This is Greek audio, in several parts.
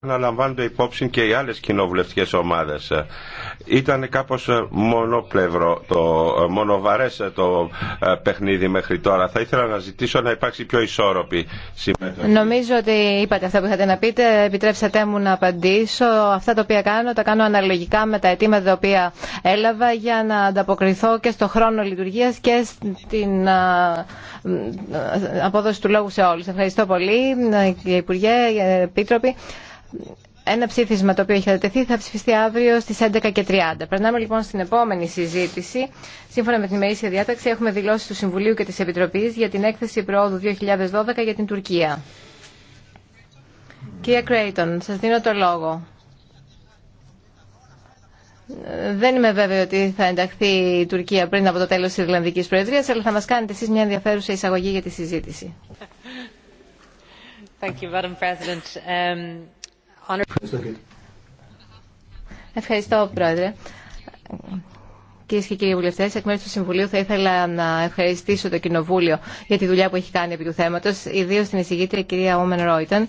να λαμβάνονται υπόψη και οι άλλες κοινοβουλευτικές ομάδες. Ήταν κάπως ε, μονοπλευρό, το, ε, μονοβαρές ε, το παιχνίδι μέχρι τώρα. Θα ήθελα να ζητήσω να υπάρξει πιο ισόρροπη συμμετοχή. Νομίζω ότι είπατε αυτά που είχατε να πείτε. Επιτρέψατε μου να απαντήσω. Αυτά τα οποία κάνω, τα κάνω αναλογικά με τα αιτήματα τα οποία έλαβα για να ανταποκριθώ και στο χρόνο λειτουργίας και στην απόδοση του λόγου σε όλους. Ευχαριστώ πολύ, κύριε Υπουργέ, Επίτροποι ένα ψήφισμα το οποίο έχει κατατεθεί θα ψηφιστεί αύριο στι 11.30. Περνάμε λοιπόν στην επόμενη συζήτηση. Σύμφωνα με την ημερήσια διάταξη, έχουμε δηλώσει του Συμβουλίου και τη Επιτροπή για την έκθεση προόδου 2012 για την Τουρκία. Κύριε Κρέιτον, σα δίνω το λόγο. Δεν είμαι βέβαιη ότι θα ενταχθεί η Τουρκία πριν από το τέλο τη Ιρλανδική Προεδρία, αλλά θα μα κάνετε εσεί μια ενδιαφέρουσα εισαγωγή για τη συζήτηση. Thank you, Madam President. Um... Ευχαριστώ, Πρόεδρε. Κυρίε και κύριοι βουλευτέ, εκ μέρου του Συμβουλίου θα ήθελα να ευχαριστήσω το Κοινοβούλιο για τη δουλειά που έχει κάνει επί του θέματο, ιδίω την εισηγήτρια κυρία Όμεν Ρόιταν.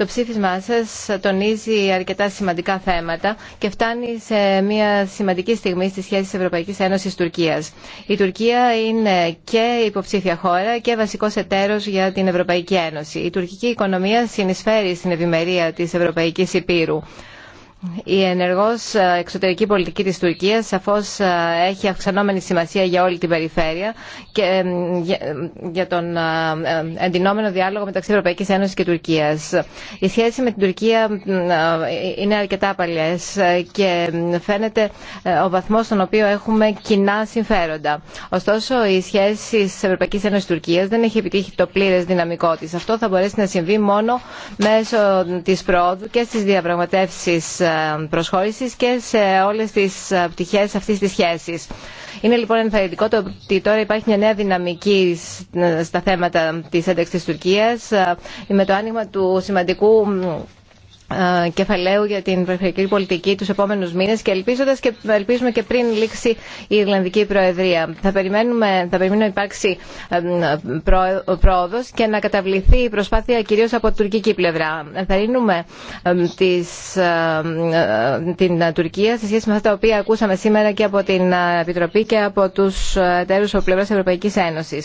Το ψήφισμά σας τονίζει αρκετά σημαντικά θέματα και φτάνει σε μια σημαντική στιγμή στη σχέση της Ευρωπαϊκής Ένωσης Τουρκίας. Η Τουρκία είναι και υποψήφια χώρα και βασικός εταίρος για την Ευρωπαϊκή Ένωση. Η τουρκική οικονομία συνεισφέρει στην ευημερία της Ευρωπαϊκής Υπήρου. Η ενεργός ε, εξωτερική πολιτική της Τουρκίας σαφώς ε, έχει αυξανόμενη σημασία για όλη την περιφέρεια και ε, για τον εντυνόμενο διάλογο μεταξύ Ευρωπαϊκής Ένωσης και Τουρκίας. Η σχέση με την Τουρκία είναι αρκετά παλιές και φαίνεται ο βαθμός στον οποίο έχουμε κοινά συμφέροντα. Ωστόσο, η σχέση της Ευρωπαϊκής Ένωσης Τουρκίας δεν έχει επιτύχει το πλήρες δυναμικό της. Αυτό θα μπορέσει να συμβεί μόνο μέσω της πρόοδου και στις διαπραγματεύσεις προσχώρησης και σε όλες τις ε, πτυχέ αυτής της σχέση. Είναι λοιπόν ενθαρρυντικό το ότι τώρα υπάρχει μια νέα δυναμική στα θέματα της ένταξη της Τουρκίας ε, με το άνοιγμα του σημαντικού ε, κεφαλαίου για την περιφερειακή πολιτική τους επόμενους μήνες και ελπίζοντας και ελπίζουμε και πριν λήξει η Ιρλανδική Προεδρία. Θα, περιμένουμε, θα περιμένω να υπάρξει ε, πρόοδο και να καταβληθεί η προσπάθεια κυρίως από τουρκική πλευρά. Ενθαρρύνουμε ε, την Τουρκία σε σχέση με αυτά τα οποία ακούσαμε σήμερα και από την Επιτροπή και από τους εταίρου από πλευρά Ευρωπαϊκή Ένωση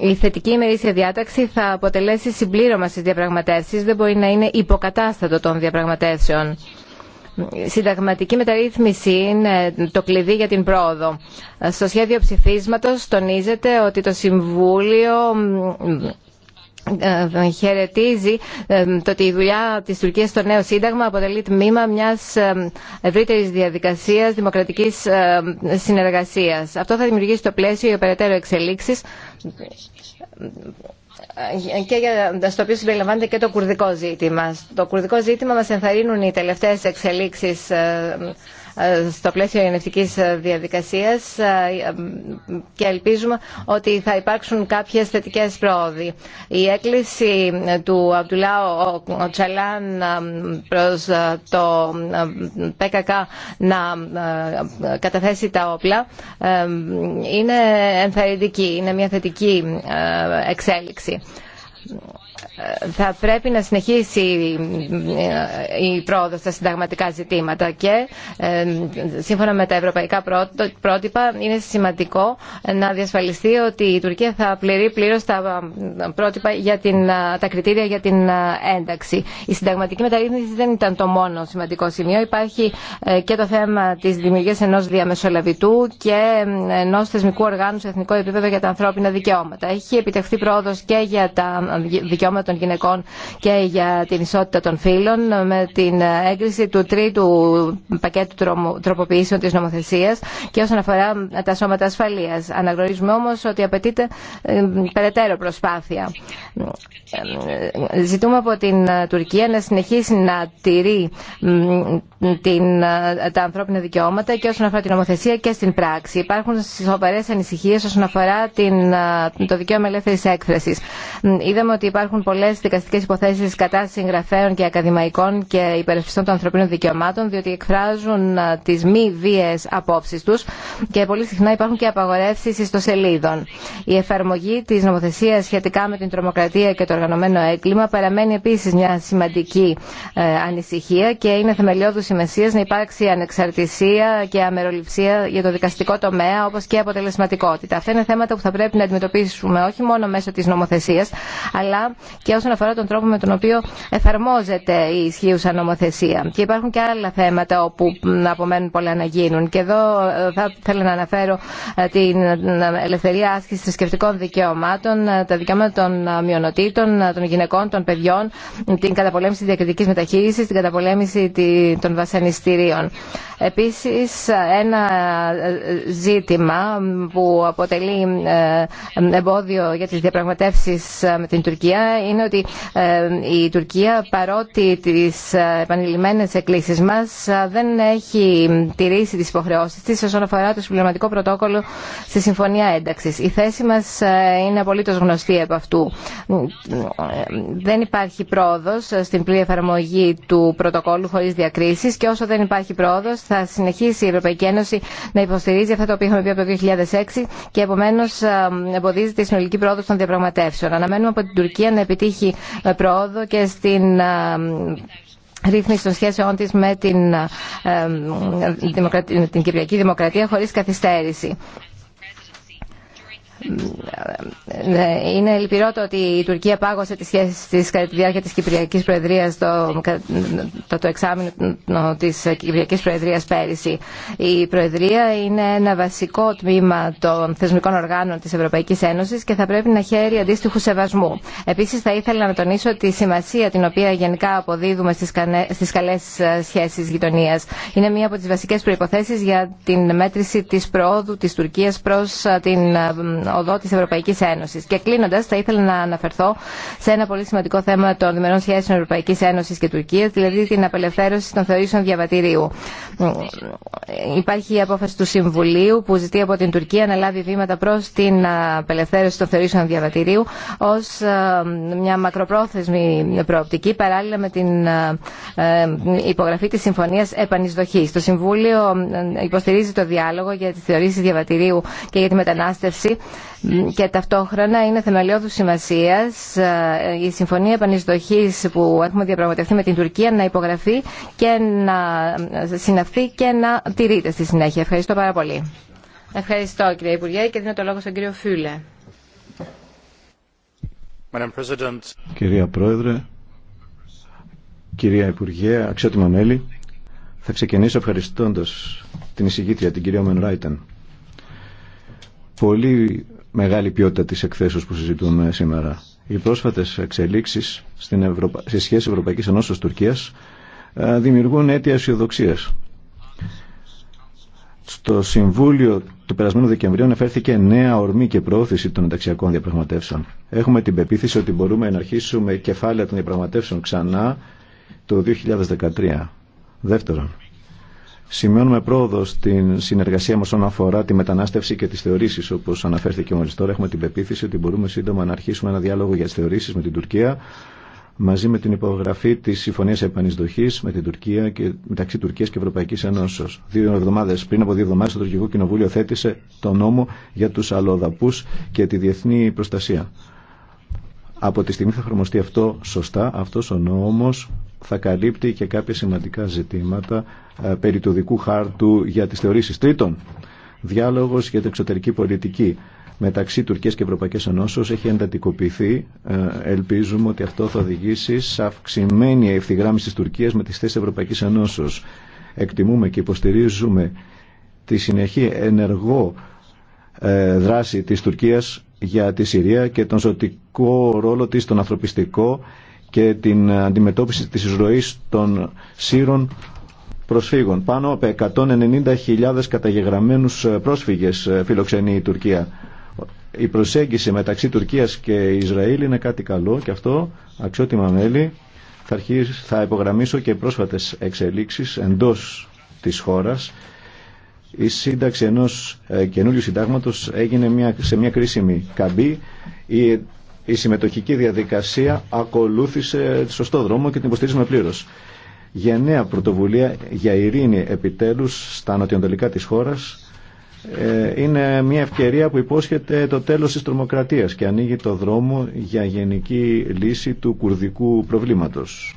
η θετική ημερήσια διάταξη θα αποτελέσει συμπλήρωμα στις διαπραγματεύσεις, δεν μπορεί να είναι υποκατάστατο των διαπραγματεύσεων. Συνταγματική μεταρρύθμιση είναι το κλειδί για την πρόοδο. Στο σχέδιο ψηφίσματος τονίζεται ότι το Συμβούλιο ε, χαιρετίζει ε, το ότι η δουλειά τη Τουρκία στο νέο Σύνταγμα αποτελεί τμήμα μια ε, ευρύτερη διαδικασία δημοκρατική συνεργασία. Αυτό θα δημιουργήσει το πλαίσιο για περαιτέρω εξελίξει και για, στο οποίο συμπεριλαμβάνεται και το κουρδικό ζήτημα. Το κουρδικό ζήτημα μας ενθαρρύνουν οι τελευταίες εξελίξεις ε, στο πλαίσιο ενευτικής ε, διαδικασίας ε, και ελπίζουμε ότι θα υπάρξουν κάποιες θετικές πρόοδοι. Η έκκληση του Αμπτουλάου Τσαλάν προς το ΠΚΚ να καταθέσει τα όπλα είναι ενθαρρυντική, είναι μια θετική εξέλιξη θα πρέπει να συνεχίσει η πρόοδο στα συνταγματικά ζητήματα και ε, σύμφωνα με τα ευρωπαϊκά πρότυπα είναι σημαντικό να διασφαλιστεί ότι η Τουρκία θα πληρεί πλήρως τα ε, πρότυπα για την, ε, τα κριτήρια για την ένταξη. Η συνταγματική μεταρρύθμιση δεν ήταν το μόνο σημαντικό σημείο. Υπάρχει και το θέμα της δημιουργίας ενός διαμεσολαβητού και ενός θεσμικού οργάνου σε εθνικό επίπεδο για τα ανθρώπινα δικαιώματα. Έχει επιτευχθεί πρόοδος και για τα δικαιώματα δικαιώματα των γυναικών και για την ισότητα των φύλων με την έγκριση του τρίτου πακέτου τροποποιήσεων της νομοθεσίας και όσον αφορά τα σώματα ασφαλείας. Αναγνωρίζουμε όμως ότι απαιτείται ε, περαιτέρω προσπάθεια. Ζητούμε από την Τουρκία να συνεχίσει να τηρεί την, τα ανθρώπινα δικαιώματα και όσον αφορά την νομοθεσία και στην πράξη. Υπάρχουν σοβαρές ανησυχίες όσον αφορά την, το δικαίωμα ελεύθερη έκφρασης. Είδαμε ότι υπάρχουν υπάρχουν πολλέ δικαστικέ υποθέσει κατά συγγραφέων και ακαδημαϊκών και υπερασπιστών των ανθρωπίνων δικαιωμάτων, διότι εκφράζουν τι μη βίαιε απόψει του και πολύ συχνά υπάρχουν και απαγορεύσει ιστοσελίδων. Η εφαρμογή τη νομοθεσία σχετικά με την τρομοκρατία και το οργανωμένο έγκλημα παραμένει επίση μια σημαντική ε, ανησυχία και είναι θεμελιώδου σημασία να υπάρξει ανεξαρτησία και αμεροληψία για το δικαστικό τομέα, όπω και αποτελεσματικότητα. Αυτά είναι θέματα που θα πρέπει να αντιμετωπίσουμε όχι μόνο μέσω τη νομοθεσία, αλλά και όσον αφορά τον τρόπο με τον οποίο εφαρμόζεται η ισχύουσα νομοθεσία. Και υπάρχουν και άλλα θέματα όπου απομένουν πολλά να γίνουν. Και εδώ ε, θα ήθελα να αναφέρω ε, την ε, ελευθερία άσκηση θρησκευτικών δικαιωμάτων, τα δικαιώματα των μειονοτήτων, των γυναικών, των παιδιών, την καταπολέμηση τη διακριτική μεταχείριση, την καταπολέμηση των βασανιστήριων. Επίση, ένα ζήτημα που αποτελεί εμπόδιο για τι διαπραγματεύσει με την Τουρκία είναι ότι ε, η Τουρκία παρότι τις ε, επανειλημμένες εκκλήσεις μας ε, δεν έχει τηρήσει τις υποχρεώσεις της όσον αφορά το συμπληρωματικό πρωτόκολλο στη Συμφωνία Ένταξης. Η θέση μας είναι απολύτως γνωστή από αυτού. Δεν υπάρχει πρόοδος στην πλήρη εφαρμογή του πρωτοκόλλου χωρίς διακρίσεις και όσο δεν υπάρχει πρόοδος θα συνεχίσει η Ευρωπαϊκή Ένωση να υποστηρίζει αυτά τα οποία είχαμε πει από το 2006 και επομένως εμποδίζεται η συνολική πρόοδο των διαπραγματεύσεων. Αναμένουμε από την Τουρκία να επιτύχει ε, πρόοδο και στην ε, ρύθμιση των σχέσεών της με την, ε, την Κυπριακή Δημοκρατία χωρίς καθυστέρηση. Ναι, είναι λυπηρό το ότι η Τουρκία πάγωσε τις σχέσεις της κατά τη διάρκεια της Κυπριακής Προεδρίας το, το, το εξάμεινο της Κυπριακής Προεδρίας πέρυσι. Η Προεδρία είναι ένα βασικό τμήμα των θεσμικών οργάνων της Ευρωπαϊκής Ένωσης και θα πρέπει να χαίρει αντίστοιχου σεβασμού. Επίσης θα ήθελα να τονίσω τη σημασία την οποία γενικά αποδίδουμε στις, κανέ, στις καλές ε, σχέσεις γειτονίας. Είναι μία από τις βασικές προϋποθέσεις για την μέτρηση της προόδου της Τουρκίας προς ε, την ε, οδό της Ευρωπαϊκής Ένωσης. Και κλείνοντα, θα ήθελα να αναφερθώ σε ένα πολύ σημαντικό θέμα των διμερών σχέσεων Ευρωπαϊκή Ένωση και Τουρκία, δηλαδή την απελευθέρωση των θεωρήσεων διαβατηρίου. Υπάρχει η απόφαση του Συμβουλίου που ζητεί από την Τουρκία να λάβει βήματα προ την απελευθέρωση των θεωρήσεων διαβατηρίου ω ε, μια μακροπρόθεσμη προοπτική παράλληλα με την ε, υπογραφή τη συμφωνία Επανεισδοχή. Το Συμβούλιο ε, υποστηρίζει το διάλογο για τι θεωρήσει διαβατηρίου και για τη μετανάστευση και ταυτόχρονα είναι θεμελιώδου σημασία ε, η συμφωνία επανεισδοχή που έχουμε διαπραγματευτεί με την Τουρκία να υπογραφεί και να ε, συναυθεί και να τηρείται στη συνέχεια. Ευχαριστώ πάρα πολύ. Ευχαριστώ κύριε Υπουργέ και δίνω το λόγο στον κύριο Φιούλε. Κυρία Πρόεδρε, κυρία Υπουργέ, αξιότιμα μέλη, θα ξεκινήσω ευχαριστώντας την εισηγήτρια, την κυρία Μενράιτεν πολύ μεγάλη ποιότητα της εκθέσεως που συζητούμε σήμερα. Οι πρόσφατες εξελίξεις στην Ευρωπα... σε σχέση Ευρωπαϊκής Ενώσεως Τουρκίας ε, δημιουργούν αίτια αισιοδοξία. Στο Συμβούλιο του περασμένου Δεκεμβρίου αναφέρθηκε νέα ορμή και προώθηση των ενταξιακών διαπραγματεύσεων. Έχουμε την πεποίθηση ότι μπορούμε να αρχίσουμε κεφάλαια των διαπραγματεύσεων ξανά το 2013. Δεύτερον, Σημειώνουμε πρόοδο στην συνεργασία μα όσον αφορά τη μετανάστευση και τι θεωρήσει. Όπω αναφέρθηκε μόλι τώρα, έχουμε την πεποίθηση ότι μπορούμε σύντομα να αρχίσουμε ένα διάλογο για τι θεωρήσει με την Τουρκία μαζί με την υπογραφή τη Συμφωνία Επανεισδοχή με την Τουρκία και, μεταξύ Τουρκία και Ευρωπαϊκή Ενώσεω. Δύο εβδομάδε πριν από δύο εβδομάδε, το Τουρκικό Κοινοβούλιο θέτησε το νόμο για του αλλοδαπού και τη διεθνή προστασία. Από τη στιγμή θα εφαρμοστεί αυτό σωστά, αυτό ο νόμο θα καλύπτει και κάποια σημαντικά ζητήματα ε, περί του δικού χάρτου για τις θεωρήσεις τρίτων. Διάλογος για την εξωτερική πολιτική μεταξύ Τουρκίας και Ευρωπαϊκής Ενώσεως έχει εντατικοποιηθεί. Ε, ελπίζουμε ότι αυτό θα οδηγήσει σε αυξημένη ευθυγράμμιση της Τουρκίας με τις θέσεις Ευρωπαϊκής Ενώσεως. Εκτιμούμε και υποστηρίζουμε τη συνεχή ενεργό ε, δράση της Τουρκίας για τη Συρία και τον ζωτικό ρόλο της, τον ανθρωπιστικό και την αντιμετώπιση της εισρωής των Σύρων προσφύγων. Πάνω από 190.000 καταγεγραμμένους ε, πρόσφυγες ε, φιλοξενεί η Τουρκία. Η προσέγγιση μεταξύ Τουρκίας και Ισραήλ είναι κάτι καλό και αυτό αξιότιμα μέλη θα, αρχίσει θα υπογραμμίσω και πρόσφατες εξελίξεις εντός της χώρας. Η σύνταξη ενός ε, καινούριου συντάγματος έγινε μια, σε μια κρίσιμη καμπή. Η, η συμμετοχική διαδικασία ακολούθησε σωστό δρόμο και την υποστηρίζουμε πλήρως νέα πρωτοβουλία για ειρήνη επιτέλους στα νοτιοανατολικά της χώρας ε, είναι μια ευκαιρία που υπόσχεται το τέλος της τρομοκρατίας και ανοίγει το δρόμο για γενική λύση του κουρδικού προβλήματος.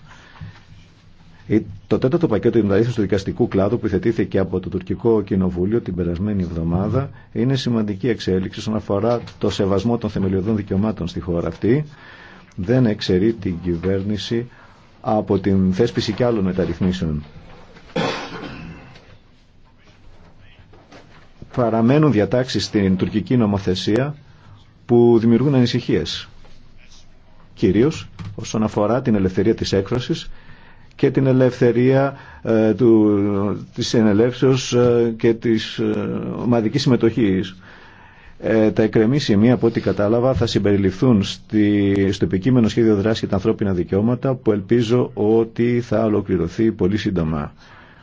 Το τέταρτο πακέτο μεταρρύθμιση του δικαστικού κλάδου που θετήθηκε από το τουρκικό κοινοβούλιο την περασμένη εβδομάδα είναι σημαντική εξέλιξη όσον αφορά το σεβασμό των θεμελιωδών δικαιωμάτων στη χώρα αυτή. Δεν εξαιρεί την κυβέρνηση από την θέσπιση κι άλλων μεταρρυθμίσεων. Παραμένουν διατάξεις στην τουρκική νομοθεσία που δημιουργούν ανησυχίες. Κυρίως όσον αφορά την ελευθερία της έκφρασης και την ελευθερία ε, του, της ενελεύσεως ε, και της ε, ομαδικής συμμετοχής. Ε, τα εκκρεμή σημεία από ό,τι κατάλαβα θα συμπεριληφθούν στη, στο επικείμενο σχέδιο δράση για τα ανθρώπινα δικαιώματα που ελπίζω ότι θα ολοκληρωθεί πολύ σύντομα.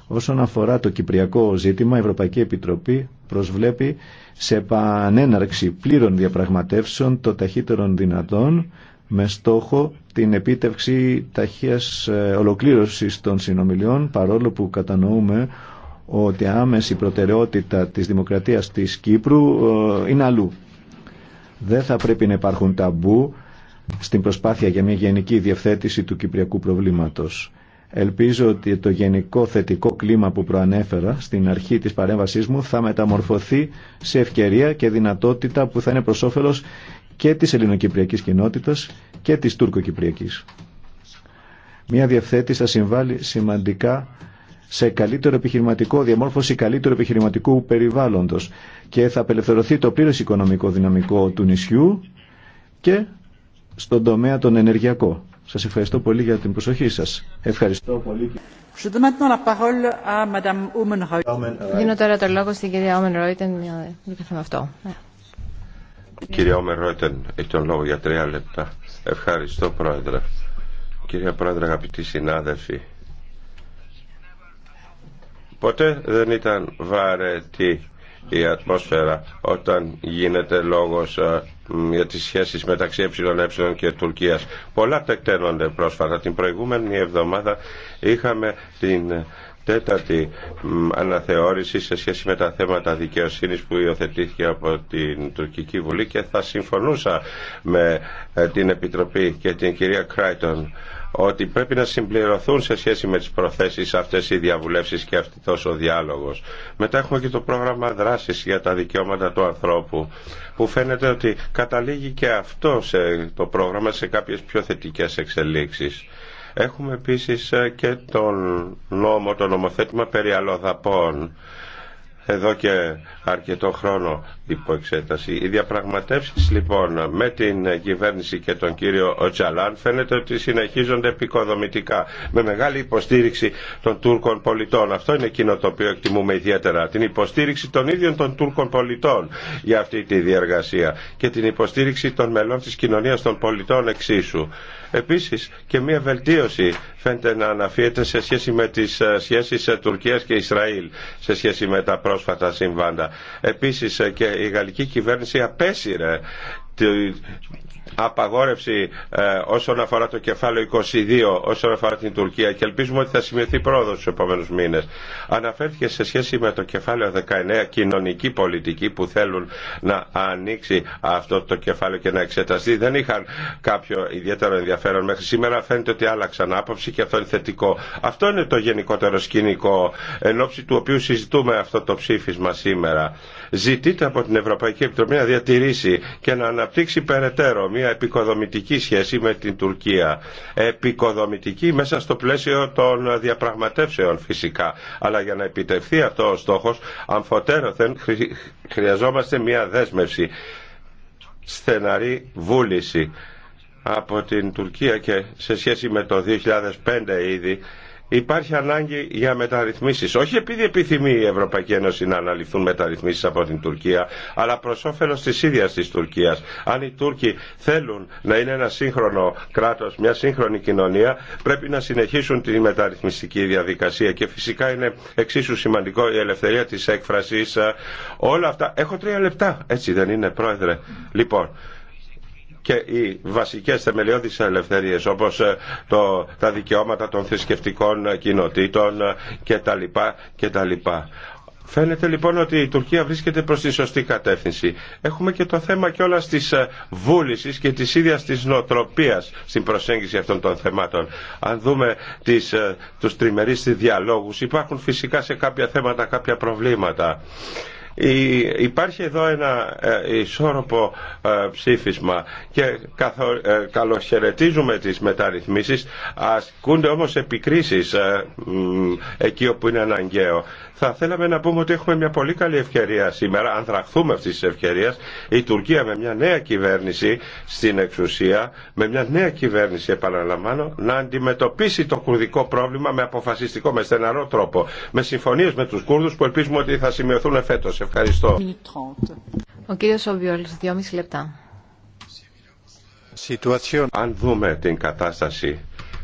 Όσον αφορά το κυπριακό ζήτημα, η Ευρωπαϊκή Επιτροπή προσβλέπει σε επανέναρξη πλήρων διαπραγματεύσεων το ταχύτερων δυνατόν με στόχο την επίτευξη ταχείας ε, ολοκλήρωσης των συνομιλιών παρόλο που κατανοούμε ότι άμεση προτεραιότητα της δημοκρατίας της Κύπρου ε, είναι αλλού. Δεν θα πρέπει να υπάρχουν ταμπού στην προσπάθεια για μια γενική διευθέτηση του κυπριακού προβλήματος. Ελπίζω ότι το γενικό θετικό κλίμα που προανέφερα στην αρχή της παρέμβασής μου θα μεταμορφωθεί σε ευκαιρία και δυνατότητα που θα είναι προς και της ελληνοκυπριακής κοινότητας και της τουρκοκυπριακής. Μια διευθέτηση θα συμβάλλει σημαντικά σε καλύτερο επιχειρηματικό, διαμόρφωση καλύτερου επιχειρηματικού περιβάλλοντος και θα απελευθερωθεί το πλήρες οικονομικό δυναμικό του νησιού και στον τομέα τον ενεργειακό. Σας ευχαριστώ πολύ για την προσοχή σας. Ευχαριστώ πολύ. Δίνω τώρα το λόγο στην κυρία Όμεν Ρόιτεν για αυτό. Ναι. Κυρία Όμεν Ρόιτεν, έχει τον λόγο για τρία λεπτά. Ευχαριστώ, Πρόεδρε. Κυρία Πρόεδρε, αγαπητοί συνάδελφοι, Ποτέ δεν ήταν βαρετή η ατμόσφαιρα όταν γίνεται λόγος για τις σχέσεις μεταξύ ΕΕ και Τουρκίας. Πολλά τεκταίνονται πρόσφατα. Την προηγούμενη εβδομάδα είχαμε την τέταρτη αναθεώρηση σε σχέση με τα θέματα δικαιοσύνης που υιοθετήθηκε από την Τουρκική Βουλή και θα συμφωνούσα με ε, την Επιτροπή και την κυρία Κράιτον ότι πρέπει να συμπληρωθούν σε σχέση με τις προθέσεις αυτές οι διαβουλεύσεις και αυτός ο διάλογος. Μετά έχουμε και το πρόγραμμα δράσης για τα δικαιώματα του ανθρώπου που φαίνεται ότι καταλήγει και αυτό σε το πρόγραμμα σε κάποιες πιο θετικές εξελίξεις. Έχουμε επίσης ε, και τον νόμο, το νομοθέτημα περί αλλοδαπών εδώ και αρκετό χρόνο υπό εξέταση. Οι διαπραγματεύσεις λοιπόν με την κυβέρνηση και τον κύριο Οτζαλάν φαίνεται ότι συνεχίζονται επικοδομητικά με μεγάλη υποστήριξη των Τούρκων πολιτών. Αυτό είναι εκείνο το οποίο εκτιμούμε ιδιαίτερα. Την υποστήριξη των ίδιων των Τούρκων πολιτών για αυτή τη διεργασία και την υποστήριξη των μελών της κοινωνίας των πολιτών εξίσου. Επίσης και μια βελτίωση φαίνεται να αναφύεται σε σχέση με τις ε, σχέσεις ε, Τουρκίας και Ισραήλ σε σχέση με τα πρόσφατα συμβάντα. Επίσης ε, και η γαλλική κυβέρνηση απέσυρε απαγόρευση ε, όσον αφορά το κεφάλαιο 22, όσον αφορά την Τουρκία και ελπίζουμε ότι θα σημειωθεί πρόοδο στου επόμενου μήνε. Αναφέρθηκε σε σχέση με το κεφάλαιο 19 κοινωνική πολιτική που θέλουν να ανοίξει αυτό το κεφάλαιο και να εξεταστεί. Δεν είχαν κάποιο ιδιαίτερο ενδιαφέρον μέχρι σήμερα. Φαίνεται ότι άλλαξαν άποψη και αυτό είναι θετικό. Αυτό είναι το γενικότερο σκηνικό εν ώψη του οποίου συζητούμε αυτό το ψήφισμα σήμερα. Ζητείται από την Ευρωπαϊκή Επιτροπή να διατηρήσει και να αναπτύξει περαιτέρω επικοδομητική σχέση με την Τουρκία. Επικοδομητική μέσα στο πλαίσιο των διαπραγματεύσεων φυσικά. Αλλά για να επιτευχθεί αυτό ο στόχος, αμφωτέρωθεν χρειαζόμαστε μια δέσμευση, στεναρή βούληση από την Τουρκία και σε σχέση με το 2005 ήδη Υπάρχει ανάγκη για μεταρρυθμίσεις, όχι επειδή επιθυμεί η Ευρωπαϊκή Ένωση να αναλυθούν μεταρρυθμίσεις από την Τουρκία, αλλά προς όφελος της ίδιας της Τουρκίας. Αν οι Τούρκοι θέλουν να είναι ένα σύγχρονο κράτος, μια σύγχρονη κοινωνία, πρέπει να συνεχίσουν τη μεταρρυθμιστική διαδικασία και φυσικά είναι εξίσου σημαντικό η ελευθερία της έκφρασης. Όλα αυτά. Έχω τρία λεπτά, έτσι δεν είναι, Πρόεδρε. Λοιπόν, και οι βασικές θεμελιώδεις ελευθερίες όπως ε, τα δικαιώματα των θρησκευτικών κοινοτήτων ε, κτλ. Φαίνεται λοιπόν ότι η Τουρκία βρίσκεται προς τη σωστή κατεύθυνση. Έχουμε και το θέμα όλα της ε, βούλησης και της ίδιας της νοοτροπίας στην προσέγγιση αυτών των θεμάτων. Αν δούμε τις, τους τριμερείς διαλόγους υπάρχουν φυσικά σε κάποια θέματα κάποια προβλήματα. Υπάρχει εδώ ένα ε, ισόρροπο ε, ψήφισμα και ε, καλοχαιρετίζουμε τις μεταρρυθμίσεις, ασκούνται όμως επικρίσεις εκεί όπου είναι αναγκαίο. Θα θέλαμε να πούμε ότι έχουμε μια πολύ καλή ευκαιρία σήμερα, αν δραχθούμε αυτή τη ευκαιρία, η Τουρκία με μια νέα κυβέρνηση στην εξουσία, με μια νέα κυβέρνηση, επαναλαμβάνω, να αντιμετωπίσει το κουρδικό πρόβλημα με αποφασιστικό, με στεναρό τρόπο. Με συμφωνίε με του Κούρδου που ελπίζουμε ότι θα σημειωθούν φέτο. Ευχαριστώ. Αν δούμε την κατάσταση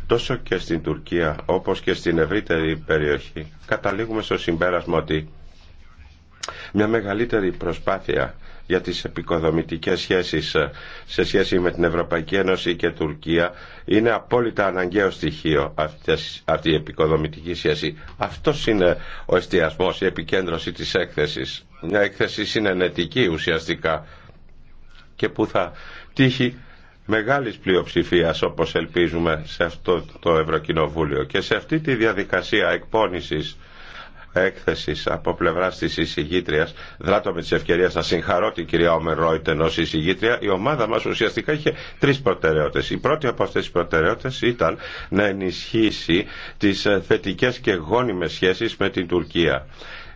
τόσο και στην Τουρκία όπως και στην ευρύτερη περιοχή καταλήγουμε στο συμπέρασμα ότι μια μεγαλύτερη προσπάθεια για τις επικοδομητικές σχέσεις ε, σε σχέση με την Ευρωπαϊκή Ένωση και Τουρκία είναι απόλυτα αναγκαίο στοιχείο αυτές, αυτή η επικοδομητική σχέση. Αυτός είναι ο εστιασμός, η επικέντρωση της έκθεσης. Μια έκθεση συνενετική ουσιαστικά και που θα τύχει μεγάλης πλειοψηφίας όπως ελπίζουμε σε αυτό το Ευρωκοινοβούλιο και σε αυτή τη διαδικασία εκπόνησης έκθεσης από πλευράς της εισηγήτριας δράτω με τις ευκαιρίες να συγχαρώ την κυρία Ομερόιτεν Ρόιτεν ως εισηγήτρια η ομάδα μας ουσιαστικά είχε τρεις προτεραιότητες η πρώτη από αυτές τις προτεραιότητες ήταν να ενισχύσει τις θετικές και γόνιμες σχέσεις με την Τουρκία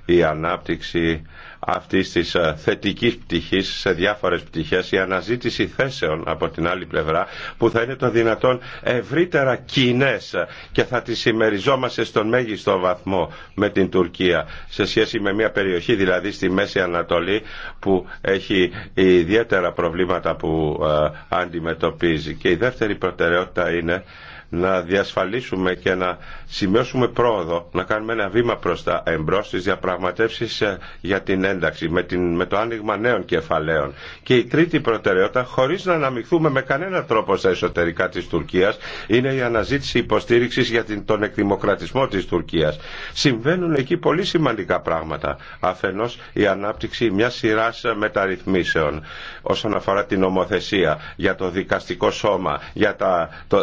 η ανάπτυξη αυτή της ε, θετική πτυχή σε διάφορες πτυχέ, η αναζήτηση θέσεων από την άλλη πλευρά που θα είναι το δυνατόν ευρύτερα κοινέ και θα τι συμμεριζόμαστε στον μέγιστο βαθμό με την Τουρκία σε σχέση με μια περιοχή δηλαδή στη Μέση Ανατολή που έχει ιδιαίτερα προβλήματα που ε, αντιμετωπίζει. Και η δεύτερη προτεραιότητα είναι να διασφαλίσουμε και να σημειώσουμε πρόοδο, να κάνουμε ένα βήμα προς τα εμπρός στι διαπραγματεύσεις ε, για την ένταξη, με, την, με το άνοιγμα νέων κεφαλαίων. Και η τρίτη προτεραιότητα, χωρίς να αναμειχθούμε με κανένα τρόπο στα εσωτερικά της Τουρκίας, είναι η αναζήτηση υποστήριξης για την, τον εκδημοκρατισμό της Τουρκίας. Συμβαίνουν εκεί πολύ σημαντικά πράγματα. Αφενός η ανάπτυξη μια σειρά μεταρρυθμίσεων όσον αφορά την νομοθεσία, για το δικαστικό σώμα, για τα, το,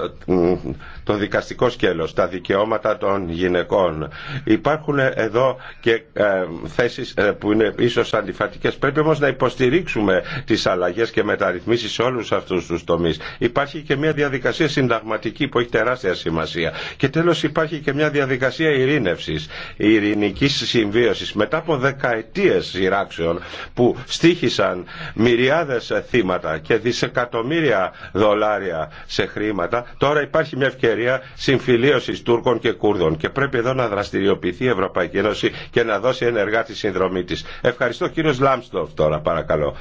το δικαστικό σκέλος, τα δικαιώματα των γυναικών. Υπάρχουν εδώ και ε, θέσεις ε, που είναι ίσως αντιφατικές. Πρέπει όμως να υποστηρίξουμε τις αλλαγές και μεταρρυθμίσεις σε όλους αυτούς τους τομείς. Υπάρχει και μια διαδικασία συνταγματική που έχει τεράστια σημασία. Και τέλος υπάρχει και μια διαδικασία ειρήνευσης, ειρηνικής συμβίωσης. Μετά από δεκαετίες σειράξεων που στήχησαν μυριάδες θύματα και δισεκατομμύρια δολάρια σε χρήματα, τώρα υπάρχει μια ευκαιρία συμφιλίωση Τούρκων και Κούρδων και πρέπει εδώ να δραστηριοποιηθεί η Ευρωπαϊκή Ένωση και να δώσει ενεργά τη συνδρομή τη. Ευχαριστώ κύριο Λάμστοφ τώρα παρακαλώ.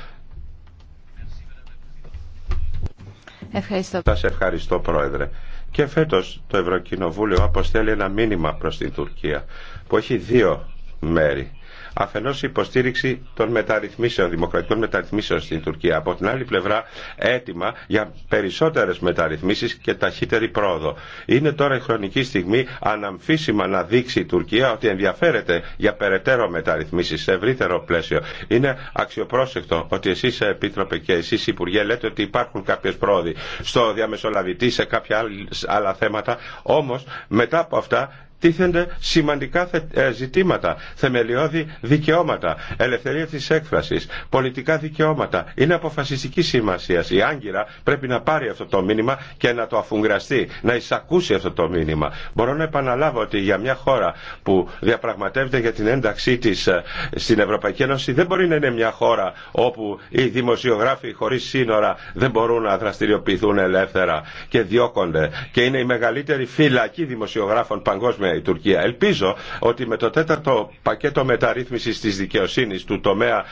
Ευχαριστώ. Σας ευχαριστώ Πρόεδρε. Και φέτος το Ευρωκοινοβούλιο αποστέλει ένα μήνυμα προς την Τουρκία που έχει δύο μέρη Αφενό υποστήριξη των μεταρρυθμίσεων, δημοκρατικών μεταρρυθμίσεων στην Τουρκία. Από την άλλη πλευρά έτοιμα για περισσότερε μεταρρυθμίσει και ταχύτερη πρόοδο. Είναι τώρα η χρονική στιγμή αναμφίσιμα να δείξει η Τουρκία ότι ενδιαφέρεται για περαιτέρω μεταρρυθμίσει σε ευρύτερο πλαίσιο. Είναι αξιοπρόσεκτο ότι εσεί, Επίτροπε και εσεί, Υπουργέ, λέτε ότι υπάρχουν κάποιε πρόοδοι στο διαμεσολαβητή, σε κάποια άλλα θέματα. Όμω μετά από αυτά τίθενται σημαντικά ε, ζητήματα, θεμελιώδη δικαιώματα, ελευθερία της έκφρασης, πολιτικά δικαιώματα. Είναι αποφασιστική σημασία. Η Άγκυρα πρέπει να πάρει αυτό το μήνυμα και να το αφουγκραστεί, να εισακούσει αυτό το μήνυμα. Μπορώ να επαναλάβω ότι για μια χώρα που διαπραγματεύεται για την ένταξή της ε, στην Ευρωπαϊκή Ένωση δεν μπορεί να είναι μια χώρα όπου οι δημοσιογράφοι χωρίς σύνορα δεν μπορούν να δραστηριοποιηθούν ελεύθερα και διώκονται και είναι η μεγαλύτερη φυλακή δημοσιογράφων παγκόσμια με η Τουρκία. Ελπίζω ότι με το τέταρτο πακέτο μεταρρύθμισης τη δικαιοσύνη, του τομέα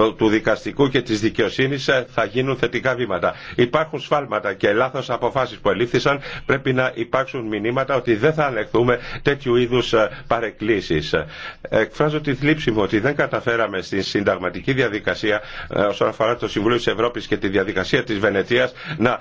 ε, του δικαστικού και της δικαιοσύνη ε, θα γίνουν θετικά βήματα. Υπάρχουν σφάλματα και λάθο αποφάσεις που ελήφθησαν. Πρέπει να υπάρξουν μηνύματα ότι δεν θα ανεχθούμε τέτοιου είδου ε, παρεκκλήσει. Εκφράζω τη θλίψη μου ότι δεν καταφέραμε στην συνταγματική διαδικασία όσον αφορά το Συμβούλιο τη Ευρώπη και τη διαδικασία τη Βενετία να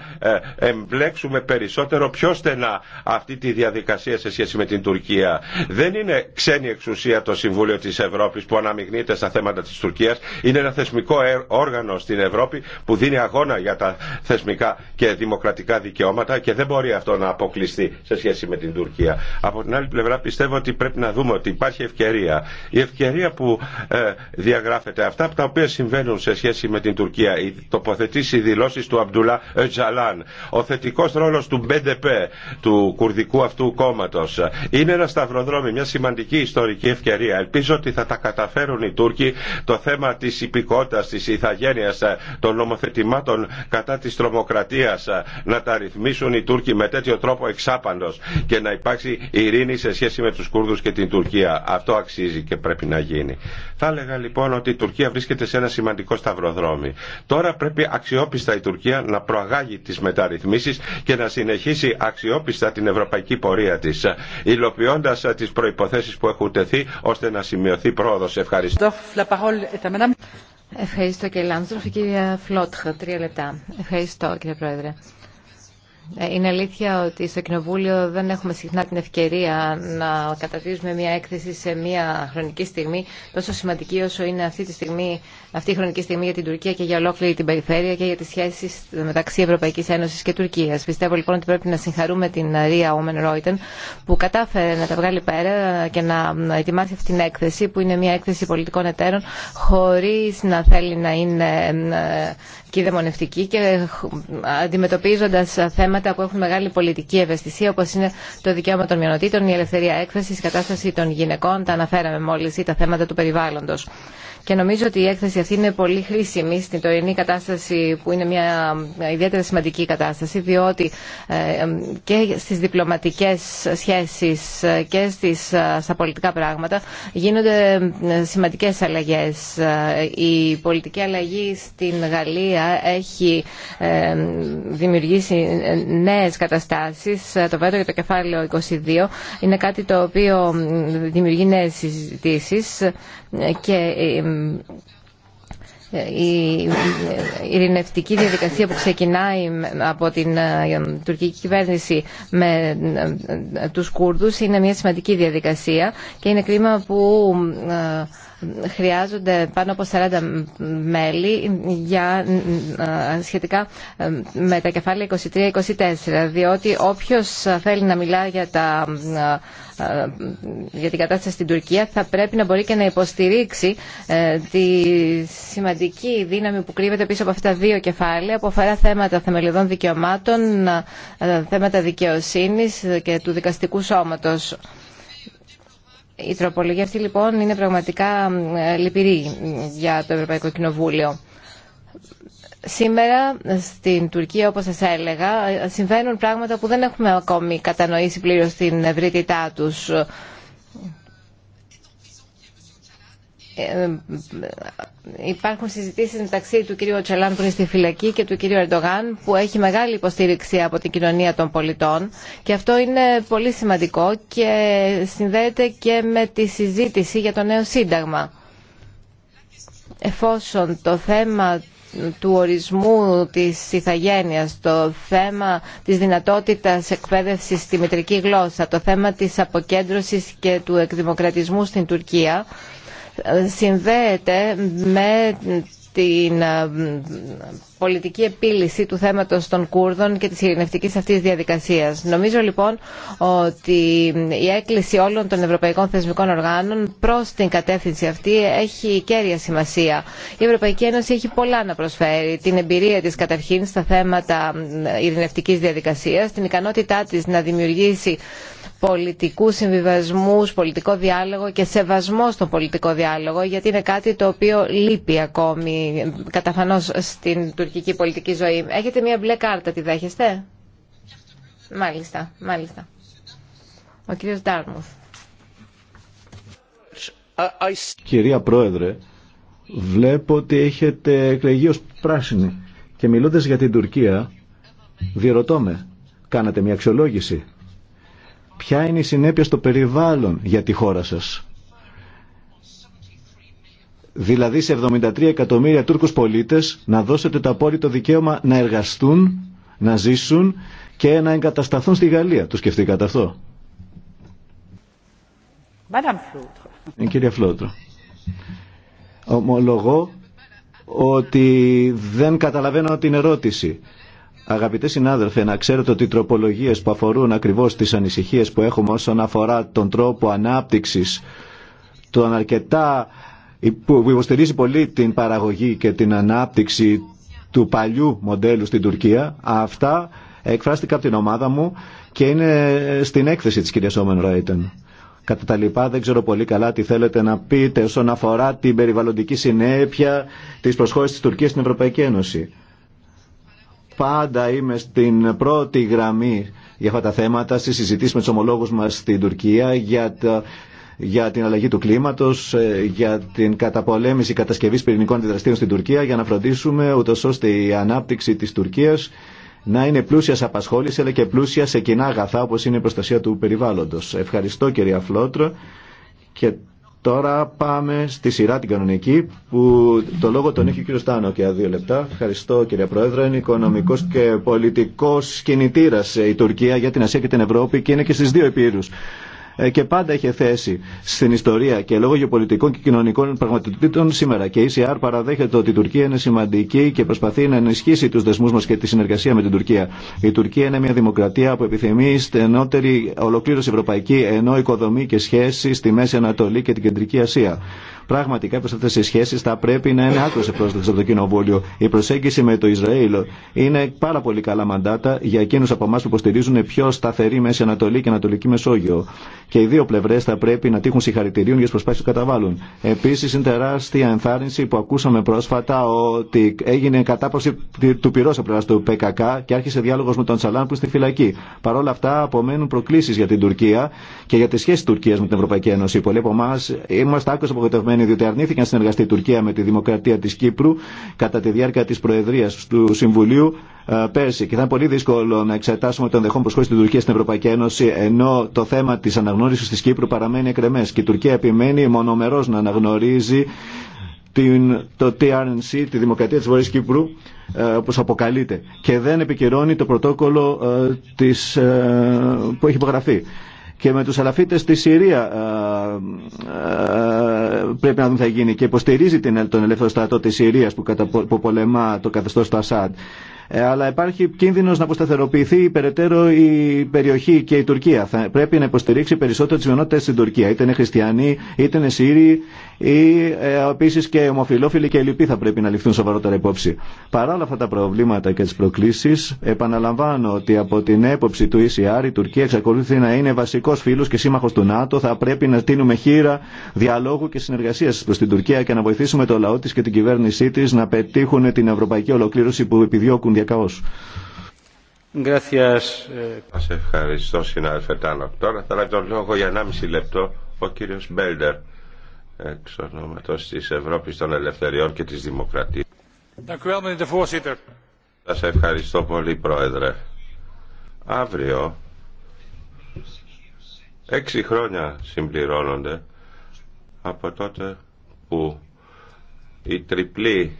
εμπλέξουμε περισσότερο πιο στενά αυτή τη διαδικασία σε σχέση με με την Τουρκία. Δεν είναι ξένη εξουσία το Συμβούλιο της Ευρώπης που αναμειγνύεται στα θέματα της Τουρκίας. Είναι ένα θεσμικό ε, όργανο στην Ευρώπη που δίνει αγώνα για τα θεσμικά και δημοκρατικά δικαιώματα και δεν μπορεί αυτό να αποκλειστεί σε σχέση με την Τουρκία. Από την άλλη πλευρά πιστεύω ότι πρέπει να δούμε ότι υπάρχει ευκαιρία. Η ευκαιρία που ε, διαγράφεται, αυτά από τα οποία συμβαίνουν σε σχέση με την Τουρκία, οι τοποθετήσει, οι δηλώσει του Αμπτουλά Ετζαλάν, ο θετικό ρόλο του Μπεντεπέ, του κουρδικού αυτού κόμματο, είναι ένα σταυροδρόμι, μια σημαντική ιστορική ευκαιρία. Ελπίζω ότι θα τα καταφέρουν οι Τούρκοι το θέμα τη υπηκότητα, τη ηθαγένεια, ε, των νομοθετημάτων κατά τη τρομοκρατία ε, να τα ρυθμίσουν οι Τούρκοι με τέτοιο τρόπο εξάπαντο και να υπάρξει ειρήνη σε σχέση με του Κούρδου και την Τουρκία. Αυτό αξίζει και πρέπει να γίνει. Θα έλεγα λοιπόν ότι η Τουρκία βρίσκεται σε ένα σημαντικό σταυροδρόμι. Τώρα πρέπει αξιόπιστα η Τουρκία να προαγάγει τι μεταρρυθμίσει και να συνεχίσει αξιόπιστα την ευρωπαϊκή πορεία τη υλοποιώντα ε, τι προποθέσει που έχουν τεθεί ώστε να σημειωθεί πρόοδο. Ευχαριστώ. Ευχαριστώ κύριε Λάνστροφ. Κυρία Φλότχ, τρία λεπτά. Ευχαριστώ κύριε Πρόεδρε. Ε, είναι αλήθεια ότι στο Κοινοβούλιο δεν έχουμε συχνά την ευκαιρία να καταρτίζουμε μια έκθεση σε μια χρονική στιγμή τόσο σημαντική όσο είναι αυτή, τη στιγμή, αυτή η χρονική στιγμή για την Τουρκία και για ολόκληρη την περιφέρεια και για τις σχέσεις μεταξύ Ευρωπαϊκής Ένωσης και Τουρκίας. Πιστεύω λοιπόν ότι πρέπει να συγχαρούμε την Ρία Όμεν Ρόιτεν που κατάφερε να τα βγάλει πέρα και να ετοιμάσει αυτή την έκθεση που είναι μια έκθεση πολιτικών εταίρων χωρίς να θέλει να είναι ε, ε, κυδεμονευτική και αντιμετωπίζοντας θέματα θέματα που έχουν μεγάλη πολιτική ευαισθησία, όπω είναι το δικαίωμα των μειονοτήτων, η ελευθερία έκφραση, η κατάσταση των γυναικών, τα αναφέραμε μόλι, ή τα θέματα του περιβάλλοντο και νομίζω ότι η έκθεση αυτή είναι πολύ χρήσιμη στην τωρινή κατάσταση που είναι μια ιδιαίτερα σημαντική κατάσταση διότι ε, και στις διπλωματικές σχέσεις ε, και στις, ε, στα πολιτικά πράγματα γίνονται σημαντικές αλλαγές. Η πολιτική αλλαγή στην Γαλλία έχει δημιουργήσει νέες καταστάσεις. Το βέβαιο για το κεφάλαιο 22 είναι κάτι το οποίο δημιουργεί νέες συζητήσεις και ε, η ειρηνευτική διαδικασία που ξεκινάει από την ε, τουρκική κυβέρνηση με ε, τους Κούρδους είναι μια σημαντική διαδικασία και είναι κρίμα που χρειάζονται πάνω από 40 μέλη για, ε, σχετικά ε, με τα κεφάλαια 23-24, διότι όποιος θέλει να μιλά για, τα, ε, για την κατάσταση στην Τουρκία θα πρέπει να μπορεί και να υποστηρίξει τη σημαντική δύναμη που κρύβεται πίσω από αυτά τα δύο κεφάλαια που αφορά θέματα θεμελιωδών δικαιωμάτων, θέματα δικαιοσύνης και του δικαστικού σώματος. Η τροπολογία αυτή λοιπόν είναι πραγματικά ε, λυπηρή για το Ευρωπαϊκό Κοινοβούλιο. Σήμερα στην Τουρκία, όπως σας έλεγα, συμβαίνουν πράγματα που δεν έχουμε ακόμη κατανοήσει πλήρως την ευρύτητά τους. Ε, ε, υπάρχουν συζητήσεις μεταξύ του κυρίου Τσελάν που είναι στη φυλακή και του κυρίου Ερντογάν που έχει μεγάλη υποστήριξη από την κοινωνία των πολιτών και αυτό είναι πολύ σημαντικό και συνδέεται και με τη συζήτηση για το νέο σύνταγμα. Εφόσον το θέμα του ορισμού της ηθαγένειας, το θέμα της δυνατότητας εκπαίδευσης στη μητρική γλώσσα, το θέμα της αποκέντρωσης και του εκδημοκρατισμού στην Τουρκία συνδέεται με την ε, πολιτική επίλυση του θέματος των Κούρδων και της ειρηνευτικής αυτής διαδικασίας. Νομίζω λοιπόν ότι η έκκληση όλων των ευρωπαϊκών θεσμικών οργάνων προς την κατεύθυνση αυτή έχει κέρια σημασία. Η Ευρωπαϊκή Ένωση έχει πολλά να προσφέρει. Την εμπειρία της καταρχήν στα θέματα ειρηνευτικής διαδικασίας, την ικανότητά της να δημιουργήσει πολιτικού συμβιβασμού, πολιτικό διάλογο και σεβασμό στον πολιτικό διάλογο γιατί είναι κάτι το οποίο λείπει ακόμη καταφανώς στην τουρκική πολιτική ζωή. Έχετε μια μπλε κάρτα, τη δέχεστε? Μάλιστα, μάλιστα. Ο κύριος Ντάρμουθ. Κυρία Πρόεδρε, βλέπω ότι έχετε εκλεγεί ως πράσινη και μιλώντας για την Τουρκία, διερωτώ με, κάνατε μια αξιολόγηση Ποια είναι η συνέπεια στο περιβάλλον για τη χώρα σας. Δηλαδή σε 73 εκατομμύρια Τούρκους πολίτες να δώσετε το απόλυτο δικαίωμα να εργαστούν, να ζήσουν και να εγκατασταθούν στη Γαλλία. Το σκεφτήκατε αυτό. Ε, κυρία Φλότρο, ομολογώ ότι δεν καταλαβαίνω την ερώτηση. Αγαπητοί συνάδελφοι, να ξέρετε ότι οι τροπολογίες που αφορούν ακριβώς τις ανησυχίες που έχουμε όσον αφορά τον τρόπο ανάπτυξης αρκετά που υποστηρίζει πολύ την παραγωγή και την ανάπτυξη του παλιού μοντέλου στην Τουρκία, αυτά εκφράστηκα από την ομάδα μου και είναι στην έκθεση της κυρίας Όμεν Ρέιτεν. Κατά τα λοιπά δεν ξέρω πολύ καλά τι θέλετε να πείτε όσον αφορά την περιβαλλοντική συνέπεια της προσχώρησης της Τουρκίας στην Ευρωπαϊκή Ένωση. Πάντα είμαι στην πρώτη γραμμή για αυτά τα θέματα, στη συζητήση με τους ομολόγους μας στην Τουρκία για, για την αλλαγή του κλίματος, ε, για την καταπολέμηση κατασκευής πυρηνικών αντιδραστήρων στην Τουρκία, για να φροντίσουμε ούτως ώστε η ανάπτυξη της Τουρκίας να είναι πλούσια σε απασχόληση αλλά και πλούσια σε κοινά αγαθά όπως είναι η προστασία του περιβάλλοντος. Ευχαριστώ κύριε Φλότρο και Τώρα πάμε στη σειρά την κανονική που το λόγο τον έχει ο κύριος Τάνο και δύο λεπτά. Ευχαριστώ κύριε Πρόεδρε. Είναι οικονομικός και πολιτικός κινητήρας η Τουρκία για την Ασία και την Ευρώπη και είναι και στις δύο επίρους. Ε, και πάντα είχε θέση στην ιστορία και λόγω γεωπολιτικών και κοινωνικών πραγματικότητων σήμερα. Και η ECR παραδέχεται ότι η Τουρκία είναι σημαντική και προσπαθεί να ενισχύσει του δεσμού μα και τη συνεργασία με την Τουρκία. Η Τουρκία είναι μια δημοκρατία που επιθυμεί στενότερη ολοκλήρωση ευρωπαϊκή ενώ οικοδομή και σχέση στη Μέση Ανατολή και την Κεντρική Ασία. Πράγματι, κάποιε αυτέ οι σχέσει θα πρέπει να είναι άκρο επρόσδεκτε από το Κοινοβούλιο. Η προσέγγιση με το Ισραήλ είναι πάρα πολύ καλά μαντάτα για εκείνου από εμά που υποστηρίζουν πιο σταθερή Μέση Ανατολή και Ανατολική Μεσόγειο. Και οι δύο πλευρέ θα πρέπει να τύχουν συγχαρητηρίων για τι προσπάθειε που καταβάλουν. Επίση, είναι τεράστια ενθάρρυνση που ακούσαμε πρόσφατα ότι έγινε κατάπαυση του πυρό από πλευρά του ΠΚΚ και άρχισε διάλογο με τον Σαλάν που στη φυλακή. Παρ' όλα αυτά, απομένουν προκλήσει για την Τουρκία και για τη σχέση Τουρκία με την Ευρωπαϊκή Ένωση. Πολλοί από εμά είμαστε άκρω απογοητευμένοι συγκεκριμένη, διότι αρνήθηκε να συνεργαστεί η Τουρκία με τη Δημοκρατία τη Κύπρου κατά τη διάρκεια τη Προεδρία του Συμβουλίου ε, πέρσι. Και θα είναι πολύ δύσκολο να εξετάσουμε τον ενδεχόμενο προσχώρηση τη Τουρκία στην Ευρωπαϊκή Ένωση, ενώ το θέμα τη αναγνώριση τη Κύπρου παραμένει εκρεμέ. Και η Τουρκία επιμένει μονομερό να αναγνωρίζει την, το TRNC, τη Δημοκρατία τη Βορειάς Κύπρου, ε, όπως αποκαλείται, και δεν επικυρώνει το πρωτόκολλο ε, της, ε, που έχει υπογραφεί και με τους αλαφίτες στη Συρία ε, ε, πρέπει να δούμε θα γίνει και υποστηρίζει την, τον ελεύθερο στρατό της Συρίας που, κατα, πολεμά το καθεστώς του Ασάντ. Ε, αλλά υπάρχει κίνδυνος να αποσταθεροποιηθεί περαιτέρω η περιοχή και η Τουρκία. Θα, πρέπει να υποστηρίξει περισσότερο τις μειονότητες στην Τουρκία. Είτε είναι χριστιανοί, είτε είναι Σύριοι, ή ε, επίση και ομοφιλόφιλοι και λοιποί θα πρέπει να ληφθούν σοβαρότερα υπόψη. Παρά όλα αυτά τα προβλήματα και τι προκλήσει, επαναλαμβάνω ότι από την έποψη του ECR η Τουρκία εξακολουθεί να είναι βασικό φίλο και σύμμαχο του ΝΑΤΟ. Θα πρέπει να τίνουμε χείρα διαλόγου και συνεργασία προ την Τουρκία και να βοηθήσουμε το λαό τη και την κυβέρνησή τη να πετύχουν την ευρωπαϊκή ολοκλήρωση που επιδιώκουν διακαώ. Ε. Σα ευχαριστώ, συνάδελφε Τάνο. Τώρα θα λάβει λόγο για 1,5 λεπτό ο κύριο Μπέλντερ εξ ονόματος της Ευρώπης των Ελευθεριών και της Δημοκρατίας. Σας ευχαριστώ πολύ Πρόεδρε. Αύριο έξι χρόνια συμπληρώνονται από τότε που η τριπλή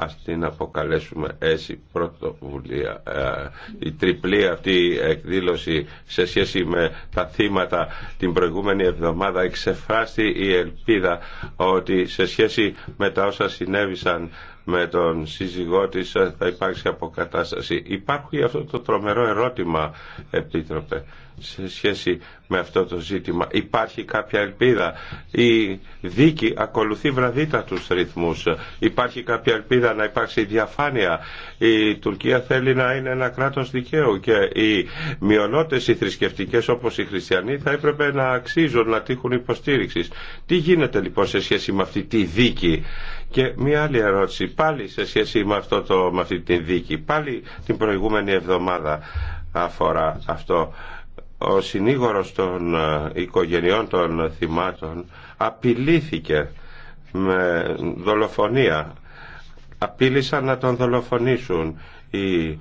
ας την αποκαλέσουμε έτσι πρωτοβουλία. Ε, η τριπλή αυτή εκδήλωση σε σχέση με τα θύματα την προηγούμενη εβδομάδα εξεφράστη η ελπίδα ότι σε σχέση με τα όσα συνέβησαν με τον σύζυγό της θα υπάρξει αποκατάσταση. Υπάρχει αυτό το τρομερό ερώτημα, Επίτροπε σε σχέση με αυτό το ζήτημα. Υπάρχει κάποια ελπίδα. Η δίκη ακολουθεί βραδύτα τους ρυθμούς. Υπάρχει κάποια ελπίδα να υπάρξει διαφάνεια. Η Τουρκία θέλει να είναι ένα κράτος δικαίου και οι μειονότητες οι θρησκευτικές όπως οι χριστιανοί θα έπρεπε να αξίζουν να τύχουν υποστήριξης. Τι γίνεται λοιπόν σε σχέση με αυτή τη δίκη. Και μία άλλη ερώτηση, πάλι σε σχέση με, αυτό το, με αυτή τη δίκη, πάλι την προηγούμενη εβδομάδα αφορά αυτό ο συνήγορος των ε, οικογενειών των θυμάτων απειλήθηκε με δολοφονία. Απείλησαν να τον δολοφονήσουν. Οι ε,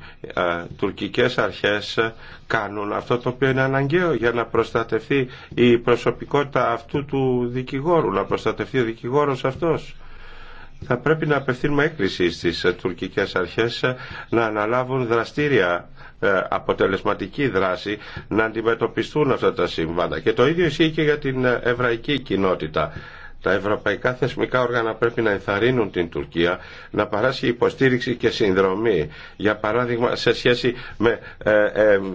τουρκικές αρχές κάνουν αυτό το οποίο είναι αναγκαίο για να προστατευτεί η προσωπικότητα αυτού του δικηγόρου, να προστατευτεί ο δικηγόρος αυτός θα πρέπει να απευθύνουμε έκκληση στις ε, τουρκικές αρχές ε, να αναλάβουν δραστήρια ε, αποτελεσματική δράση να αντιμετωπιστούν αυτά τα συμβάντα. Και το ίδιο ισχύει και για την εβραϊκή κοινότητα. Τα ευρωπαϊκά θεσμικά όργανα πρέπει να ενθαρρύνουν την Τουρκία να παράσχει υποστήριξη και συνδρομή. Για παράδειγμα σε σχέση με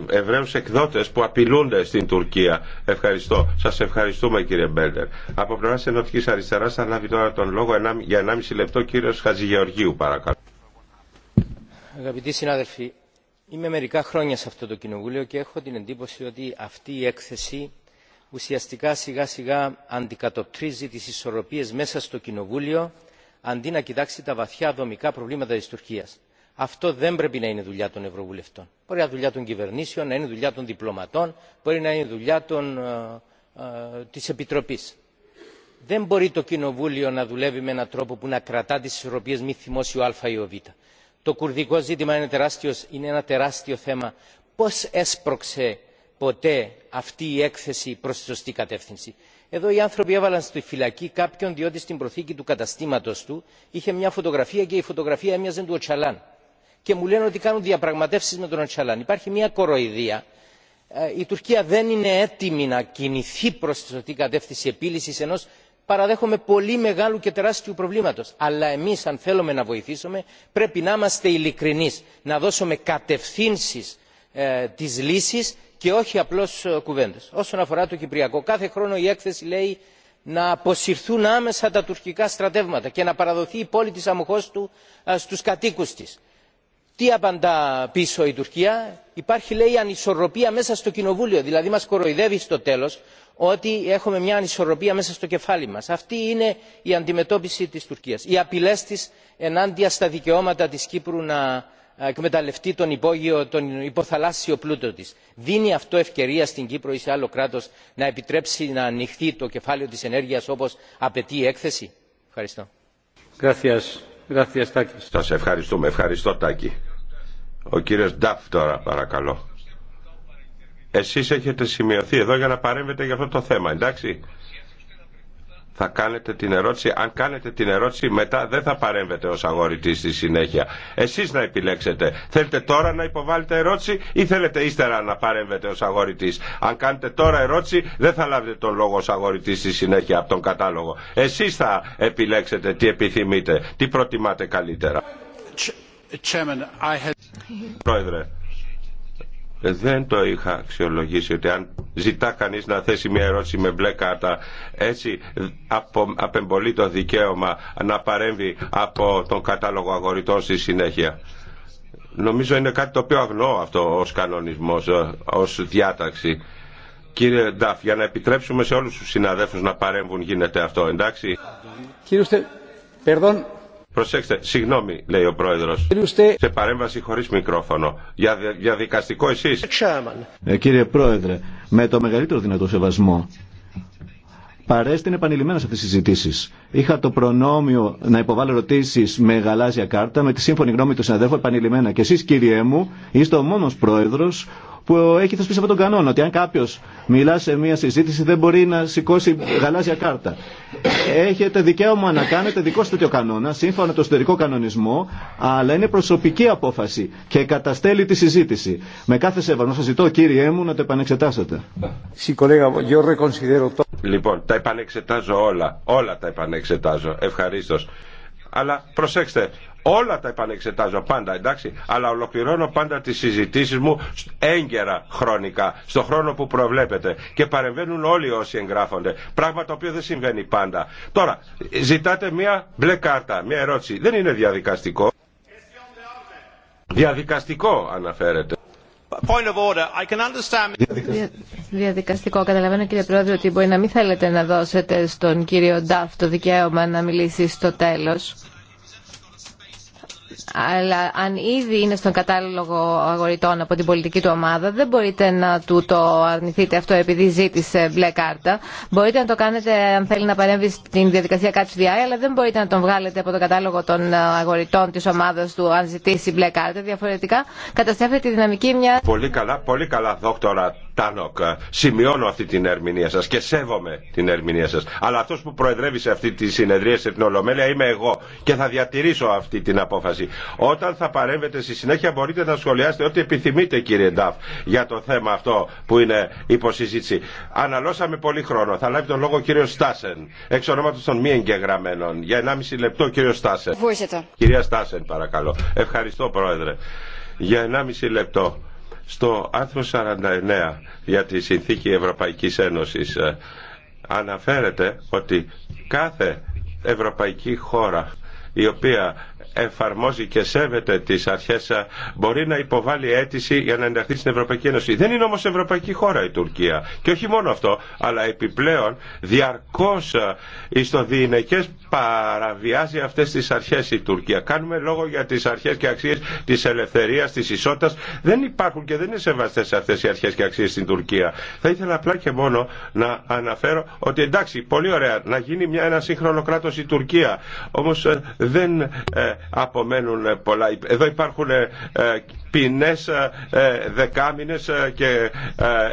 Εβραίου ε, εκδότε που απειλούνται στην Τουρκία. Ευχαριστώ. Σα ευχαριστούμε κύριε Μπέλτερ. Από πλευρά Ενωτική Αριστερά θα λάβει τώρα τον λόγο για 1,5 λεπτό κύριο Χαζηγεωργίου παρακαλώ. Αγαπητοί συνάδελφοι, είμαι μερικά χρόνια σε αυτό το κοινοβούλιο και έχω την εντύπωση ότι αυτή η έκθεση ουσιαστικά σιγά σιγά αντικατοπτρίζει τις ισορροπίες μέσα στο Κοινοβούλιο αντί να κοιτάξει τα βαθιά δομικά προβλήματα της Τουρκίας. Αυτό δεν πρέπει να είναι δουλειά των Ευρωβουλευτών. Μπορεί να είναι δουλειά των κυβερνήσεων, να είναι δουλειά των διπλωματών, μπορεί να είναι δουλειά των, ε, ε, της Επιτροπής. Δεν μπορεί το Κοινοβούλιο να δουλεύει με έναν τρόπο που να κρατά τις ισορροπίες μη θυμώσει ο α ή ο β. Το κουρδικό ζήτημα είναι, είναι ένα τεράστιο θέμα. Πώ έσπρωξε ποτέ αυτή η έκθεση προ τη σωστή κατεύθυνση. Εδώ οι άνθρωποι έβαλαν στη φυλακή κάποιον διότι στην προθήκη του καταστήματο του είχε μια φωτογραφία και η φωτογραφία έμοιαζε του Οτσαλάν. Και μου λένε ότι κάνουν διαπραγματεύσει με τον Οτσαλάν. Υπάρχει μια κοροϊδία. Ε, η Τουρκία δεν είναι έτοιμη να κινηθεί προ τη σωστή κατεύθυνση επίλυση ενό παραδέχομαι πολύ μεγάλου και τεράστιου προβλήματο. αλλά εμεί, αν θέλουμε να βοηθήσουμε πρέπει να είμαστε ειλικρινεί, να δώσουμε κατευθύνσει. Ε, τις λύσεις και όχι απλώς ε, κουβέντες. Όσον αφορά το Κυπριακό, κάθε χρόνο η έκθεση λέει να αποσυρθούν άμεσα τα τουρκικά στρατεύματα και να παραδοθεί η πόλη της του ε, στους κατοίκους της. Τι απαντά πίσω η Τουρκία. Υπάρχει λέει ανισορροπία μέσα στο κοινοβούλιο. Δηλαδή μας κοροϊδεύει στο τέλος ότι έχουμε μια ανισορροπία μέσα στο κεφάλι μας. Αυτή είναι η αντιμετώπιση της Τουρκίας. Οι απειλές της ενάντια στα δικαιώματα της Κύπρου να ε, εκμεταλλευτεί τον, τον υποθαλάσσιο πλούτο της. Δίνει αυτό ευκαιρία στην Κύπρο ή σε άλλο κράτος να επιτρέψει να ανοιχθεί το κεφάλαιο της ενέργειας όπως απαιτεί η έκθεση. Ευχαριστώ. Σας ευχαριστούμε. Ευχαριστώ Τάκη. Ο κύριος Νταφ τώρα παρακαλώ. Εσείς έχετε σημειωθεί εδώ για να παρέμβετε για αυτό το θέμα, εντάξει θα κάνετε την ερώτηση. Αν κάνετε την ερώτηση μετά δεν θα παρέμβετε ω αγορητή στη συνέχεια. Εσείς να επιλέξετε. Θέλετε τώρα να υποβάλλετε ερώτηση ή θέλετε ύστερα να παρέμβετε ω αγορητή. Αν κάνετε τώρα ερώτηση δεν θα λάβετε τον λόγο ως αγορητή στη συνέχεια από τον κατάλογο. Εσείς θα επιλέξετε τι επιθυμείτε, τι προτιμάτε καλύτερα. Πρόεδρε. Ε, δεν το είχα αξιολογήσει ότι αν ζητά κανείς να θέσει μια ερώτηση με μπλε κάρτα έτσι απεμπολεί το δικαίωμα να παρέμβει από τον κατάλογο αγορητών στη συνέχεια. Νομίζω είναι κάτι το οποίο αγνώ αυτό ως κανονισμός, ε, ως διάταξη. Κύριε Νταφ, για να επιτρέψουμε σε όλους τους συναδέλφους να παρέμβουν γίνεται αυτό, εντάξει. Κύριε Περδόν, Προσέξτε, συγγνώμη, λέει ο πρόεδρο. Σε παρέμβαση χωρίς μικρόφωνο. Για, για δικαστικό εσείς. Ε, κύριε πρόεδρε, με το μεγαλύτερο δυνατό σεβασμό. Παρέστηνε επανειλημμένα σε αυτέ τι συζητήσει. Είχα το προνόμιο να υποβάλω ερωτήσει με γαλάζια κάρτα, με τη σύμφωνη γνώμη του συναδέλφου επανειλημμένα. Και εσείς, κύριε μου, είστε ο μόνο πρόεδρο που έχει θεσπίσει από τον κανόνα ότι αν κάποιο μιλά σε μία συζήτηση δεν μπορεί να σηκώσει γαλάζια κάρτα. Έχετε δικαίωμα να κάνετε δικό σα τέτοιο κανόνα, σύμφωνα με το εσωτερικό κανονισμό, αλλά είναι προσωπική απόφαση και καταστέλει τη συζήτηση. Με κάθε σεβασμό σα ζητώ, κύριε μου, να το επανεξετάσετε. Λοιπόν, τα επανεξετάζω όλα. Όλα τα επανεξετάζω. Ευχαρίστω. Αλλά προσέξτε, Όλα τα επανεξετάζω πάντα, εντάξει, αλλά ολοκληρώνω πάντα τις συζητήσεις μου έγκαιρα χρονικά, στο χρόνο που προβλέπετε και παρεμβαίνουν όλοι όσοι εγγράφονται, πράγμα το οποίο δεν συμβαίνει πάντα. Τώρα, ζητάτε μία μπλε κάρτα, μία ερώτηση, δεν είναι διαδικαστικό. Διαδικαστικό αναφέρεται. Point of order. I can understand... διαδικαστικό. Καταλαβαίνω κύριε Πρόεδρε ότι μπορεί να μην θέλετε να δώσετε στον κύριο Νταφ το δικαίωμα να μιλήσει στο τέλος αλλά αν ήδη είναι στον κατάλογο αγορητών από την πολιτική του ομάδα, δεν μπορείτε να του το αρνηθείτε αυτό επειδή ζήτησε μπλε κάρτα. Μπορείτε να το κάνετε αν θέλει να παρέμβει στην διαδικασία Catch the αλλά δεν μπορείτε να τον βγάλετε από τον κατάλογο των αγορητών τη ομάδα του αν ζητήσει μπλε κάρτα. Διαφορετικά καταστρέφεται η δυναμική μια. Πολύ καλά, πολύ καλά, δόκτωρα. Τάνοκ. Ε, σημειώνω αυτή την ερμηνεία σα και σέβομαι την ερμηνεία σα. Αλλά αυτό που προεδρεύει σε αυτή τη συνεδρία σε την Ολομέλεια είμαι εγώ και θα διατηρήσω αυτή την απόφαση. Όταν θα παρέμβετε στη συνέχεια μπορείτε να σχολιάσετε ό,τι επιθυμείτε κύριε Νταφ για το θέμα αυτό που είναι υποσυζήτηση. Αναλώσαμε πολύ χρόνο. Θα λάβει τον λόγο ο κύριο Στάσεν. Εξ ονόματο των μη εγγεγραμμένων. Για 1,5 λεπτό κύριο Στάσεν. Κυρία Στάσεν παρακαλώ. Ευχαριστώ πρόεδρε. Για 1,5 λεπτό. Στο άρθρο 49 για τη Συνθήκη Ευρωπαϊκής Ένωσης ε, αναφέρεται ότι κάθε ευρωπαϊκή χώρα η οποία εφαρμόζει και σέβεται τις αρχέ μπορεί να υποβάλει αίτηση για να ενταχθεί στην Ευρωπαϊκή Ένωση. Δεν είναι όμως ευρωπαϊκή χώρα η Τουρκία. Και όχι μόνο αυτό, αλλά επιπλέον διαρκώς το παραβιάζει αυτέ τι αρχέ η Τουρκία. Κάνουμε λόγο για τι αρχέ και αξίε τη ελευθερία, τη ισότητας. Δεν υπάρχουν και δεν είναι σεβαστές αυτέ οι αρχέ και αξίε στην Τουρκία. Θα ήθελα απλά και μόνο να αναφέρω ότι εντάξει, πολύ ωραία να γίνει μια, ένα σύγχρονο κράτο η Τουρκία. Όμως ε, δεν ε, απομένουν πολλά. Εδώ υπάρχουν ε, ποινές ε, ε, δεκάμινες ε, και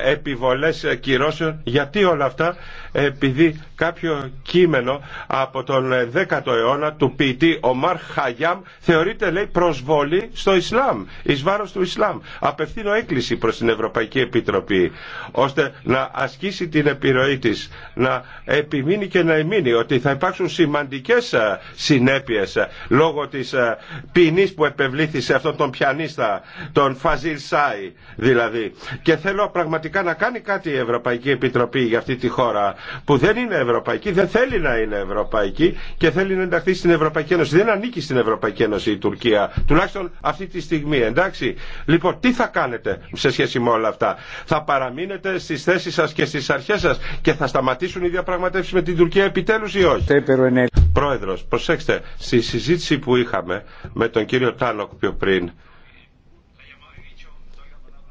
επιβολές κυρώσεων. Γιατί όλα αυτά επειδή κάποιο κείμενο από τον 10ο αιώνα του ποιητή Ομάρ Χαγιάμ θεωρείται λέει προσβολή στο Ισλάμ, εις βάρος του Ισλάμ. Απευθύνω έκκληση προς την Ευρωπαϊκή Επιτροπή ώστε να ασκήσει την επιρροή της, να επιμείνει και να εμείνει ότι θα υπάρξουν σημαντικές συνέπειες λόγω της ποινή που επευλήθησε σε αυτόν τον πιανίστα τον Φαζίλ Σάι δηλαδή. Και θέλω πραγματικά να κάνει κάτι η Ευρωπαϊκή Επιτροπή για αυτή τη χώρα που δεν είναι ευρωπαϊκή, δεν θέλει να είναι ευρωπαϊκή και θέλει να ενταχθεί στην Ευρωπαϊκή Ένωση. Δεν ανήκει στην Ευρωπαϊκή Ένωση η Τουρκία, τουλάχιστον αυτή τη στιγμή, εντάξει. Λοιπόν, τι θα κάνετε σε σχέση με όλα αυτά. Θα παραμείνετε στι θέσει σα και στι αρχέ σα και θα σταματήσουν οι διαπραγματεύσει με την Τουρκία επιτέλου ή όχι. Πρόεδρο, προσέξτε, στη συζήτηση που είχαμε με τον κύριο Τάνοκ πιο πριν,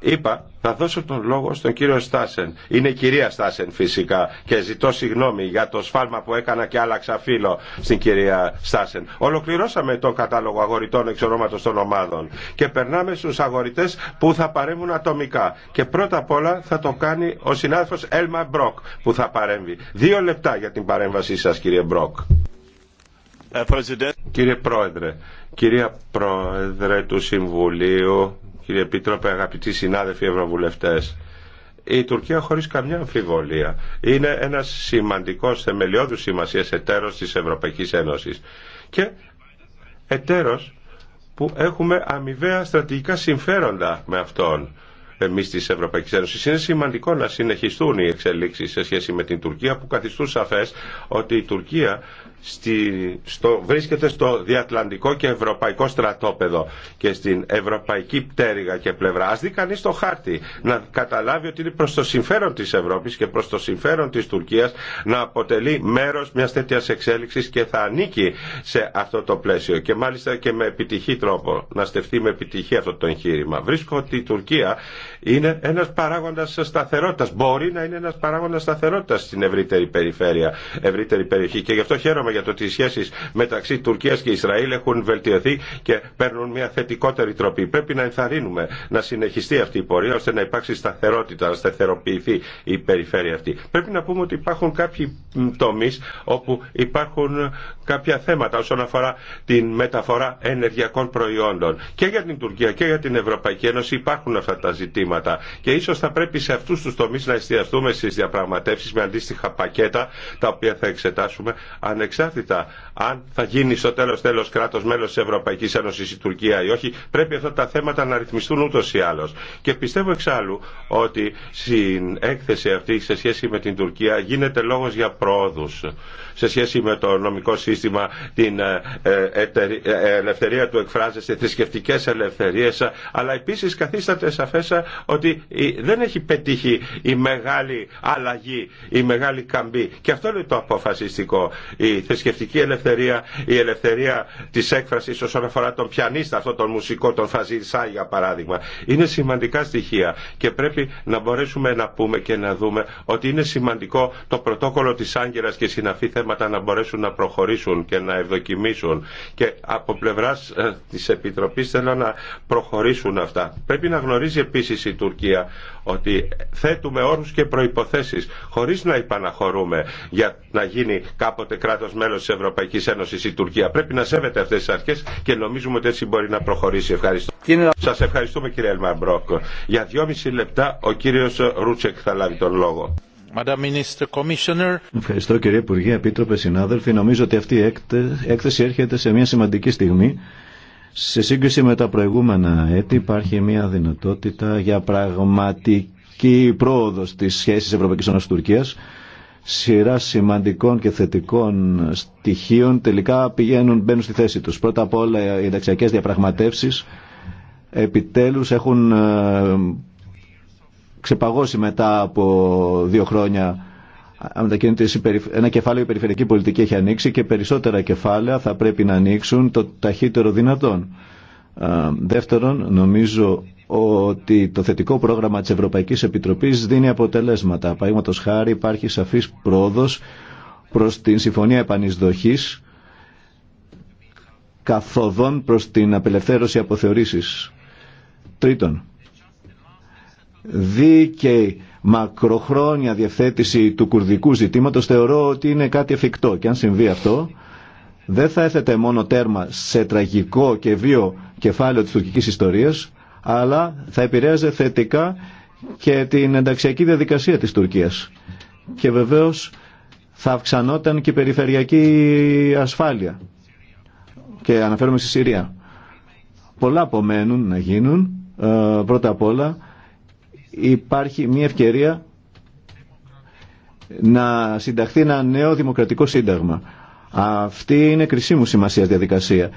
είπα θα δώσω τον λόγο στον κύριο Στάσεν. Είναι η κυρία Στάσεν φυσικά και ζητώ συγγνώμη για το σφάλμα που έκανα και άλλαξα φίλο στην κυρία Στάσεν. Ολοκληρώσαμε τον κατάλογο αγορητών εξ ονόματος των ομάδων και περνάμε στους αγορητές που θα παρέμβουν ατομικά. Και πρώτα απ' όλα θα το κάνει ο συνάδελφος Έλμα Μπροκ που θα παρέμβει. Δύο λεπτά για την παρέμβασή σας κύριε Μπροκ. Ε, κύριε Πρόεδρε, κυρία Πρόεδρε του Συμβουλίου κύριε Επίτροπε, αγαπητοί συνάδελφοι ευρωβουλευτές. Η Τουρκία χωρίς καμιά αμφιβολία είναι ένας σημαντικός θεμελιώδους σημασίας εταίρος της Ευρωπαϊκής Ένωσης και εταίρος που έχουμε αμοιβαία στρατηγικά συμφέροντα με αυτόν εμείς της Ευρωπαϊκής Ένωσης. Είναι σημαντικό να συνεχιστούν οι εξελίξεις σε σχέση με την Τουρκία που καθιστούν σαφές ότι η Τουρκία στη, στο, βρίσκεται στο διατλαντικό και ευρωπαϊκό στρατόπεδο και στην ευρωπαϊκή πτέρυγα και πλευρά. Ας δει κανεί το χάρτη να καταλάβει ότι είναι προς το συμφέρον της Ευρώπης και προς το συμφέρον της Τουρκίας να αποτελεί μέρος μιας τέτοιας εξέλιξης και θα ανήκει σε αυτό το πλαίσιο και μάλιστα και με επιτυχή τρόπο να στεφτεί με επιτυχή αυτό το εγχείρημα. Βρίσκω ότι η Τουρκία είναι ένας παράγοντας σταθερότητας, μπορεί να είναι ένας παράγοντας σταθερότητας στην ευρύτερη περιφέρεια, ευρύτερη περιοχή και γι' αυτό χαίρομαι για το ότι οι σχέσει μεταξύ Τουρκία και Ισραήλ έχουν βελτιωθεί και παίρνουν μια θετικότερη τροπή. Πρέπει να ενθαρρύνουμε να συνεχιστεί αυτή η πορεία ώστε να υπάρξει σταθερότητα, να σταθεροποιηθεί η περιφέρεια αυτή. Πρέπει να πούμε ότι υπάρχουν κάποιοι τομεί όπου υπάρχουν ε, κάποια θέματα όσον αφορά την μεταφορά ενεργειακών προϊόντων. Και για την Τουρκία και για την Ευρωπαϊκή Ένωση υπάρχουν αυτά τα ζητήματα. Και ίσω θα πρέπει σε αυτού του τομεί να εστιαστούμε στι διαπραγματεύσει με αντίστοιχα πακέτα τα οποία θα εξετάσουμε ανεξάρτητα ανεξάρτητα αν θα γίνει στο τέλος τέλος κράτος μέλος της Ευρωπαϊκής Ένωσης η Τουρκία ή όχι, πρέπει αυτά τα θέματα να ρυθμιστούν ούτως ή άλλως. Και πιστεύω εξάλλου ότι στην έκθεση αυτή σε σχέση με την Τουρκία γίνεται λόγος για πρόοδου σε σχέση με το νομικό σύστημα, την ε, ε, ε, ελευθερία του εκφράζεσαι, θρησκευτικέ ελευθερίε, αλλά επίση καθίσταται σαφέ ότι δεν έχει πετύχει η μεγάλη αλλαγή, η μεγάλη καμπή. Και αυτό είναι το αποφασιστικό. Η θρησκευτική ελευθερία, η ελευθερία τη έκφραση όσον αφορά τον πιανίστα, αυτόν τον μουσικό, τον Φαζιρσάη για παράδειγμα, είναι σημαντικά στοιχεία και πρέπει να μπορέσουμε να πούμε και να δούμε ότι είναι σημαντικό το πρωτόκολλο τη Άγγελα και συναφή θέματα να μπορέσουν να προχωρήσουν και να ευδοκιμήσουν. Και από πλευρά ε, τη Επιτροπή θέλω να προχωρήσουν αυτά. Πρέπει να γνωρίζει επίσης η Τουρκία ότι θέτουμε όρους και προϋποθέσεις χωρίς να υπαναχωρούμε για να γίνει κάποτε κράτος μέλος της Ευρωπαϊκής Ένωσης η Τουρκία. Πρέπει να σέβεται αυτές τις αρχές και νομίζουμε ότι έτσι μπορεί να προχωρήσει. Ευχαριστώ. Σα ευχαριστούμε κύριε Ελμαμπρόκ. Για δυόμιση λεπτά ο κύριο Ρούτσεκ θα λάβει τον λόγο. Ευχαριστώ κύριε Υπουργέ, Επίτροπε, συνάδελφοι. Νομίζω ότι αυτή η έκθεση έρχεται σε μια σημαντική στιγμή. Σε σύγκριση με τα προηγούμενα έτη υπάρχει μια δυνατότητα για πραγματική πρόοδο στις σχέσεις Ευρωπαϊκής Ένωσης Τουρκίας. Σειρά σημαντικών και θετικών στοιχείων τελικά πηγαίνουν, μπαίνουν στη θέση τους. Πρώτα απ' όλα οι ενταξιακές διαπραγματεύσεις επιτέλους έχουν ε, ξεπαγώσει μετά από δύο χρόνια ένα κεφάλαιο η περιφερειακή πολιτική έχει ανοίξει και περισσότερα κεφάλαια θα πρέπει να ανοίξουν το ταχύτερο δυνατόν. Δεύτερον, νομίζω ότι το θετικό πρόγραμμα της Ευρωπαϊκής Επιτροπής δίνει αποτελέσματα. Παραδείγματος χάρη υπάρχει σαφής πρόοδος προς την Συμφωνία Επανεισδοχής καθοδόν προς την απελευθέρωση αποθεωρήσεις. Τρίτον, δίκαιη μακροχρόνια διευθέτηση του κουρδικού ζητήματος θεωρώ ότι είναι κάτι εφικτό και αν συμβεί αυτό δεν θα έθετε μόνο τέρμα σε τραγικό και βίο κεφάλαιο της τουρκικής ιστορίας αλλά θα επηρέαζε θετικά και την ενταξιακή διαδικασία της Τουρκίας και βεβαίως θα αυξανόταν και η περιφερειακή ασφάλεια και αναφέρομαι στη Συρία πολλά απομένουν να γίνουν ε, πρώτα απ' όλα υπάρχει μια ευκαιρία να συνταχθεί ένα νέο δημοκρατικό σύνταγμα. Αυτή είναι κρισίμου σημασία διαδικασία.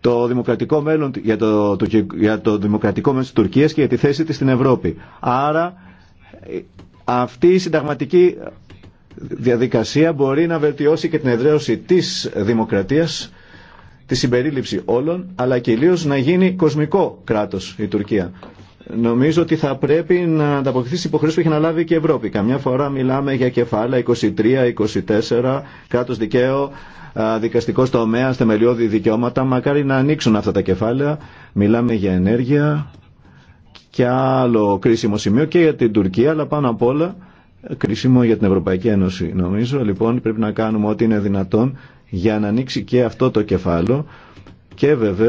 Το δημοκρατικό μέλλον για το, το, για το δημοκρατικό μέλλον της Τουρκίας και για τη θέση της στην Ευρώπη. Άρα αυτή η συνταγματική διαδικασία μπορεί να βελτιώσει και την εδραίωση της δημοκρατίας, τη συμπερίληψη όλων, αλλά κυρίω να γίνει κοσμικό κράτος η Τουρκία. Νομίζω ότι θα πρέπει να ανταποκριθεί στι υποχρεώσει που έχει αναλάβει και η Ευρώπη. Καμιά φορά μιλάμε για κεφάλαια 23, 24, κράτο δικαίου, δικαστικό τομέα, θεμελιώδη δικαιώματα. Μακάρι να ανοίξουν αυτά τα κεφάλαια. Μιλάμε για ενέργεια και άλλο κρίσιμο σημείο και για την Τουρκία, αλλά πάνω απ' όλα κρίσιμο για την Ευρωπαϊκή Ένωση. Νομίζω λοιπόν πρέπει να κάνουμε ό,τι είναι δυνατόν για να ανοίξει και αυτό το κεφάλαιο και ε,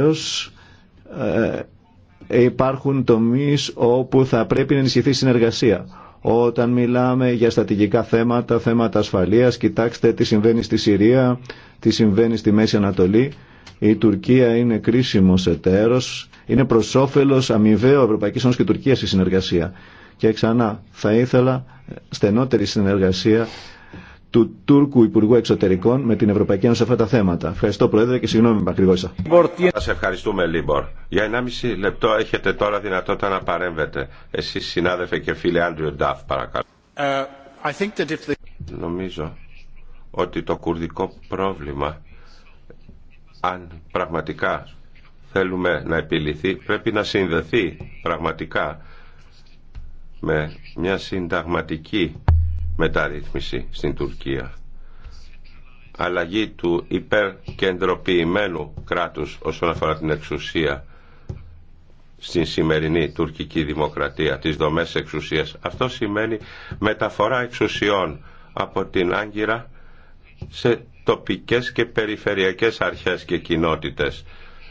υπάρχουν τομείς όπου θα πρέπει να ενισχυθεί η συνεργασία. Όταν μιλάμε για στατηγικά θέματα, θέματα ασφαλείας, κοιτάξτε τι συμβαίνει στη Συρία, τι συμβαίνει στη Μέση Ανατολή. Η Τουρκία είναι κρίσιμος εταίρος, είναι προς όφελος αμοιβαίο Ευρωπαϊκής Ένωσης και Τουρκία η συνεργασία. Και ξανά θα ήθελα στενότερη συνεργασία του Τούρκου Υπουργού Εξωτερικών με την Ευρωπαϊκή Ένωση σε αυτά τα θέματα. Ευχαριστώ Πρόεδρε και συγγνώμη πακριβώσα. Σα ευχαριστούμε Λίμπορ. Για 1,5 λεπτό έχετε τώρα δυνατότητα να παρέμβετε. Εσείς συνάδελφε και φίλε Άντριο Ντάφ παρακαλώ. Uh, the... Νομίζω ότι το κουρδικό πρόβλημα αν πραγματικά θέλουμε να επιληθεί πρέπει να συνδεθεί πραγματικά με μια συνταγματική μεταρρύθμιση στην Τουρκία. Αλλαγή του υπερκεντροποιημένου κράτους όσον αφορά την εξουσία στην σημερινή τουρκική δημοκρατία, τις δομές εξουσίας. Αυτό σημαίνει μεταφορά εξουσιών από την Άγκυρα σε τοπικές και περιφερειακές αρχές και κοινότητες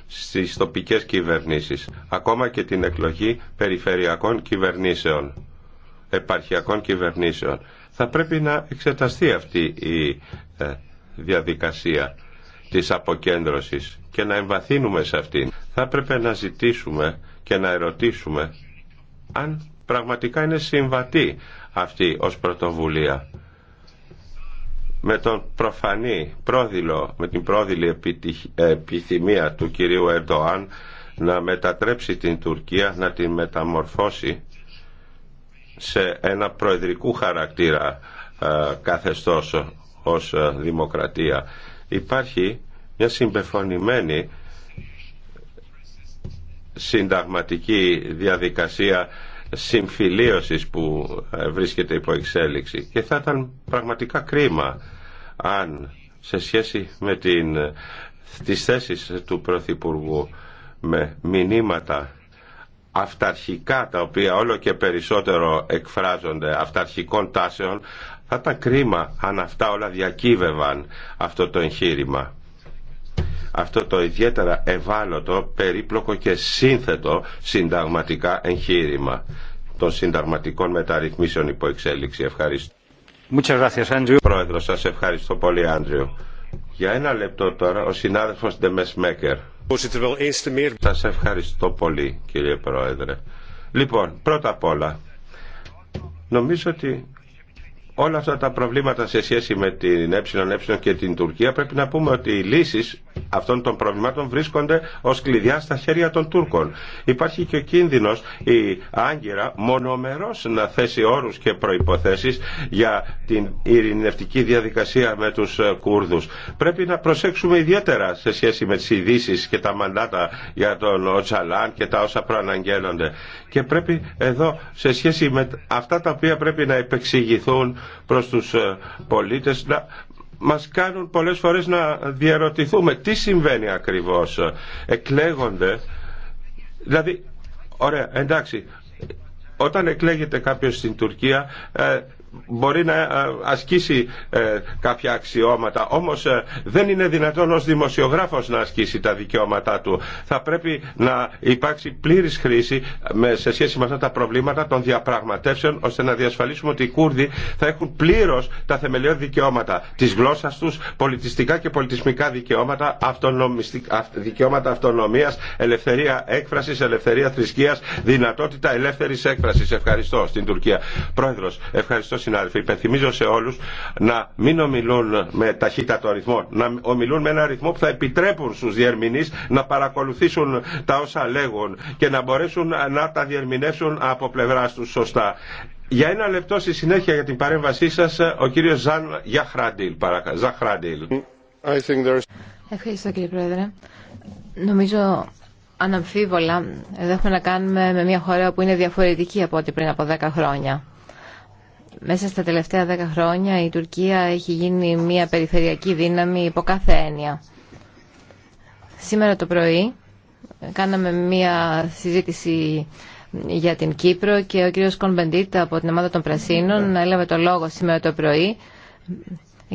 στις τοπικές κυβερνήσεις, ακόμα και την εκλογή περιφερειακών κυβερνήσεων, επαρχιακών κυβερνήσεων. Θα πρέπει να εξεταστεί αυτή η ε, διαδικασία της αποκέντρωσης και να εμβαθύνουμε σε αυτήν. Θα πρέπει να ζητήσουμε και να ερωτήσουμε αν πραγματικά είναι συμβατή αυτή ως πρωτοβουλία με τον προφανή πρόδειλο, με την πρόδειλη επιθυμία του κυρίου Ερντοάν να μετατρέψει την Τουρκία, να την μεταμορφώσει σε ένα προεδρικού χαρακτήρα ε, καθεστώς ως ε, δημοκρατία. Υπάρχει μια συμπεφωνημένη συνταγματική διαδικασία συμφιλίωσης που ε, βρίσκεται υπό εξέλιξη και θα ήταν πραγματικά κρίμα αν σε σχέση με την, τις θέσεις του Πρωθυπουργού με μηνύματα αυταρχικά τα οποία όλο και περισσότερο εκφράζονται αυταρχικών τάσεων θα ήταν κρίμα αν αυτά όλα διακύβευαν αυτό το εγχείρημα αυτό το ιδιαίτερα ευάλωτο, περίπλοκο και σύνθετο συνταγματικά εγχείρημα των συνταγματικών μεταρρυθμίσεων υπό εξέλιξη. Ευχαριστώ. Muchas gracias, Andrew. Πρόεδρο, σας ευχαριστώ πολύ, Άντριο. Για ένα λεπτό τώρα, ο συνάδελφος Ντεμεσμέκερ. Σας ευχαριστώ πολύ κύριε Πρόεδρε. Λοιπόν, πρώτα απ' όλα, νομίζω ότι όλα αυτά τα προβλήματα σε σχέση με την ΕΕ και την Τουρκία πρέπει να πούμε ότι οι λύσεις αυτών των προβλημάτων βρίσκονται ως κλειδιά στα χέρια των Τούρκων. Υπάρχει και ο κίνδυνος η Άγκυρα μονομερός να θέσει όρους και προϋποθέσεις για την ειρηνευτική διαδικασία με τους ε, Κούρδους. Πρέπει να προσέξουμε ιδιαίτερα σε σχέση με τις ειδήσει και τα μαντάτα για τον Οτσαλάν και τα όσα προαναγγέλλονται. Και πρέπει εδώ σε σχέση με αυτά τα οποία πρέπει να επεξηγηθούν προ του ε, πολίτε μας κάνουν πολλές φορές να διαρωτηθούμε τι συμβαίνει ακριβώς. Εκλέγονται, δηλαδή, ωραία, εντάξει, όταν εκλέγεται κάποιος στην Τουρκία ε, μπορεί να ε, ασκήσει ε, κάποια αξιώματα. Όμως ε, δεν είναι δυνατόν ως δημοσιογράφος να ασκήσει τα δικαιώματά του. Θα πρέπει να υπάρξει πλήρης χρήση σε σχέση με αυτά τα προβλήματα των διαπραγματεύσεων ώστε να διασφαλίσουμε ότι οι Κούρδοι θα έχουν πλήρως τα θεμελιώδη δικαιώματα της γλώσσας τους, πολιτιστικά και πολιτισμικά δικαιώματα, δικαιώματα αυτονομίας, ελευθερία έκφρασης, ελευθερία θρησκείας, δυνατότητα ελεύθερης έκφρασης. Ευχαριστώ στην Τουρκία. Πρόεδρος, ευχαριστώ συνάδελφοι, υπενθυμίζω σε όλους να μην ομιλούν με ταχύτατο αριθμό, να ομιλούν με ένα αριθμό που θα επιτρέπουν στους διερμηνείς να παρακολουθήσουν τα όσα λέγουν και να μπορέσουν να τα διερμηνεύσουν από πλευρά τους σωστά. Για ένα λεπτό στη συνέχεια για την παρέμβασή σας, ο κύριος Ζαν Γιαχράντιλ, Ζαχράντιλ. Ευχαριστώ κύριε Πρόεδρε. Νομίζω αναμφίβολα εδώ έχουμε να κάνουμε με μια χώρα που είναι διαφορετική από ό,τι πριν από δέκα χρόνια μέσα στα τελευταία δέκα χρόνια η Τουρκία έχει γίνει μια περιφερειακή δύναμη υπό κάθε έννοια. Σήμερα το πρωί κάναμε μια συζήτηση για την Κύπρο και ο κύριος Κονμπεντίτ από την ομάδα των Πρασίνων έλαβε το λόγο σήμερα το πρωί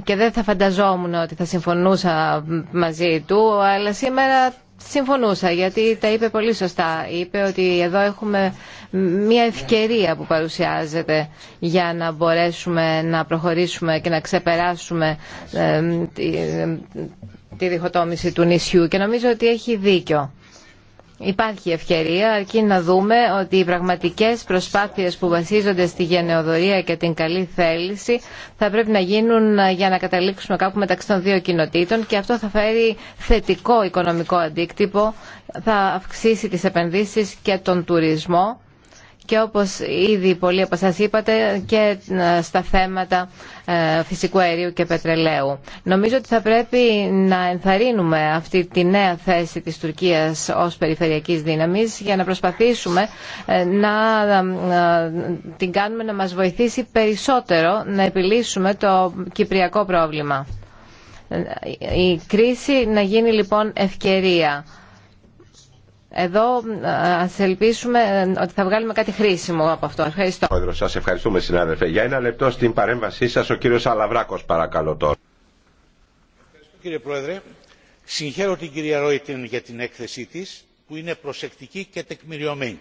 και δεν θα φανταζόμουν ότι θα συμφωνούσα μαζί του, αλλά σήμερα συμφωνούσα γιατί τα είπε πολύ σωστά. Είπε ότι εδώ έχουμε μια ευκαιρία που παρουσιάζεται για να μπορέσουμε να προχωρήσουμε και να ξεπεράσουμε ε, ε, τη διχοτόμηση του νησιού και νομίζω ότι έχει δίκιο. Υπάρχει ευκαιρία αρκεί να δούμε ότι οι πραγματικές προσπάθειες που βασίζονται στη γενεοδορία και την καλή θέληση θα πρέπει να γίνουν ε, για να καταλήξουμε κάπου μεταξύ των δύο κοινοτήτων και αυτό θα φέρει θετικό οικονομικό αντίκτυπο, θα αυξήσει τις επενδύσεις και τον τουρισμό και όπως ήδη πολλοί από είπατε και ε, στα θέματα ε, φυσικού αερίου και πετρελαίου. Νομίζω ότι θα πρέπει να ενθαρρύνουμε αυτή τη νέα θέση της Τουρκίας ως περιφερειακής δύναμης για να προσπαθήσουμε ε, να την κάνουμε να μας βοηθήσει περισσότερο να επιλύσουμε το κυπριακό πρόβλημα. Η κρίση να γίνει λοιπόν ευκαιρία εδώ ας ελπίσουμε ε, ότι θα βγάλουμε κάτι χρήσιμο από αυτό. Ευχαριστώ. Πρόεδρο, σας ευχαριστούμε συνάδελφε. Για ένα λεπτό στην παρέμβασή σα, ο κύριο Αλαβράκος παρακαλώ τώρα. Ευχαριστώ κύριε Πρόεδρε. Συγχαίρω την κυρία Ρόιτεν για την έκθεσή τη, που είναι προσεκτική και τεκμηριωμένη.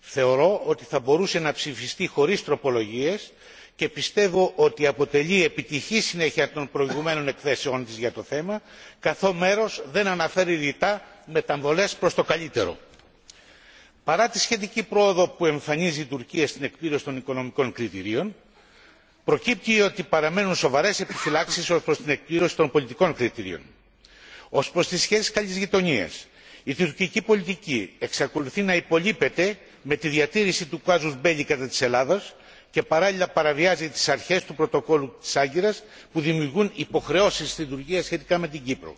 Θεωρώ ότι θα μπορούσε να ψηφιστεί χωρί τροπολογίε και πιστεύω ότι αποτελεί επιτυχή συνέχεια των προηγουμένων εκθέσεών τη για το θέμα καθώ μέρο δεν αναφέρει ρητά μεταβολές προς το καλύτερο. παρά τη σχετική πρόοδο που εμφανίζει η τουρκία στην εκπλήρωση των οικονομικών κριτηρίων προκύπτει ότι παραμένουν σοβαρές επιφυλάξεις ως προς την εκπλήρωση των πολιτικών κριτηρίων. ως προς τις σχέσεις καλής γειτονίας η τουρκική πολιτική εξακολουθεί να υπολείπεται με τη διατήρηση του κάζους μπέλι κατά της Ελλάδας και παράλληλα παραβιάζει τις αρχές του πρωτοκόλλου της άγκυρας που δημιουργούν υποχρεώσεις στην τουρκία σχετικά με την κύπρο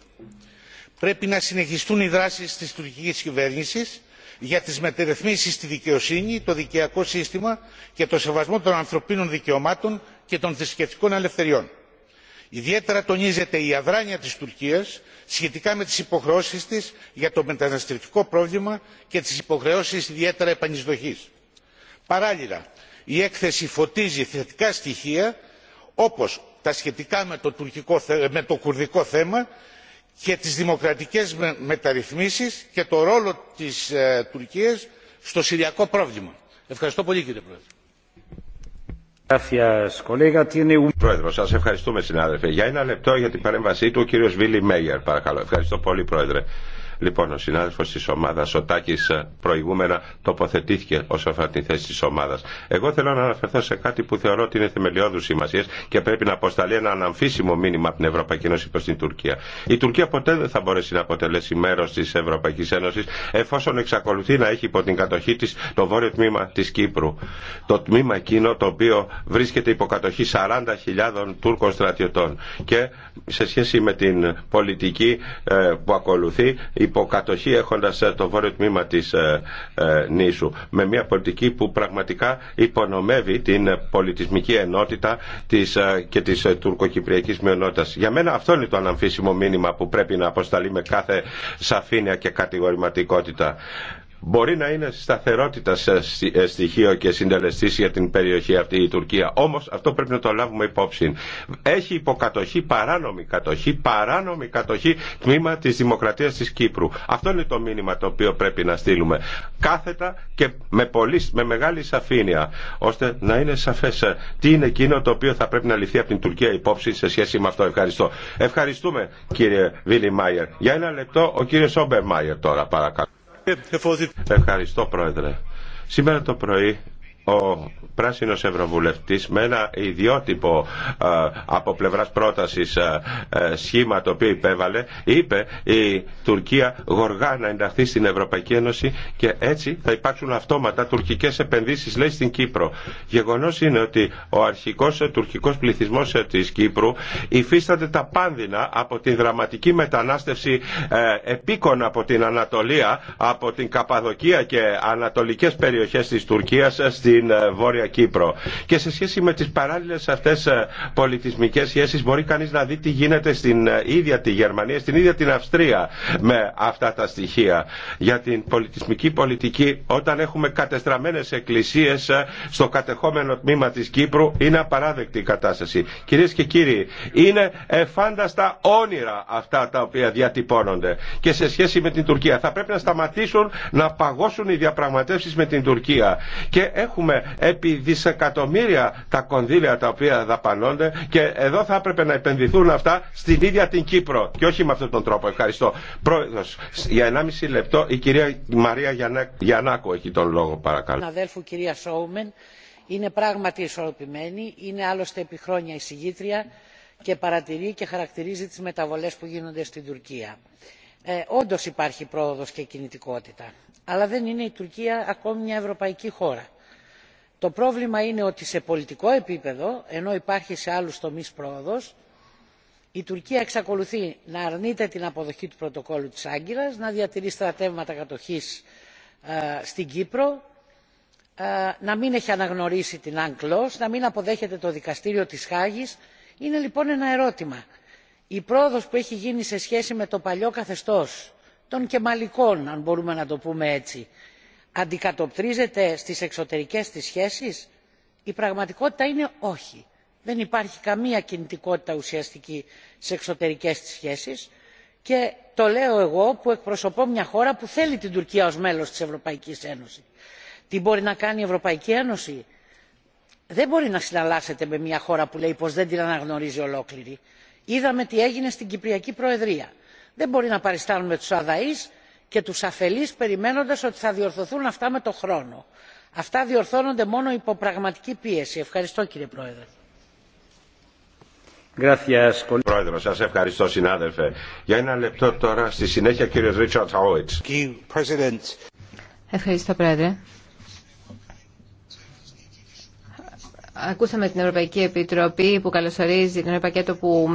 πρέπει να συνεχιστούν οι δράσεις της τουρκικής κυβέρνησης για τις μεταρρυθμίσεις στη δικαιοσύνη το δικαιακό σύστημα και το σεβασμό των ανθρωπίνων δικαιωμάτων και των θρησκευτικών ελευθεριών. ιδιαίτερα τονίζεται η αδράνεια της τουρκίας σχετικά με τις υποχρεώσεις της για το μεταναστευτικό πρόβλημα και τις υποχρεώσεις ιδιαίτερα επανεισδοχής. παράλληλα η έκθεση φωτίζει θετικά στοιχεία όπως τα σχετικά με το, τουρκικό, με το κουρδικό θέμα και τις δημοκρατικές μεταρρυθμίσεις και το ρόλο της ε, τουρκίας στο συριακό πρόβλημα. Ευχαριστώ πολύ κύριε Πρόεδρε. Πρόεδρο, σα ευχαριστούμε συνάδελφε. Για ένα λεπτό για την παρέμβασή του ο κύριο Βίλι Μέγερ, παρακαλώ. Ευχαριστώ πολύ, Πρόεδρε. Λοιπόν, ο συνάδελφο τη ομάδα, ο Τάκη, ε, προηγούμενα τοποθετήθηκε όσον αφορά την θέση τη ομάδα. Εγώ θέλω να αναφερθώ σε κάτι που θεωρώ ότι είναι θεμελιώδου σημασία και πρέπει να αποσταλεί ένα αναμφίσιμο μήνυμα από την Ευρωπαϊκή Ένωση προ την Τουρκία. Η Τουρκία ποτέ δεν θα μπορέσει να αποτελέσει μέρο τη Ευρωπαϊκή Ένωση εφόσον εξακολουθεί να έχει υπό την κατοχή τη το βόρειο τμήμα τη Κύπρου. Το τμήμα εκείνο το οποίο βρίσκεται υπό κατοχή 40.000 Τούρκων στρατιωτών. Και σε σχέση με την πολιτική ε, που ακολουθεί υποκατοχή έχοντας ε, το βόρειο τμήμα της ε, νήσου με μια πολιτική που πραγματικά υπονομεύει την πολιτισμική ενότητα της, και της τουρκοκυπριακής μειονότητας. Για μένα αυτό είναι το αναμφίσιμο μήνυμα που πρέπει να αποσταλεί με κάθε σαφήνεια και κατηγορηματικότητα. Μπορεί να είναι σταθερότητα ε, στοιχείο και συντελεστή για την περιοχή αυτή η Τουρκία. Όμω αυτό πρέπει να το λάβουμε υπόψη. Έχει υποκατοχή, παράνομη κατοχή, παράνομη κατοχή τμήμα τη Δημοκρατία τη Κύπρου. Αυτό είναι το μήνυμα το οποίο πρέπει να στείλουμε. Κάθετα και με, πολύ, με μεγάλη σαφήνεια. ώστε να είναι σαφέ ε, τι είναι εκείνο το οποίο θα πρέπει να ληφθεί από την Τουρκία υπόψη σε σχέση με αυτό. Ευχαριστώ. Ευχαριστούμε κύριε Βίλι Μάιερ. Για ένα λεπτό ο κύριο Όμπερ Μάιερ τώρα παρακαλώ. Ευχαριστώ, Πρόεδρε. Σήμερα το πρωί ο πράσινο Ευρωβουλευτή με ένα ιδιότυπο ε, από πλευράς πρότασης ε, ε, σχήμα το οποίο υπέβαλε είπε η Τουρκία γοργά να ενταχθεί στην Ευρωπαϊκή Ένωση και έτσι θα υπάρξουν αυτόματα τουρκικές επενδύσεις λέει στην Κύπρο. Γεγονός είναι ότι ο αρχικός τουρκικός πληθυσμός τη Κύπρου υφίσταται τα πάνδυνα από την δραματική μετανάστευση επίκον από την Ανατολία, από την Καπαδοκία και ανατολικέ περιοχέ τη Τουρκία στην Βόρεια Κύπρο. Και σε σχέση με τι παράλληλε αυτέ ε, πολιτισμικές σχέσει μπορεί κανεί να δει τι γίνεται στην ε, ίδια τη Γερμανία, στην ίδια την Αυστρία με αυτά τα στοιχεία. Για την πολιτισμική πολιτική όταν έχουμε κατεστραμμένε εκκλησίε ε, στο κατεχόμενο τμήμα τη Κύπρου είναι απαράδεκτη η κατάσταση. Κυρίε και κύριοι, είναι εφάνταστα όνειρα αυτά τα οποία διατυπώνονται. Και σε σχέση με την Τουρκία θα πρέπει να σταματήσουν να παγώσουν οι διαπραγματεύσει με την Τουρκία. Και έχουμε επί δισεκατομμύρια τα κονδύλια τα οποία δαπανώνται και εδώ θα έπρεπε να επενδυθούν αυτά στην ίδια την Κύπρο και όχι με αυτόν τον τρόπο. Ευχαριστώ. Πρόεδρος, για 1,5 λεπτό η κυρία Μαρία Γιαννάκου έχει τον λόγο παρακαλώ. Αδέλφου κυρία Σόουμεν, είναι πράγματι ισορροπημένη, είναι άλλωστε επί χρόνια εισηγήτρια και παρατηρεί και χαρακτηρίζει τις μεταβολές που γίνονται στην Τουρκία. Ε, Όντω υπάρχει πρόοδος και κινητικότητα, αλλά δεν είναι η Τουρκία ακόμη μια ευρωπαϊκή χώρα το πρόβλημα είναι ότι σε πολιτικό επίπεδο ενώ υπάρχει σε άλλους τομείς πρόοδος η τουρκία εξακολουθεί να αρνείται την αποδοχή του πρωτοκόλλου της άγκυρας να διατηρεί στρατεύματα κατοχής ε, στην κύπρο ε, να μην έχει αναγνωρίσει την unclos να μην αποδέχεται το δικαστήριο της χάγης. είναι λοιπόν ένα ερώτημα η πρόοδος που έχει γίνει σε σχέση με το παλιό καθεστώς των κεμαλικών αν μπορούμε να το πούμε έτσι αντικατοπτρίζεται στις εξωτερικές της σχέσεις; η πραγματικότητα είναι όχι. δεν υπάρχει καμία κινητικότητα ουσιαστική στις εξωτερικές της σχέσεις και το λέω εγώ που εκπροσωπώ μια χώρα που θέλει την τουρκία ως μέλος της ευρωπαϊκής ένωσης. τι μπορεί να κάνει η ευρωπαϊκή ένωση; δεν μπορεί να συναλλάσσεται με μια χώρα που λέει πως δεν την αναγνωρίζει ολόκληρη. είδαμε τι έγινε στην κυπριακή προεδρία. δεν μπορεί να παριστάνουμε τους αδαείς και τους αφελείς περιμένοντας ότι θα διορθωθούν αυτά με τον χρόνο. αυτά διορθώνονται μόνο υπό πραγματική πίεση. ευχαριστώ κύριε πρόεδρε. Πρόεδρε, σας ευχαριστώ συνάδελφε. Για ένα λεπτό τώρα στη συνέχεια κύριος Ρίτσαρτ Χάουιτς. Ευχαριστώ πρόεδρε. Ακούσαμε την Ευρωπαϊκή Επιτροπή που καλωσορίζει τον πακέτο που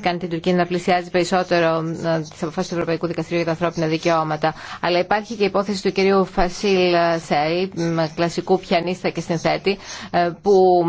κάνει την Τουρκία να πλησιάζει περισσότερο τι αποφάσει του Ευρωπαϊκού Δικαστηρίου για τα ανθρώπινα δικαιώματα. Αλλά υπάρχει και η υπόθεση του κυρίου Φασίλ Σέι, κλασικού πιανίστα και συνθέτη, ε, που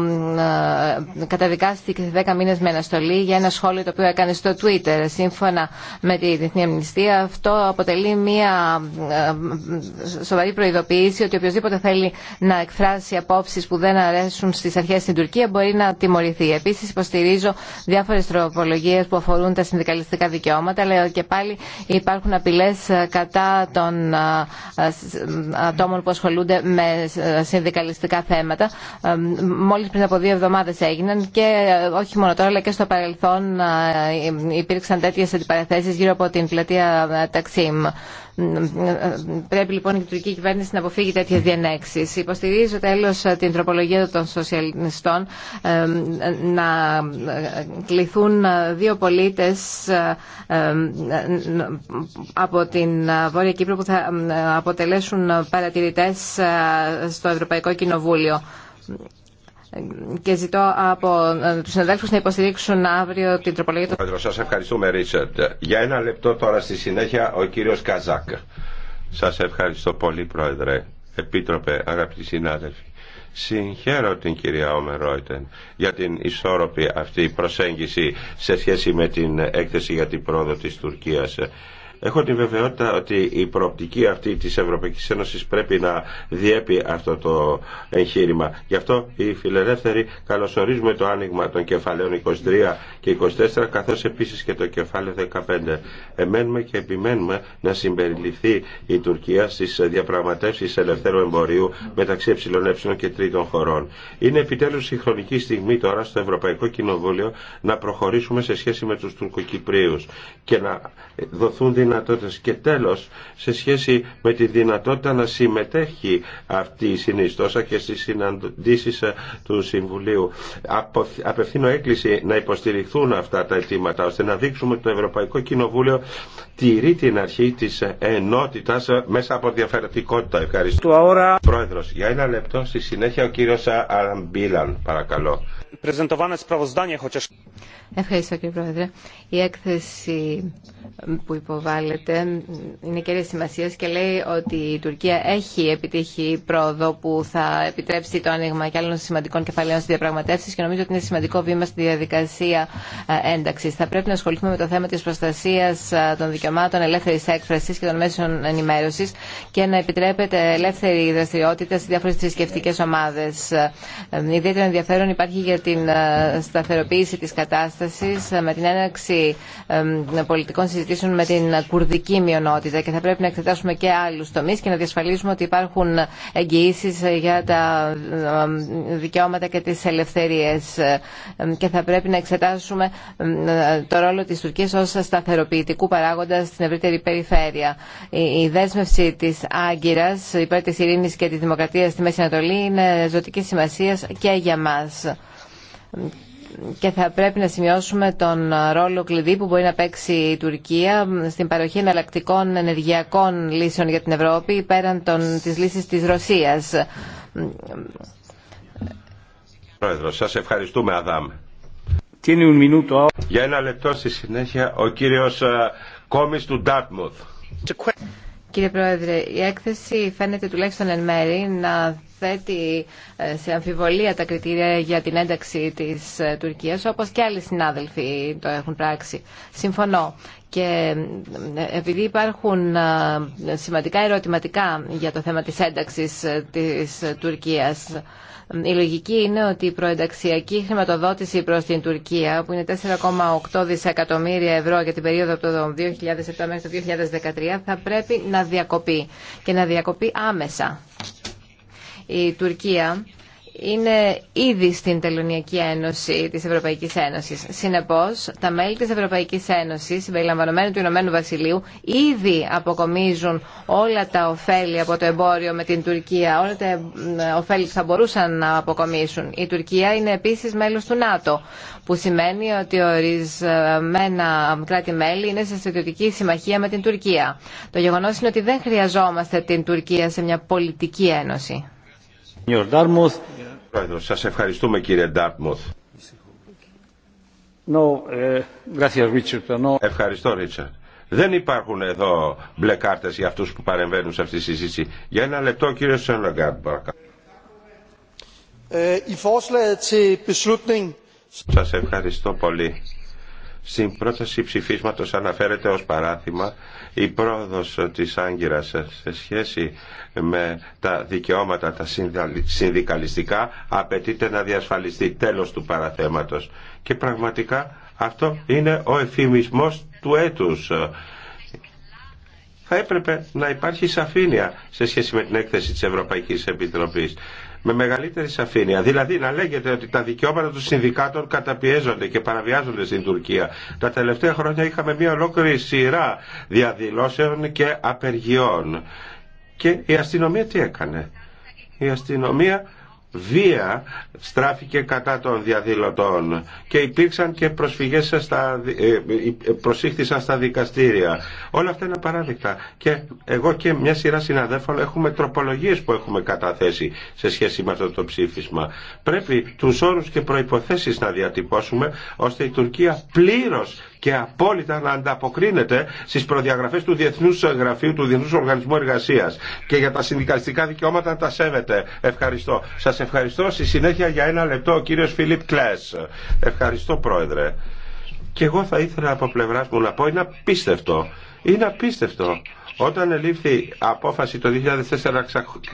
ε, καταδικάστηκε σε 10 μήνε με αναστολή για ένα σχόλιο το οποίο έκανε στο Twitter. Σύμφωνα με τη Διεθνή Αμνηστία, αυτό αποτελεί μία ε, σοβαρή προειδοποίηση ότι οποιοδήποτε θέλει να εκφράσει απόψει που δεν αρέσει αρέσουν στις αρχές στην Τουρκία μπορεί να τιμωρηθεί. Επίση, υποστηρίζω διάφορε τροπολογίε που αφορούν τα συνδικαλιστικά δικαιώματα αλλά και πάλι υπάρχουν απειλέ ε, κατά των ε, ε, ατόμων που ασχολούνται με συνδικαλιστικά θέματα. Μόλι πριν από δύο εβδομάδε έγιναν και όχι μόνο τώρα αλλά και στο παρελθόν υπήρξαν τέτοιε αντιπαραθέσει γύρω από την πλατεία Ταξίμ. Πρέπει λοιπόν η τουρκική κυβέρνηση να αποφύγει τέτοιε διενέξει. Υποστηρίζω τέλο την τροπολογία των σοσιαλιστών να κληθούν δύο πολίτε από την Βόρεια Κύπρο που θα αποτελέσουν παρατηρητέ στο Ευρωπαϊκό Κοινοβούλιο και ζητώ από ε, τους συναδέλφους να υποστηρίξουν αύριο την τροπολογία του. Πρόεδρο, σας ευχαριστούμε Ρίτσαρτ. Για ένα λεπτό τώρα στη συνέχεια ο κύριος Καζάκ. Σας ευχαριστώ πολύ Πρόεδρε, Επίτροπε, αγαπητοί συνάδελφοι. Συγχαίρω την κυρία Ομερόιτεν για την ισόρροπη αυτή προσέγγιση σε σχέση με την έκθεση για την πρόοδο της Τουρκίας Έχω την βεβαιότητα ότι η προοπτική αυτή της Ευρωπαϊκής Ένωσης πρέπει να διέπει αυτό το εγχείρημα. Γι' αυτό οι φιλελεύθεροι καλωσορίζουμε το άνοιγμα των κεφαλαίων 23 και 24 καθώς επίσης και το κεφάλαιο 15. Εμένουμε και επιμένουμε να συμπεριληφθεί η Τουρκία στις διαπραγματεύσεις ελευθέρου εμπορίου μεταξύ ΕΕ και τρίτων χωρών. Είναι επιτέλους η χρονική στιγμή τώρα στο Ευρωπαϊκό Κοινοβούλιο να προχωρήσουμε σε σχέση με τους Τουρκοκυπρίους και να δοθούν και τέλος, σε σχέση με τη δυνατότητα να συμμετέχει αυτή η συνιστόσα και στις συναντήσεις ε, του Συμβουλίου. Απευθύνω έκκληση να υποστηριχθούν αυτά τα αιτήματα, ώστε να δείξουμε ότι το Ευρωπαϊκό Κοινοβούλιο τηρεί την αρχή της ε, ενότητας ε, μέσα από διαφορετικότητα. Ευχαριστώ. Πρόεδρος, για ένα λεπτό, στη συνέχεια ο κύριος Αραμπίλαν, παρακαλώ. Ευχαριστώ κύριε Πρόεδρε. Η έκθεση που υποβάλλει είναι κέρια σημασία και λέει ότι η Τουρκία έχει επιτύχει πρόοδο που θα επιτρέψει το άνοιγμα και άλλων σημαντικών κεφαλαίων στι διαπραγματεύσει και νομίζω ότι είναι σημαντικό βήμα στη διαδικασία ε, ένταξη. Θα πρέπει να ασχοληθούμε με το θέμα τη προστασία ε, των δικαιωμάτων ελεύθερη έκφραση και των μέσων ενημέρωση και να επιτρέπεται ελεύθερη δραστηριότητα σε διάφορε θρησκευτικέ ομάδε. Ε, ιδιαίτερο ενδιαφέρον υπάρχει για την σταθεροποίηση τη κατάσταση με την έναρξη πολιτικών συζητήσεων με την κουρδική μειονότητα και θα πρέπει να εξετάσουμε και άλλου τομεί και να διασφαλίσουμε ότι υπάρχουν εγγυήσει για τα δικαιώματα και τι ελευθερίε. Και θα πρέπει να εξετάσουμε το ρόλο τη Τουρκία ω σταθεροποιητικού παράγοντα στην ευρύτερη περιφέρεια. Η δέσμευση τη Άγκυρα υπέρ τη ειρήνη και τη δημοκρατία στη Μέση Ανατολή είναι ζωτική σημασία και για μα και θα πρέπει να σημειώσουμε τον ρόλο κλειδί που μπορεί να παίξει η Τουρκία στην παροχή εναλλακτικών ενεργειακών λύσεων για την Ευρώπη πέραν των, της λύσης της Ρωσίας. Πρόεδρος, σας ευχαριστούμε Αδάμ. Για ένα λεπτό στη συνέχεια ο κύριος ε, Κόμις του Ντάρτμουθ. Κύριε Πρόεδρε, η έκθεση φαίνεται τουλάχιστον εν μέρη να θέτει ε, σε αμφιβολία τα κριτήρια για την ένταξη της ε, Τουρκίας, όπως και άλλοι συνάδελφοι το έχουν πράξει. Συμφωνώ. Και ε, επειδή υπάρχουν σημαντικά ερωτηματικά για το θέμα της ένταξης της Τουρκίας, η λογική είναι ότι η προενταξιακή χρηματοδότηση προς την Τουρκία, που είναι 4,8 δισεκατομμύρια ευρώ για την περίοδο από το 2007 μέχρι το 2013, θα πρέπει να διακοπεί και να διακοπεί άμεσα. Η Τουρκία είναι ήδη στην Τελωνιακή Ένωση της Ευρωπαϊκής Ένωσης. Συνεπώς, τα μέλη της Ευρωπαϊκής Ένωσης, συμπεριλαμβανομένου του Ηνωμένου Βασιλείου, ήδη αποκομίζουν όλα τα ωφέλη από το εμπόριο με την Τουρκία, όλα τα ε, ε, ωφέλη που θα μπορούσαν να αποκομίσουν. Η Τουρκία είναι επίσης μέλος του ΝΑΤΟ, που σημαίνει ότι ορισμένα κράτη-μέλη είναι σε στρατιωτική συμμαχία με την Τουρκία. Το γεγονός είναι ότι δεν χρειαζόμαστε την Τουρκία σε μια πολιτική ένωση. Πρόεδρο, σας ευχαριστούμε κύριε Ντάρτμουθ. Ευχαριστώ Ρίτσαρτ. Δεν υπάρχουν εδώ μπλε κάρτες για αυτούς που παρεμβαίνουν σε αυτή τη συζήτηση. Για ένα λεπτό κύριε κύριος Σα παρακαλώ. Σας ευχαριστώ πολύ. Στην πρόταση ψηφίσματος αναφέρεται ως παράθυμα η πρόοδος της Άγκυρας σε σχέση με τα δικαιώματα τα συνδικαλιστικά απαιτείται να διασφαλιστεί τέλος του παραθέματος. Και πραγματικά αυτό είναι ο εφημισμό του έτους θα έπρεπε να υπάρχει σαφήνεια σε σχέση με την έκθεση της Ευρωπαϊκής Επιτροπής με μεγαλύτερη σαφήνεια. Δηλαδή να λέγεται ότι τα δικαιώματα των συνδικάτων καταπιέζονται και παραβιάζονται στην Τουρκία. Τα τελευταία χρόνια είχαμε μια ολόκληρη σειρά διαδηλώσεων και απεργιών. Και η αστυνομία τι έκανε. Η αστυνομία βία στράφηκε κατά των διαδηλωτών και υπήρξαν και προσφυγές στα, ε, ε, προσήχθησαν στα δικαστήρια. Όλα αυτά είναι παράδεικτα. και εγώ και μια σειρά συναδέλφων έχουμε τροπολογίες που έχουμε καταθέσει σε σχέση με αυτό το ψήφισμα. Πρέπει τους όρους και προϋποθέσεις να διατυπώσουμε ώστε η Τουρκία πλήρως και απόλυτα να ανταποκρίνεται στις προδιαγραφές του Διεθνούς Γραφείου του Διεθνούς Οργανισμού Εργασίας και για τα συνδικαλιστικά δικαιώματα να τα σέβεται. Ευχαριστώ. Σας ευχαριστώ. Στη συνέχεια για ένα λεπτό ο κύριος Φιλίπ Κλές. Ευχαριστώ Πρόεδρε. Και εγώ θα ήθελα από πλευράς μου να πω είναι απίστευτο. Είναι απίστευτο όταν ελήφθη απόφαση το 2004 να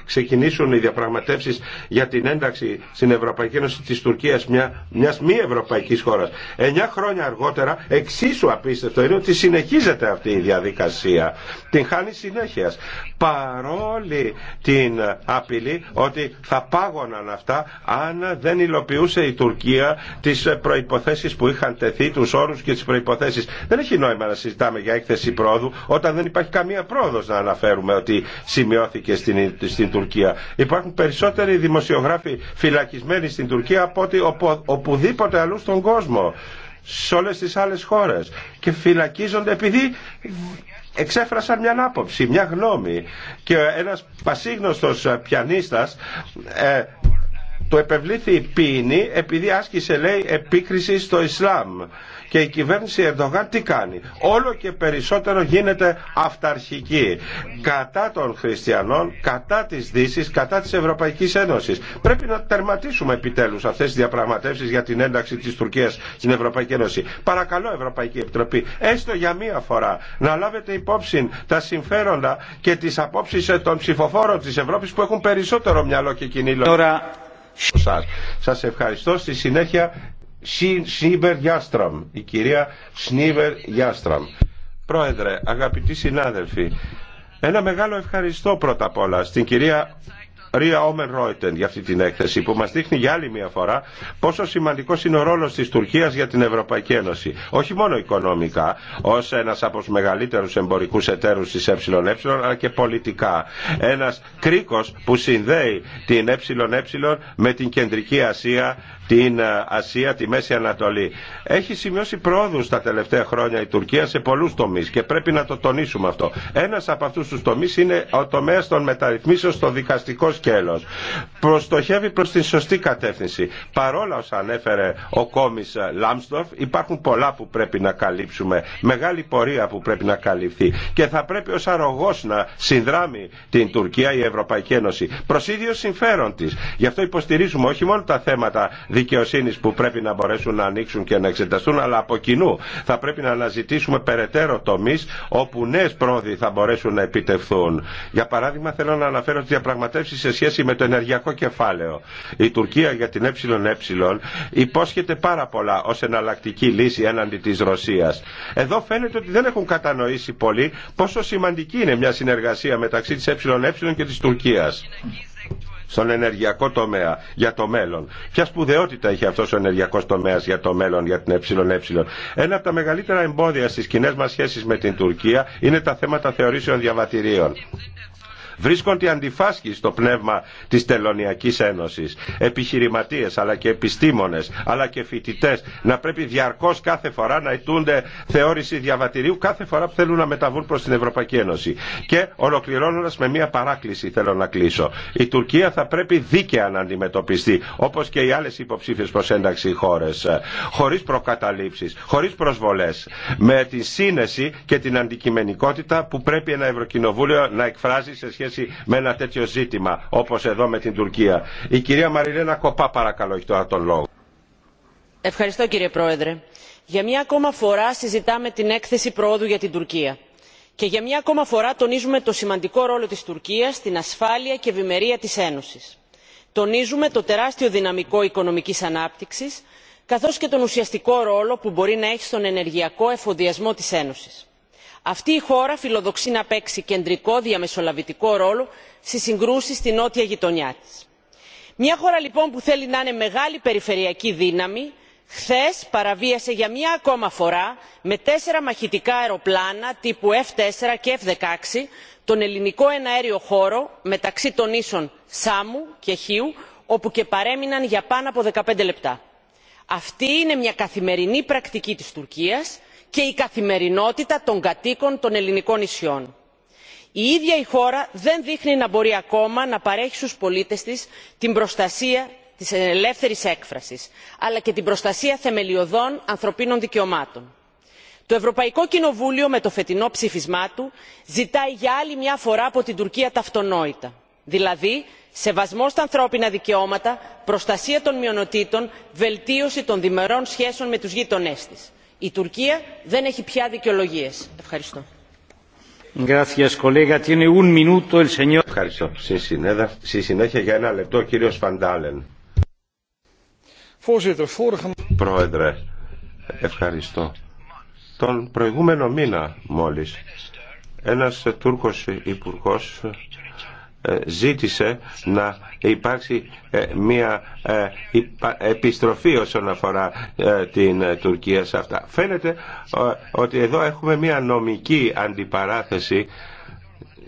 ξεκινήσουν οι διαπραγματεύσεις για την ένταξη στην Ευρωπαϊκή Ένωση της Τουρκίας μια, μιας μη ευρωπαϊκής χώρας, εννιά χρόνια αργότερα εξίσου απίστευτο είναι ότι συνεχίζεται αυτή η διαδικασία. Την χάνει συνέχεια. Παρόλη την απειλή ότι θα πάγωναν αυτά αν δεν υλοποιούσε η Τουρκία τις προϋποθέσεις που είχαν τεθεί, τους όρους και τις προϋποθέσεις. Δεν έχει νόημα να συζητάμε για έκθεση πρόοδου όταν δεν υπάρχει καμία πρόοδο να αναφέρουμε ότι σημειώθηκε στην, στην Τουρκία. Υπάρχουν περισσότεροι δημοσιογράφοι φυλακισμένοι στην Τουρκία από ότι οπουδήποτε αλλού στον κόσμο. Σε όλε τι άλλε χώρε. Και φυλακίζονται επειδή εξέφρασαν μια άποψη, μια γνώμη. Και ένας πασίγνωστος πιανίστας ε, του επευλήθη πίνη επειδή άσκησε λέει επίκριση στο Ισλάμ και η κυβέρνηση Ερντογάν τι κάνει. Όλο και περισσότερο γίνεται αυταρχική κατά των χριστιανών, κατά τη Δύση, κατά τη Ευρωπαϊκή Ένωση. Πρέπει να τερματίσουμε επιτέλου αυτέ τι διαπραγματεύσει για την ένταξη τη Τουρκία στην Ευρωπαϊκή Ένωση. Παρακαλώ Ευρωπαϊκή Επιτροπή, έστω για μία φορά, να λάβετε υπόψη τα συμφέροντα και τι απόψει των ψηφοφόρων τη Ευρώπη που έχουν περισσότερο μυαλό και κοινή λόγια. Σας ευχαριστώ. Στη συνέχεια Σνίβερ Γιάστραμ. Η κυρία Σνίβερ Γιάστραμ. Πρόεδρε, αγαπητοί συνάδελφοι, ένα μεγάλο ευχαριστώ πρώτα απ' όλα στην κυρία Ρία Όμεν Ρόιτεν για αυτή την έκθεση που μας δείχνει για άλλη μια φορά πόσο σημαντικός είναι ο ρόλος της Τουρκίας για την Ευρωπαϊκή Ένωση. Όχι μόνο οικονομικά, ως ένας από τους μεγαλύτερους εμπορικούς εταίρους της ΕΕ, αλλά και πολιτικά. Ένας κρίκος που συνδέει την ΕΕ με την Κεντρική Ασία την ε, Ασία, τη Μέση Ανατολή. Έχει σημειώσει πρόοδου τα τελευταία χρόνια η Τουρκία σε πολλού τομεί και πρέπει να το τονίσουμε αυτό. Ένα από αυτού του τομεί είναι ο τομέα των μεταρρυθμίσεων στο δικαστικό σκέλο. Προστοχεύει προ την σωστή κατεύθυνση. Παρόλα όσα ανέφερε ο κόμι Λάμστοφ, υπάρχουν πολλά που πρέπει να καλύψουμε. Μεγάλη πορεία που πρέπει να καλυφθεί. Και θα πρέπει ω αρρωγό να συνδράμει την Τουρκία η Ευρωπαϊκή Ένωση προ ίδιο συμφέρον τη. Γι' αυτό υποστηρίζουμε όχι μόνο τα θέματα δικαιοσύνη που πρέπει να μπορέσουν να ανοίξουν και να εξεταστούν, αλλά από κοινού θα πρέπει να αναζητήσουμε περαιτέρω τομεί όπου νέε πρόοδοι θα μπορέσουν να επιτευχθούν. Για παράδειγμα θέλω να αναφέρω τι διαπραγματεύσεις σε σχέση με το ενεργειακό κεφάλαιο. Η Τουρκία για την ΕΕ υπόσχεται πάρα πολλά ω εναλλακτική λύση έναντι τη Ρωσία. Εδώ φαίνεται ότι δεν έχουν κατανοήσει πολύ πόσο σημαντική είναι μια συνεργασία μεταξύ τη ΕΕ και τη Τουρκία στον ενεργειακό τομέα για το μέλλον. Ποια σπουδαιότητα έχει αυτό ο ενεργειακό τομέα για το μέλλον, για την ΕΕ. Ένα από τα μεγαλύτερα εμπόδια στι κοινέ μα σχέσει με την Τουρκία είναι τα θέματα θεωρήσεων διαβατηρίων βρίσκονται αντιφάσκοι στο πνεύμα της Τελωνιακής Ένωσης. Επιχειρηματίες αλλά και επιστήμονες αλλά και φοιτητέ να πρέπει διαρκώς κάθε φορά να ετούνται θεώρηση διαβατηρίου κάθε φορά που θέλουν να μεταβούν προς την Ευρωπαϊκή Ένωση. Και ολοκληρώνοντας με μια παράκληση θέλω να κλείσω. Η Τουρκία θα πρέπει δίκαια να αντιμετωπιστεί όπως και οι άλλες υποψήφιες προς ένταξη χώρες. Χωρίς προκαταλήψεις, χωρί προσβολές, με τη σύνεση και την αντικειμενικότητα που πρέπει ένα Ευρωκοινοβούλιο να εκφράζει σε σχέση σχέση με ένα τέτοιο ζήτημα όπως εδώ με την Τουρκία. Η κυρία Μαριλένα Κοπά παρακαλώ έχει τώρα τον λόγο. Ευχαριστώ κύριε Πρόεδρε. Για μια ακόμα φορά συζητάμε την έκθεση προόδου για την Τουρκία. Και για μια ακόμα φορά τονίζουμε το σημαντικό ρόλο της Τουρκίας στην ασφάλεια και ευημερία της Ένωσης. Τονίζουμε το τεράστιο δυναμικό οικονομικής ανάπτυξης, καθώς και τον ουσιαστικό ρόλο που μπορεί να έχει στον ενεργειακό εφοδιασμό της Ένωσης αυτή η χώρα φιλοδοξεί να παίξει κεντρικό διαμεσολαβητικό ρόλο στις συγκρούσεις στη νότια γειτονιά της. μια χώρα λοιπόν που θέλει να είναι μεγάλη περιφερειακή δύναμη χθε παραβίασε για μια ακόμα φορά με τέσσερα μαχητικά αεροπλάνα τύπου f 4 και f 16 τον ελληνικό εναέριο χώρο μεταξύ των νήσων σάμου και χιου όπου και παρέμειναν για πάνω από 15 λεπτά. αυτή είναι μια καθημερινή πρακτική της τουρκίας και η καθημερινότητα των κατοίκων των ελληνικών νησιών. η ίδια η χώρα δεν δείχνει να μπορεί ακόμα να παρέχει στους πολίτες της την προστασία της ελεύθερης έκφρασης αλλά και την προστασία θεμελιωδών ανθρωπίνων δικαιωμάτων. το ευρωπαϊκό κοινοβούλιο με το φετινό ψήφισμά του ζητάει για άλλη μια φορά από την τουρκία τα αυτονόητα δηλαδή σεβασμό στα ανθρώπινα δικαιώματα προστασία των μειονοτήτων βελτίωση των διμερών σχέσεων με τους γείτονές της η τουρκία δεν έχει πια δικαιολογίε. ευχαριστώ. Ευχαριστώ. Στη συνέχεια για ένα λεπτό ο κύριος Φαντάλεν. Πρόεδρε, ευχαριστώ. Τον προηγούμενο μήνα μόλι, ένα Τούρκο υπουργό ε, ζήτησε να υπάρξει ε, μια ε, επιστροφή όσον αφορά την Τουρκία σε αυτά. Φαίνεται ότι εδώ έχουμε μια νομική αντιπαράθεση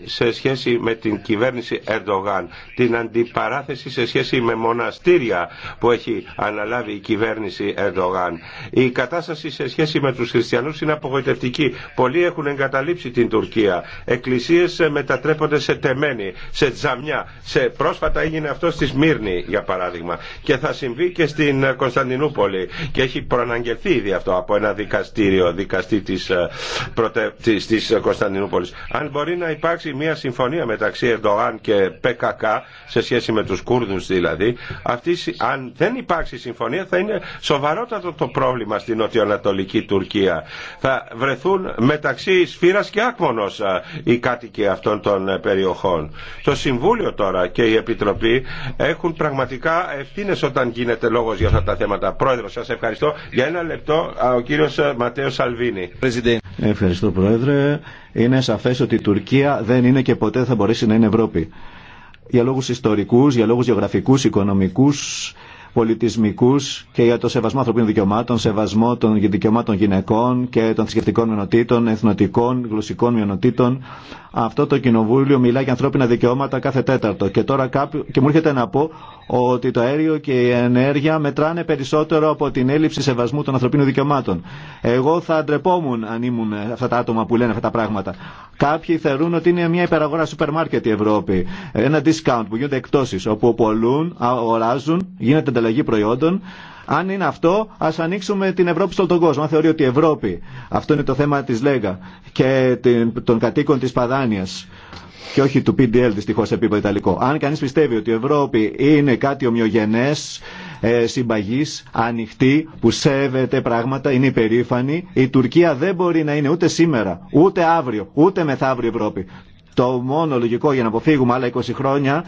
σε σχέση με την κυβέρνηση Ερντογάν, την αντιπαράθεση σε σχέση με μοναστήρια που έχει αναλάβει η κυβέρνηση Ερντογάν. Η κατάσταση σε σχέση με τους χριστιανούς είναι απογοητευτική. Πολλοί έχουν εγκαταλείψει την Τουρκία. Εκκλησίες μετατρέπονται σε τεμένη, σε τζαμιά. Σε πρόσφατα έγινε αυτό στη Σμύρνη, για παράδειγμα. Και θα συμβεί και στην Κωνσταντινούπολη. Και έχει προαναγγελθεί ήδη αυτό από ένα δικαστήριο, δικαστή της, ε, της, της Κωνσταντινούπολης. Αν μπορεί να υπάρξει μια συμφωνία μεταξύ Ερντογάν και ΠΚΚ σε σχέση με τους Κούρδους δηλαδή αυτή, αν δεν υπάρξει συμφωνία θα είναι σοβαρότατο το πρόβλημα στην νοτιοανατολική Τουρκία θα βρεθούν μεταξύ σφύρας και άκμονος οι κάτοικοι αυτών των ε, περιοχών το Συμβούλιο τώρα και η Επιτροπή έχουν πραγματικά ευθύνε όταν γίνεται λόγος για αυτά τα θέματα Πρόεδρο σας ευχαριστώ για ένα λεπτό ο κύριος ε, Ματέος Σαλβίνη Ευχαριστώ Πρόεδρε είναι σαφές ότι η Τουρκία δεν είναι και ποτέ θα μπορέσει να είναι Ευρώπη. Για λόγους ιστορικούς, για λόγους γεωγραφικούς, οικονομικούς, πολιτισμικούς και για το σεβασμό ανθρωπίνων δικαιωμάτων, σεβασμό των δικαιωμάτων γυναικών και των θρησκευτικών μειονοτήτων, εθνοτικών, γλωσσικών μειονοτήτων. Αυτό το κοινοβούλιο μιλά για ανθρώπινα δικαιώματα κάθε τέταρτο. Και τώρα και μου έρχεται να πω ότι το αέριο και η ενέργεια μετράνε περισσότερο από την έλλειψη σεβασμού των ανθρωπίνων δικαιωμάτων. Εγώ θα ντρεπόμουν αν ήμουν αυτά τα άτομα που λένε αυτά τα πράγματα. Κάποιοι θεωρούν ότι είναι μια υπεραγορά σούπερ μάρκετ η Ευρώπη. Ένα discount που γίνονται εκτόσει, όπου πολλούν, αγοράζουν, γίνεται ανταλλαγή προϊόντων. Αν είναι αυτό, α ανοίξουμε την Ευρώπη στον τον κόσμο. Αν θεωρεί ότι η Ευρώπη, αυτό είναι το θέμα τη Λέγα και των κατοίκων τη παδάνεια και όχι του PDL δυστυχώ σε επίπεδο ιταλικό. Αν κανεί πιστεύει ότι η Ευρώπη είναι κάτι ομοιογενέ, ε, συμπαγή, ανοιχτή, που σέβεται πράγματα, είναι υπερήφανη, η Τουρκία δεν μπορεί να είναι ούτε σήμερα, ούτε αύριο, ούτε μεθαύριο Ευρώπη. Το μόνο λογικό για να αποφύγουμε άλλα 20 χρόνια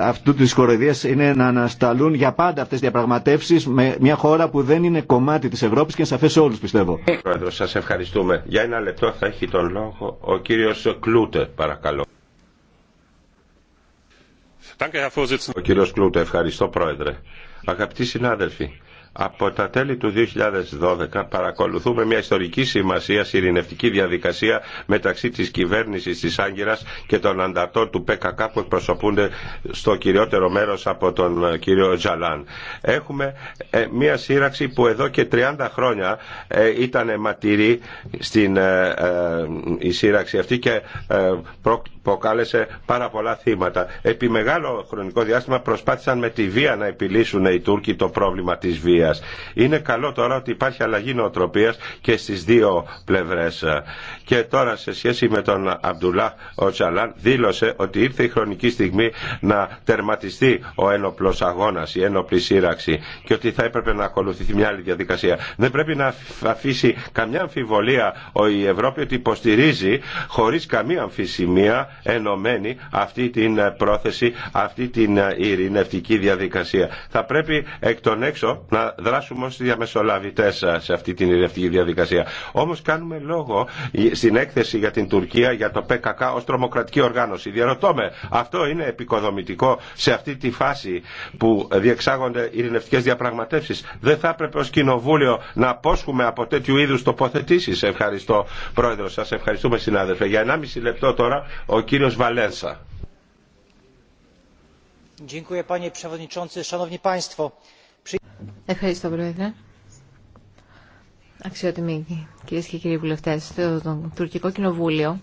αυτού της κοροϊδίας είναι να ανασταλούν για πάντα αυτές τις διαπραγματεύσεις με μια χώρα που δεν είναι κομμάτι της Ευρώπης και είναι σαφές σε όλους πιστεύω. Πρόεδρο, σας ευχαριστούμε. Για ένα λεπτό θα έχει τον λόγο ο κύριος Κλούτε, παρακαλώ. Ο κύριος Κλούτε, ευχαριστώ πρόεδρε. Αγαπητοί συνάδελφοι, από τα τέλη του 2012 παρακολουθούμε μια ιστορική σημασία ειρηνευτική διαδικασία μεταξύ της κυβέρνησης της Άγκυρας και των ανταρτών του ΠΚΚ που εκπροσωπούνται στο κυριότερο μέρος από τον ε, κύριο Τζαλάν. Έχουμε ε, μια σύραξη που εδώ και 30 χρόνια ε, ήταν ματηρή στην η σύραξη αυτή και προκάλεσε πάρα πολλά θύματα. Επί μεγάλο χρονικό διάστημα προσπάθησαν με τη βία να επιλύσουν οι Τούρκοι το πρόβλημα της βίας. Είναι καλό τώρα ότι υπάρχει αλλαγή νοοτροπίας και στις δύο πλευρές. Και τώρα σε σχέση με τον Αμπτουλά Οτσαλάν δήλωσε ότι ήρθε η χρονική στιγμή να τερματιστεί ο ένοπλος αγώνας, η ένοπλη σύραξη και ότι θα έπρεπε να ακολουθηθεί μια άλλη διαδικασία. Δεν πρέπει να αφήσει καμιά αμφιβολία η Ευρώπη ότι υποστηρίζει χωρίς καμία αμφισημία ενωμένη αυτή την ε, πρόθεση, αυτή την ε, ειρηνευτική διαδικασία. Θα πρέπει εκ των έξω να δράσουμε ως διαμεσολαβητές ε, σε αυτή την ειρηνευτική διαδικασία. Όμως κάνουμε λόγο στην έκθεση για την Τουρκία, για το ΠΚΚ ως τρομοκρατική οργάνωση. Διαρωτώ με, αυτό είναι επικοδομητικό σε αυτή τη φάση που διεξάγονται ειρηνευτικές διαπραγματεύσεις. Δεν θα έπρεπε ως Κοινοβούλιο να απόσχουμε από τέτοιου είδους τοποθετήσεις. Ευχαριστώ Πρόεδρο, σας ευχαριστούμε συνάδελφε. Για 1,5 λεπτό τώρα ο κύριος Βαλένσα. Ευχαριστώ, Πρόεδρε. Αξιότιμοι κυρίε και κύριοι βουλευτέ, το Τουρκικό Κοινοβούλιο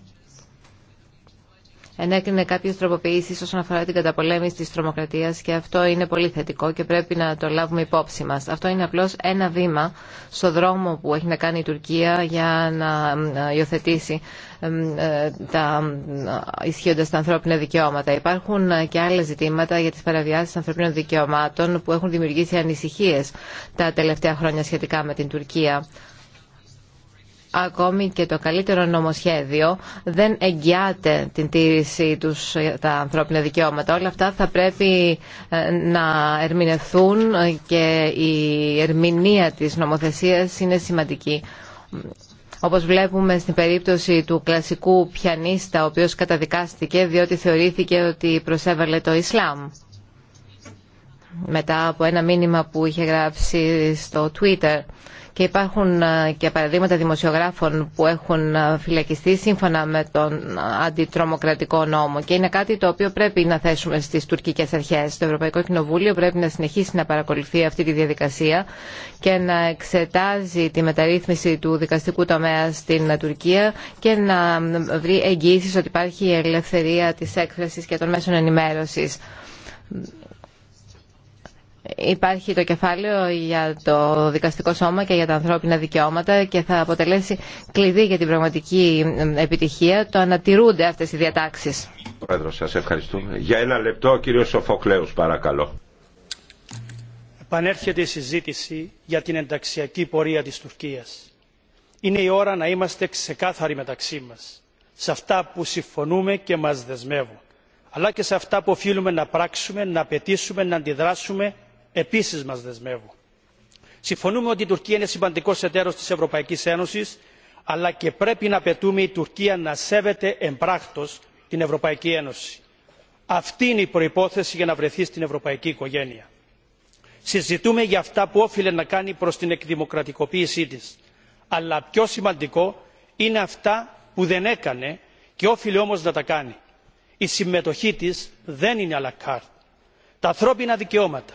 ενέκρινε κάποιες τροποποιήσεις όσον αφορά την καταπολέμηση της τρομοκρατίας και αυτό είναι πολύ θετικό και πρέπει να το λάβουμε υπόψη μας. Αυτό είναι απλώς ένα βήμα στο δρόμο που έχει να κάνει η Τουρκία για να υιοθετήσει ε, τα ισχύοντα τα ανθρώπινα δικαιώματα. Υπάρχουν και άλλα ζητήματα για τις παραβιάσεις ανθρωπίνων δικαιωμάτων που έχουν δημιουργήσει ανησυχίε τα τελευταία χρόνια σχετικά με την Τουρκία ακόμη και το καλύτερο νομοσχέδιο δεν εγγυάται την τήρηση του τα ανθρώπινα δικαιώματα. Όλα αυτά θα πρέπει ε, να ερμηνευθούν και η ερμηνεία της νομοθεσίας είναι σημαντική. Όπως βλέπουμε στην περίπτωση του κλασικού πιανίστα, ο οποίος καταδικάστηκε διότι θεωρήθηκε ότι προσέβαλε το Ισλάμ μετά από ένα μήνυμα που είχε γράψει στο Twitter και υπάρχουν ε, και παραδείγματα δημοσιογράφων που έχουν ε, φυλακιστεί σύμφωνα με τον ε, αντιτρομοκρατικό νόμο και είναι κάτι το οποίο πρέπει να θέσουμε στις τουρκικές αρχές. Το Ευρωπαϊκό Κοινοβούλιο πρέπει να συνεχίσει να παρακολουθεί αυτή τη διαδικασία και να εξετάζει τη μεταρρύθμιση του δικαστικού τομέα στην Τουρκία και να βρει εγγύησεις ότι υπάρχει η ελευθερία της έκφρασης και των μέσων ενημέρωσης Υπάρχει το κεφάλαιο για το δικαστικό σώμα και για τα ανθρώπινα δικαιώματα και θα αποτελέσει κλειδί για την πραγματική επιτυχία το να τηρούνται αυτές οι διατάξει. Πρόεδρο, σας ευχαριστούμε. Για ένα λεπτό, κύριο Σοφοκλέου, παρακαλώ. Επανέρχεται η συζήτηση για την ενταξιακή πορεία της Τουρκίας. Είναι η ώρα να είμαστε ξεκάθαροι μεταξύ μας, σε αυτά που συμφωνούμε και μας δεσμεύουν, αλλά και σε αυτά που οφείλουμε να πράξουμε, να απαιτήσουμε, να αντιδράσουμε επίση μα δεσμεύω. συμφωνούμε ότι η τουρκία είναι σημαντικό εταίρο τη ευρωπαϊκή ένωση αλλά και πρέπει να απαιτούμε η τουρκία να σέβεται εμπράκτο την ευρωπαϊκή ένωση. αυτή είναι η προπόθεση για να βρεθεί στην ευρωπαϊκή οικογένεια. συζητούμε για αυτά που όφιλε να κάνει προ την εκδημοκρατικοποίησή τη αλλά πιο σημαντικό είναι αυτά που δεν έκανε και όφιλε όμω να τα κάνει. η συμμετοχή τη δεν είναι la τα ανθρώπινα δικαιώματα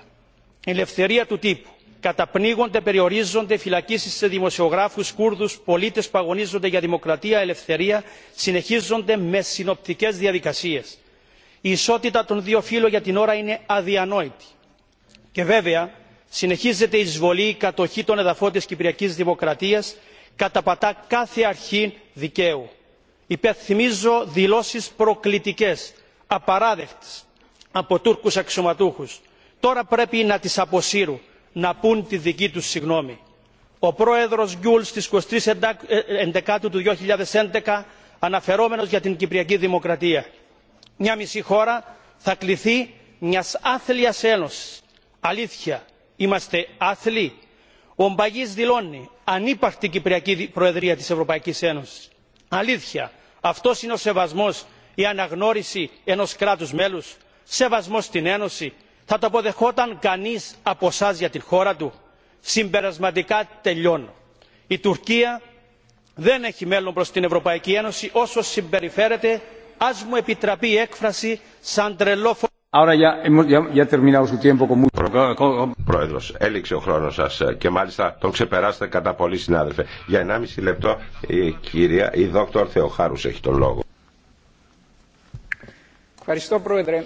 ελευθερία του τύπου καταπνίγονται περιορίζονται φυλακίσεις σε δημοσιογράφους κούρδους πολίτες που αγωνίζονται για δημοκρατία ελευθερία συνεχίζονται με συνοπτικές διαδικασίες. η ισότητα των δύο φύλων για την ώρα είναι αδιανόητη. και βέβαια συνεχίζεται η εισβολή η κατοχή των εδαφών της κυπριακής δημοκρατίας καταπατά κάθε αρχή δικαίου. υπενθυμίζω δηλώσεις προκλητικές απαράδεκτες από τούρκους αξιωματούχους τώρα πρέπει να τις αποσύρουν να πούν τη δική τους συγγνώμη. ο πρόεδρος γκιουλ στις 23 ε, ε, εντεκάτου του 2011 αναφερόμενος για την κυπριακή δημοκρατία μια μισή χώρα θα κληθεί μιας άθλιας ένωσης. αλήθεια είμαστε άθλιοι. ο μπαγής δηλώνει ανύπαρκτη κυπριακή προεδρία της ευρωπαϊκής ένωσης. αλήθεια αυτός είναι ο σεβασμός η αναγνώριση ενός κράτους μέλους σεβασμός στην ένωση θα το αποδεχόταν κανείς από εσά για τη χώρα του. συμπερασματικά τελειώνω. η τουρκία δεν έχει μέλλον προς την ευρωπαϊκή ένωση όσο συμπεριφέρεται ας μου επιτραπεί η έκφραση σαν τρελό Πρόεδρο, έληξε ο χρόνο σα, ε, και μάλιστα τον ξεπεράσατε κατά πολύ συνάδελφε. Για 1,5 λεπτό η κυρία, η δόκτωρ Θεοχάρου, έχει τον λόγο. Ευχαριστώ πρόεδρε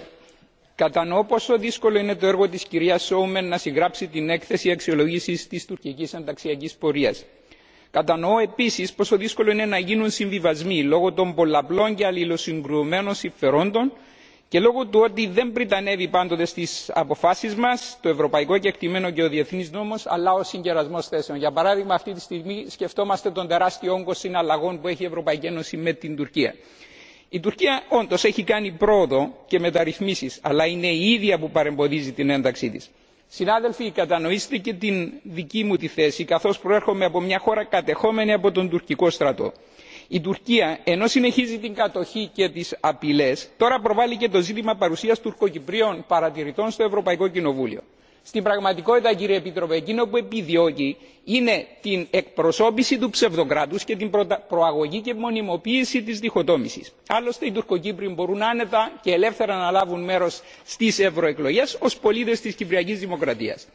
κατανοώ πόσο δύσκολο είναι το έργο της κυρίας Σόουμεν να συγγράψει την έκθεση αξιολόγησης της τουρκικής ενταξιακής πορείας. κατανοώ επίσης πόσο δύσκολο είναι να γίνουν συμβιβασμοί λόγω των πολλαπλών και αλληλοσυγκρουμένων συμφερόντων και λόγω του ότι δεν πριτανεύει πάντοτε στις αποφάσεις μας το ευρωπαϊκό κεκτημένο και ο διεθνής νόμος αλλά ο συγκερασμός θέσεων. για παράδειγμα αυτή τη στιγμή σκεφτόμαστε τον τεράστιο όγκο συναλλαγών που έχει η ευρωπαϊκή ένωση με την τουρκία η τουρκία όντω έχει κάνει πρόοδο και μεταρρυθμίσει, αλλά είναι η ίδια που παρεμποδίζει την ένταξή τη. συνάδελφοι κατανοήστε και την δική μου τη θέση καθώ προέρχομαι από μια χώρα κατεχόμενη από τον τουρκικό στρατό. η τουρκία ενώ συνεχίζει την κατοχή και τι απειλέ, τώρα προβάλλει και το ζήτημα παρουσία τουρκοκυπρίων παρατηρητών στο ευρωπαϊκό κοινοβούλιο στην πραγματικότητα κύριε επίτροπε εκείνο που επιδιώκει είναι την εκπροσώπηση του ψευδοκράτους και την προαγωγή και μονιμοποίηση της διχοτόμησης. άλλωστε οι τουρκοκύπροι μπορούν άνετα και ελεύθερα να λάβουν μέρος στις ευρωεκλογές ως πολίτες της κυπριακής δημοκρατίας.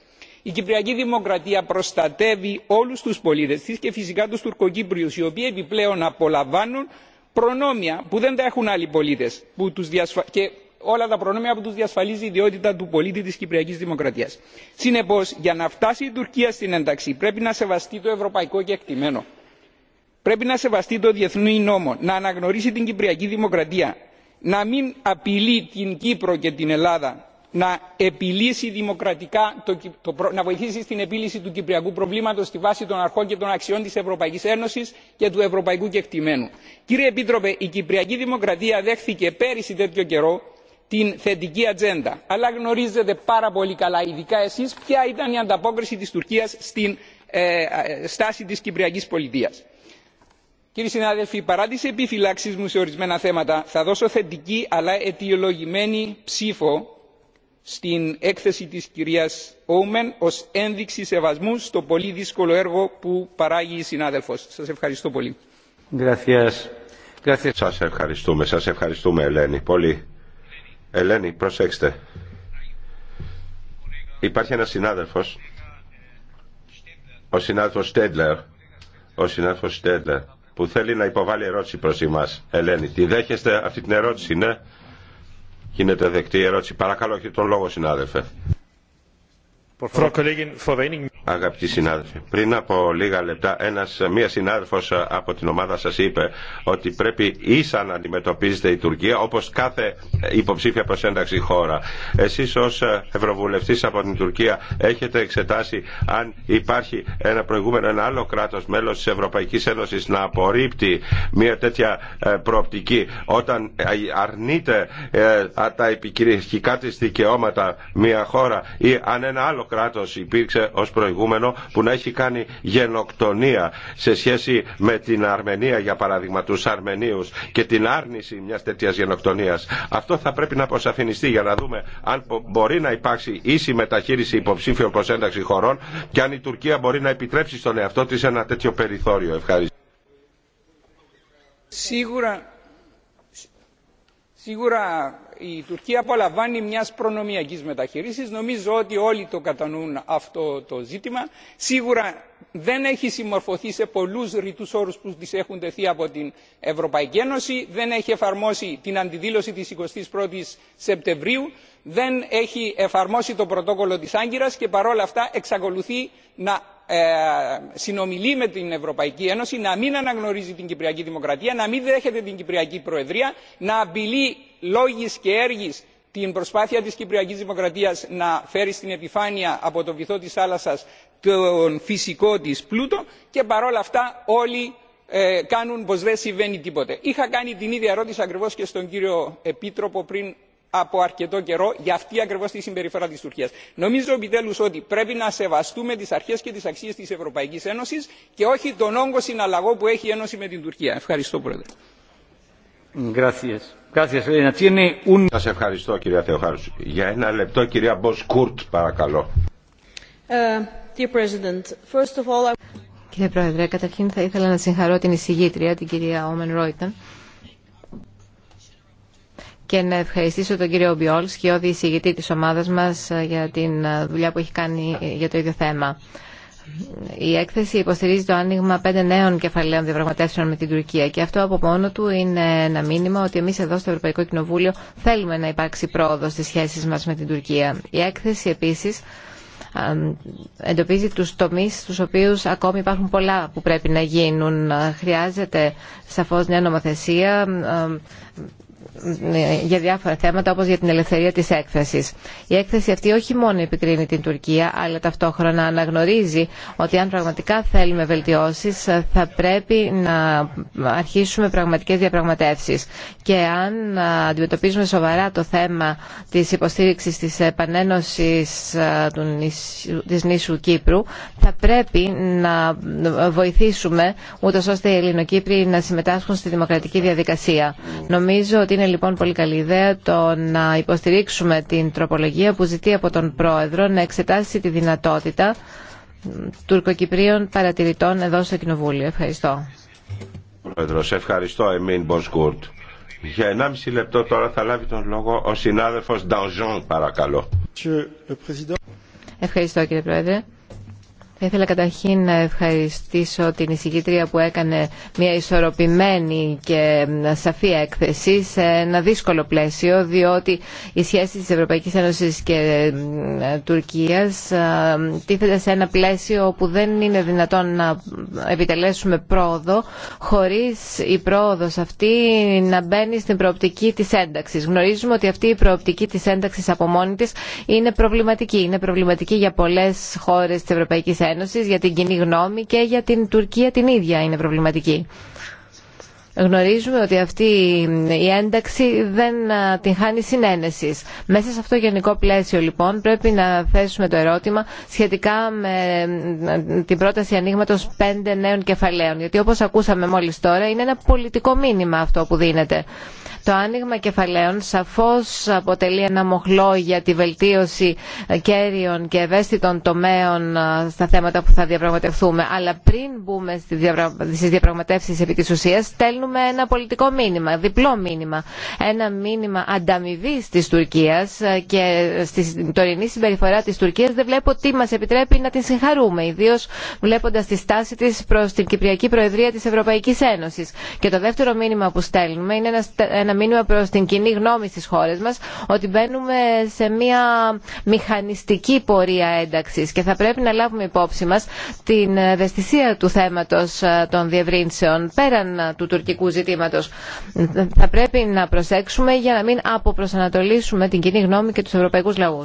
η κυπριακή δημοκρατία προστατεύει όλους τους πολίτες της και φυσικά τους τουρκοκύπριους οι οποίοι επιπλέον απολαμβάνουν προνόμια που δεν τα έχουν άλλοι πολίτες και όλα τα προνόμια που του διασφαλίζει η ιδιότητα του πολίτη τη κυπριακή δημοκρατία. συνεπώ για να φτάσει η τουρκία στην ένταξη πρέπει να σεβαστεί το ευρωπαϊκό κεκτημένο πρέπει να σεβαστεί το διεθνή νόμο να αναγνωρίσει την κυπριακή δημοκρατία να μην απειλεί την κύπρο και την ελλάδα να, βοηθήσει στην επίλυση του κυπριακού προβλήματο στη βάση των αρχών και των αξιών τη Ευρωπαϊκή Ένωση και του ευρωπαϊκού κεκτημένου. Κύριε Επίτροπε, η Κυπριακή Δημοκρατία δέχθηκε πέρυσι τέτοιο καιρό την θετική ατζέντα αλλά γνωρίζετε πάρα πολύ καλά ειδικά εσείς ποια ήταν η ανταπόκριση της τουρκίας στην ε, ε, στάση της κυπριακής πολιτείας. Κύριοι συνάδελφοι, παρά τις επιφυλάξεις μου σε ορισμένα θέματα, θα δώσω θετική αλλά αιτιολογημένη ψήφο στην έκθεση της κυρίας Όμεν ως ένδειξη σεβασμού στο πολύ δύσκολο έργο που παράγει η συνάδελφος. Σας ευχαριστώ πολύ. Σας ευχαριστούμε, σας ευχαριστούμε Ελένη. Πολύ. Ελένη, προσέξτε. Υπάρχει ένας συνάδελφος, ο συνάδελφος Στέντλερ, ο συνάδελφος Στέντλερ, που θέλει να υποβάλει ερώτηση προς εμάς. Ελένη, τη δέχεστε αυτή την ερώτηση, ναι. Γίνεται δεκτή η ερώτηση. Παρακαλώ, έχετε τον λόγο, συνάδελφε. Αγαπητοί συνάδελφοι, πριν από λίγα λεπτά ένας, μία συνάδελφος από την ομάδα σας είπε ότι πρέπει ίσα να αντιμετωπίζεται η Τουρκία όπως κάθε υποψήφια προς ένταξη χώρα. Εσείς ως Ευρωβουλευτής από την Τουρκία έχετε εξετάσει αν υπάρχει ένα προηγούμενο, ένα άλλο κράτος μέλος της Ευρωπαϊκής Ένωσης να απορρίπτει μία τέτοια ε, προοπτική όταν ε, αρνείται ε, τα επικυριαρχικά της δικαιώματα μία χώρα ή αν ένα άλλο κράτος υπήρξε ως προηγούμενο που να έχει κάνει γενοκτονία σε σχέση με την Αρμενία για παράδειγμα τους Αρμενίους και την άρνηση μιας τέτοιας γενοκτονίας. Αυτό θα πρέπει να αποσαφινιστεί για να δούμε αν μπορεί να υπάρξει ίση μεταχείριση υποψήφιων προς ένταξη χωρών και αν η Τουρκία μπορεί να επιτρέψει στον εαυτό της ένα τέτοιο περιθώριο. Ευχαριστώ. Σίγουρα, σίγουρα η Τουρκία απολαμβάνει μια προνομιακή μεταχείριση. Νομίζω ότι όλοι το κατανοούν αυτό το ζήτημα. Σίγουρα δεν έχει συμμορφωθεί σε πολλού ρητού όρου που τη έχουν τεθεί από την Ευρωπαϊκή Ένωση, δεν έχει εφαρμόσει την αντιδήλωση τη 21 η Σεπτεμβρίου, δεν έχει εφαρμόσει το πρωτόκολλο τη Άγκυρα και παρόλα αυτά εξακολουθεί να ε, συνομιλεί με την ευρωπαϊκή ένωση να μην αναγνωρίζει την κυπριακή δημοκρατία να μην δέχεται την κυπριακή προεδρία να απειλεί λόγης και έργης την προσπάθεια της κυπριακής δημοκρατίας να φέρει στην επιφάνεια από το βυθό της θάλασσας τον φυσικό της πλούτο και παρόλα αυτά όλοι ε, κάνουν πως δεν συμβαίνει τίποτε. είχα κάνει την ίδια ερώτηση ακριβώς και στον κύριο επίτροπο πριν από αρκετό καιρό για αυτή ακριβώς τη συμπεριφορά της τουρκίας. νομίζω επιτέλους ότι πρέπει να σεβαστούμε τις αρχές και τις αξίες της ευρωπαϊκής ένωσης και όχι τον όγκο συναλλαγό που έχει η ένωση με την τουρκία. ευχαριστώ πρόεδρε. Σας ευχαριστώ κυρία Θεοχάρου. Για ένα λεπτό κυρία Μπος παρακαλώ. Ε, Κύριε Πρόεδρε, καταρχήν θα ήθελα να συγχαρώ την εισηγήτρια, την κυρία Όμεν Ρόιτεν και να ευχαριστήσω τον κύριο και σκιώδη εισηγητή της ομάδας μας ε, για την ε, δουλειά που έχει κάνει για το ίδιο θέμα. Η έκθεση υποστηρίζει το άνοιγμα πέντε νέων κεφαλαίων διαπραγματεύσεων με την Τουρκία και αυτό από μόνο του είναι ένα μήνυμα ότι εμείς εδώ στο Ευρωπαϊκό Κοινοβούλιο θέλουμε να υπάρξει πρόοδο στις σχέσεις μας με την Τουρκία. Η έκθεση επίσης εντοπίζει τους τομείς στους οποίους ακόμη υπάρχουν πολλά που πρέπει να γίνουν. Χρειάζεται σαφώς μια νομοθεσία, ναι, για διάφορα θέματα όπως για την ελευθερία της έκθεσης. Η έκθεση αυτή όχι μόνο επικρίνει την Τουρκία αλλά ταυτόχρονα αναγνωρίζει ότι αν πραγματικά θέλουμε βελτιώσεις θα πρέπει να αρχίσουμε πραγματικές διαπραγματεύσεις και αν αντιμετωπίζουμε σοβαρά το θέμα της υποστήριξης της επανένωσης ε, της νήσου Κύπρου θα πρέπει να βοηθήσουμε ούτως ώστε οι Ελληνοκύπροι να συμμετάσχουν στη δημοκρατική διαδικασία. Νομίζω ότι είναι είναι λοιπόν πολύ καλή ιδέα το να υποστηρίξουμε την τροπολογία που ζητεί από τον Πρόεδρο να εξετάσει τη δυνατότητα τουρκοκυπρίων παρατηρητών εδώ στο Κοινοβούλιο. Ευχαριστώ. σε ευχαριστώ Εμίν Μποσκούρτ. Για 1,5 λεπτό τώρα θα λάβει τον λόγο ο συνάδελφος Νταζόν, παρακαλώ. Ευχαριστώ κύριε Πρόεδρε. Θα ήθελα καταρχήν να ευχαριστήσω την εισηγήτρια που έκανε μια ισορροπημένη και σαφή έκθεση σε ένα δύσκολο πλαίσιο, διότι οι σχέσεις της Ευρωπαϊκής Ένωσης και ε, Τουρκίας ε, τίθεται σε ένα πλαίσιο όπου δεν είναι δυνατόν να επιτελέσουμε πρόοδο χωρίς η πρόοδος αυτή να μπαίνει στην προοπτική της ένταξης. Γνωρίζουμε ότι αυτή η προοπτική της ένταξης από μόνη της είναι προβληματική. Είναι προβληματική για πολλές χώρες της Ευρωπαϊκής για την κοινή γνώμη και για την Τουρκία την ίδια είναι προβληματική. Γνωρίζουμε ότι αυτή η ένταξη δεν την χάνει συνένεση. Μέσα σε αυτό το γενικό πλαίσιο, λοιπόν, πρέπει να θέσουμε το ερώτημα σχετικά με ε, την πρόταση ανοίγματο πέντε νέων κεφαλαίων. Γιατί, όπω ακούσαμε μόλι τώρα, είναι ένα πολιτικό μήνυμα αυτό που δίνεται. Το άνοιγμα κεφαλαίων σαφώς αποτελεί ένα μοχλό για τη βελτίωση κέριων και ευαίσθητων τομέων ε, στα θέματα που θα διαπραγματευτούμε. Αλλά πριν μπούμε στις διαπραγματεύσεις επί της ουσίας, στέλνουμε ένα πολιτικό μήνυμα, διπλό μήνυμα. Ένα μήνυμα ανταμοιβή της Τουρκίας ε, και στη τωρινή συμπεριφορά της Τουρκίας δεν βλέπω τι μας επιτρέπει να την συγχαρούμε, ιδίως βλέποντας τη στάση της προς την Κυπριακή Προεδρία της Ευρωπαϊκής Ένωσης. Και το δεύτερο μήνυμα που στέλνουμε είναι ένα μείνουμε προς την κοινή γνώμη στι χώρες μας ότι μπαίνουμε σε μια μηχανιστική πορεία ένταξης και θα πρέπει να λάβουμε υπόψη μας την ευαισθησία του θέματος ε, των διευρύνσεων πέραν ε, του τουρκικού ζητήματος. Θα πρέπει να προσέξουμε για να μην αποπροσανατολίσουμε την κοινή γνώμη και του Ευρωπαϊκού Λαού.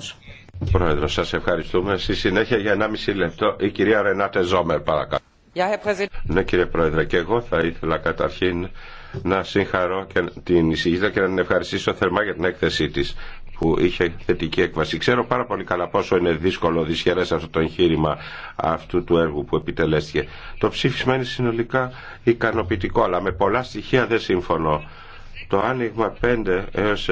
Πρόεδρο, σα ευχαριστούμε. Στη συνέχεια για μισή λεπτό η κυρία Ρενάτε Ζόμερ, παρακαλώ. Ναι, και εγώ θα ήθελα καταρχήν να συγχαρώ και την εισηγήτρια και να την ευχαριστήσω θερμά για την έκθεσή τη που είχε θετική έκβαση. Ξέρω πάρα πολύ καλά πόσο είναι δύσκολο, δυσχερέ αυτό το εγχείρημα αυτού του έργου που επιτελέστηκε. Το ψήφισμα είναι συνολικά ικανοποιητικό, αλλά με πολλά στοιχεία δεν συμφωνώ. Το άνοιγμα 5 έως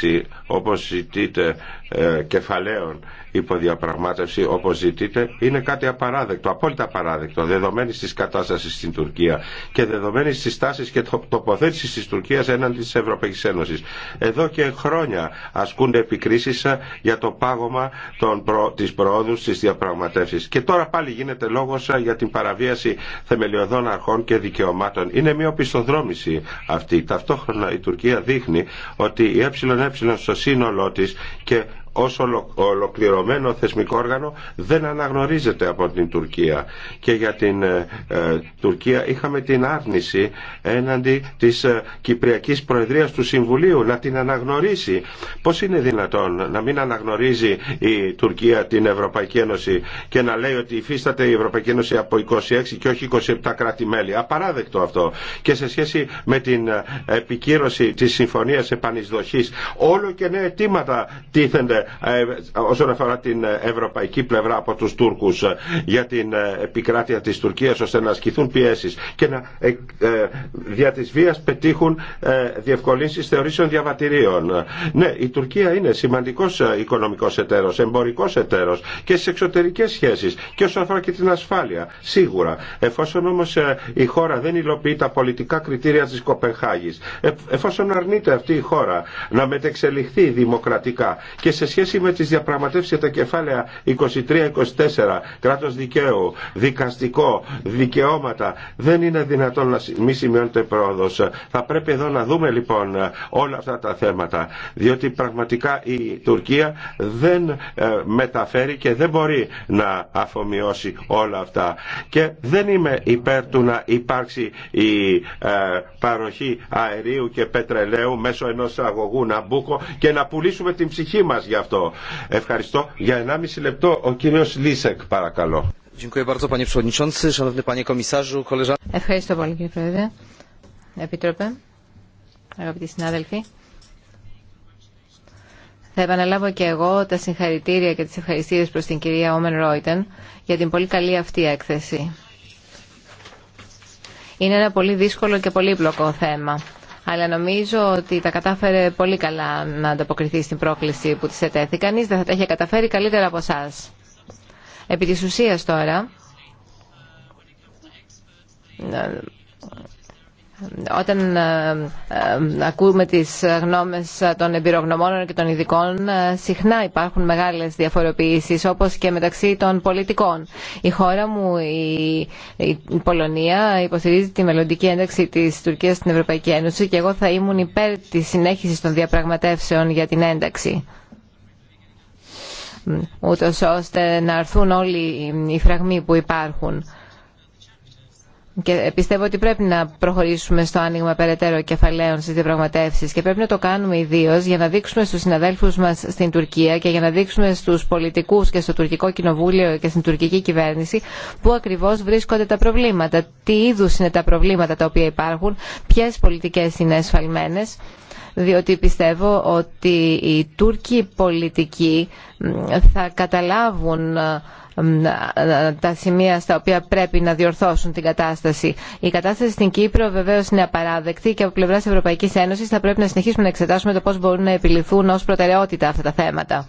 6 όπως ζητείτε ε, κεφαλαίων υποδιαπραγμάτευση όπως ζητείτε είναι κάτι απαράδεκτο, απόλυτα απαράδεκτο δεδομένη της κατάστασης στην Τουρκία και δεδομένης της τάσης και τοποθέτησης της Τουρκίας έναντι της Ευρωπαϊκής Ένωσης. Εδώ και χρόνια ασκούνται επικρίσεις ε, για το πάγωμα των προ... της προόδου της διαπραγματεύσης και τώρα πάλι γίνεται λόγος ε, για την παραβίαση θεμελιωδών αρχών και δικαιωμάτων. Είναι μια πιστοδρόμηση αυτή. Ταυτόχρονα η Τουρκία δείχνει ότι η ΕΕ στο σύνολό της και ως ολοκληρωμένο θεσμικό όργανο δεν αναγνωρίζεται από την Τουρκία και για την ε, ε, Τουρκία είχαμε την άρνηση έναντι της ε, Κυπριακής Προεδρίας του Συμβουλίου να την αναγνωρίσει πως είναι δυνατόν να μην αναγνωρίζει η Τουρκία την Ευρωπαϊκή Ένωση και να λέει ότι υφίσταται η Ευρωπαϊκή Ένωση από 26 και όχι 27 κράτη-μέλη απαράδεκτο αυτό και σε σχέση με την ε, επικύρωση της Συμφωνίας Επανεισδοχής όλο και νέα αιτήματα τίθενται ε, ε, όσον αφορά την ευρωπαϊκή πλευρά από τους Τούρκους ε, για την επικράτεια της Τουρκίας ώστε να ασκηθούν πιέσεις και να δια της βίας πετύχουν διευκολύνσεις θεωρήσεων διαβατηρίων. Ναι, η Τουρκία είναι σημαντικός οικονομικός εταίρος, εμπορικός εταίρος και στις εξωτερικές σχέσεις και όσον αφορά και την ασφάλεια, σίγουρα. Εφόσον όμως η χώρα δεν υλοποιεί τα πολιτικά κριτήρια της Κοπενχάγης, εφόσον αρνείται αυτή η χώρα να μετεξελιχθεί δημοκρατικά και σε σχέση με τις διαπραγματεύσεις για τα κεφάλαια 23-24, κράτος δικαίου, δικαστικό, δικαιώματα, δεν είναι δυνατόν να μη σημειώνεται πρόοδος. Θα πρέπει εδώ να δούμε λοιπόν όλα αυτά τα θέματα, διότι πραγματικά η Τουρκία δεν ε, μεταφέρει και δεν μπορεί να αφομοιώσει όλα αυτά. Και δεν είμαι υπέρ του να υπάρξει η ε, παροχή αερίου και πετρελαίου μέσω ενός αγωγού Ναμπούκο και να πουλήσουμε την ψυχή μας για αυτό. Ευχαριστώ. Για 1,5 λεπτό ο κύριο Λίσεκ παρακαλώ. Ευχαριστώ πολύ κύριε Πρόεδρε. Επίτροπε, αγαπητοί συνάδελφοι. Θα επαναλάβω και εγώ τα συγχαρητήρια και τις ευχαριστήρες προς την κυρία Όμεν Ρόιτεν για την πολύ καλή αυτή έκθεση. Είναι ένα πολύ δύσκολο και πολύπλοκο θέμα αλλά νομίζω ότι τα κατάφερε πολύ καλά να ανταποκριθεί στην πρόκληση που της ετέθη. Κανείς δεν θα τα είχε καταφέρει καλύτερα από εσά. Επί τη ουσία τώρα, όταν ε, ε, ακούμε τις γνώμες των εμπειρογνωμόνων και των ειδικών ε, συχνά υπάρχουν μεγάλες διαφοροποιήσεις όπως και μεταξύ των πολιτικών. Η χώρα μου, η Πολωνία, υποστηρίζει τη μελλοντική ένταξη της Τουρκίας στην Ευρωπαϊκή Ένωση και εγώ θα ήμουν υπέρ της συνέχισης των διαπραγματεύσεων για την ένταξη ούτως ώστε να έρθουν όλοι οι φραγμοί που υπάρχουν και πιστεύω ότι πρέπει να προχωρήσουμε στο άνοιγμα περαιτέρω κεφαλαίων στι διαπραγματεύσει και πρέπει να το κάνουμε ιδίω για να δείξουμε στου συναδέλφου μα στην Τουρκία και για να δείξουμε στου πολιτικού και στο τουρκικό κοινοβούλιο και στην τουρκική κυβέρνηση πού ακριβώ βρίσκονται τα προβλήματα, τι είδου είναι τα προβλήματα τα οποία υπάρχουν, ποιε πολιτικέ είναι εσφαλμένε διότι πιστεύω ότι οι Τούρκοι πολιτικοί θα καταλάβουν ε, ε, τα σημεία στα οποία πρέπει να διορθώσουν την κατάσταση. Η κατάσταση στην Κύπρο βεβαίω είναι απαράδεκτη και από πλευρά Ευρωπαϊκή Ένωση θα πρέπει να συνεχίσουμε να εξετάσουμε το πώ μπορούν να επιληθούν ω προτεραιότητα αυτά τα θέματα.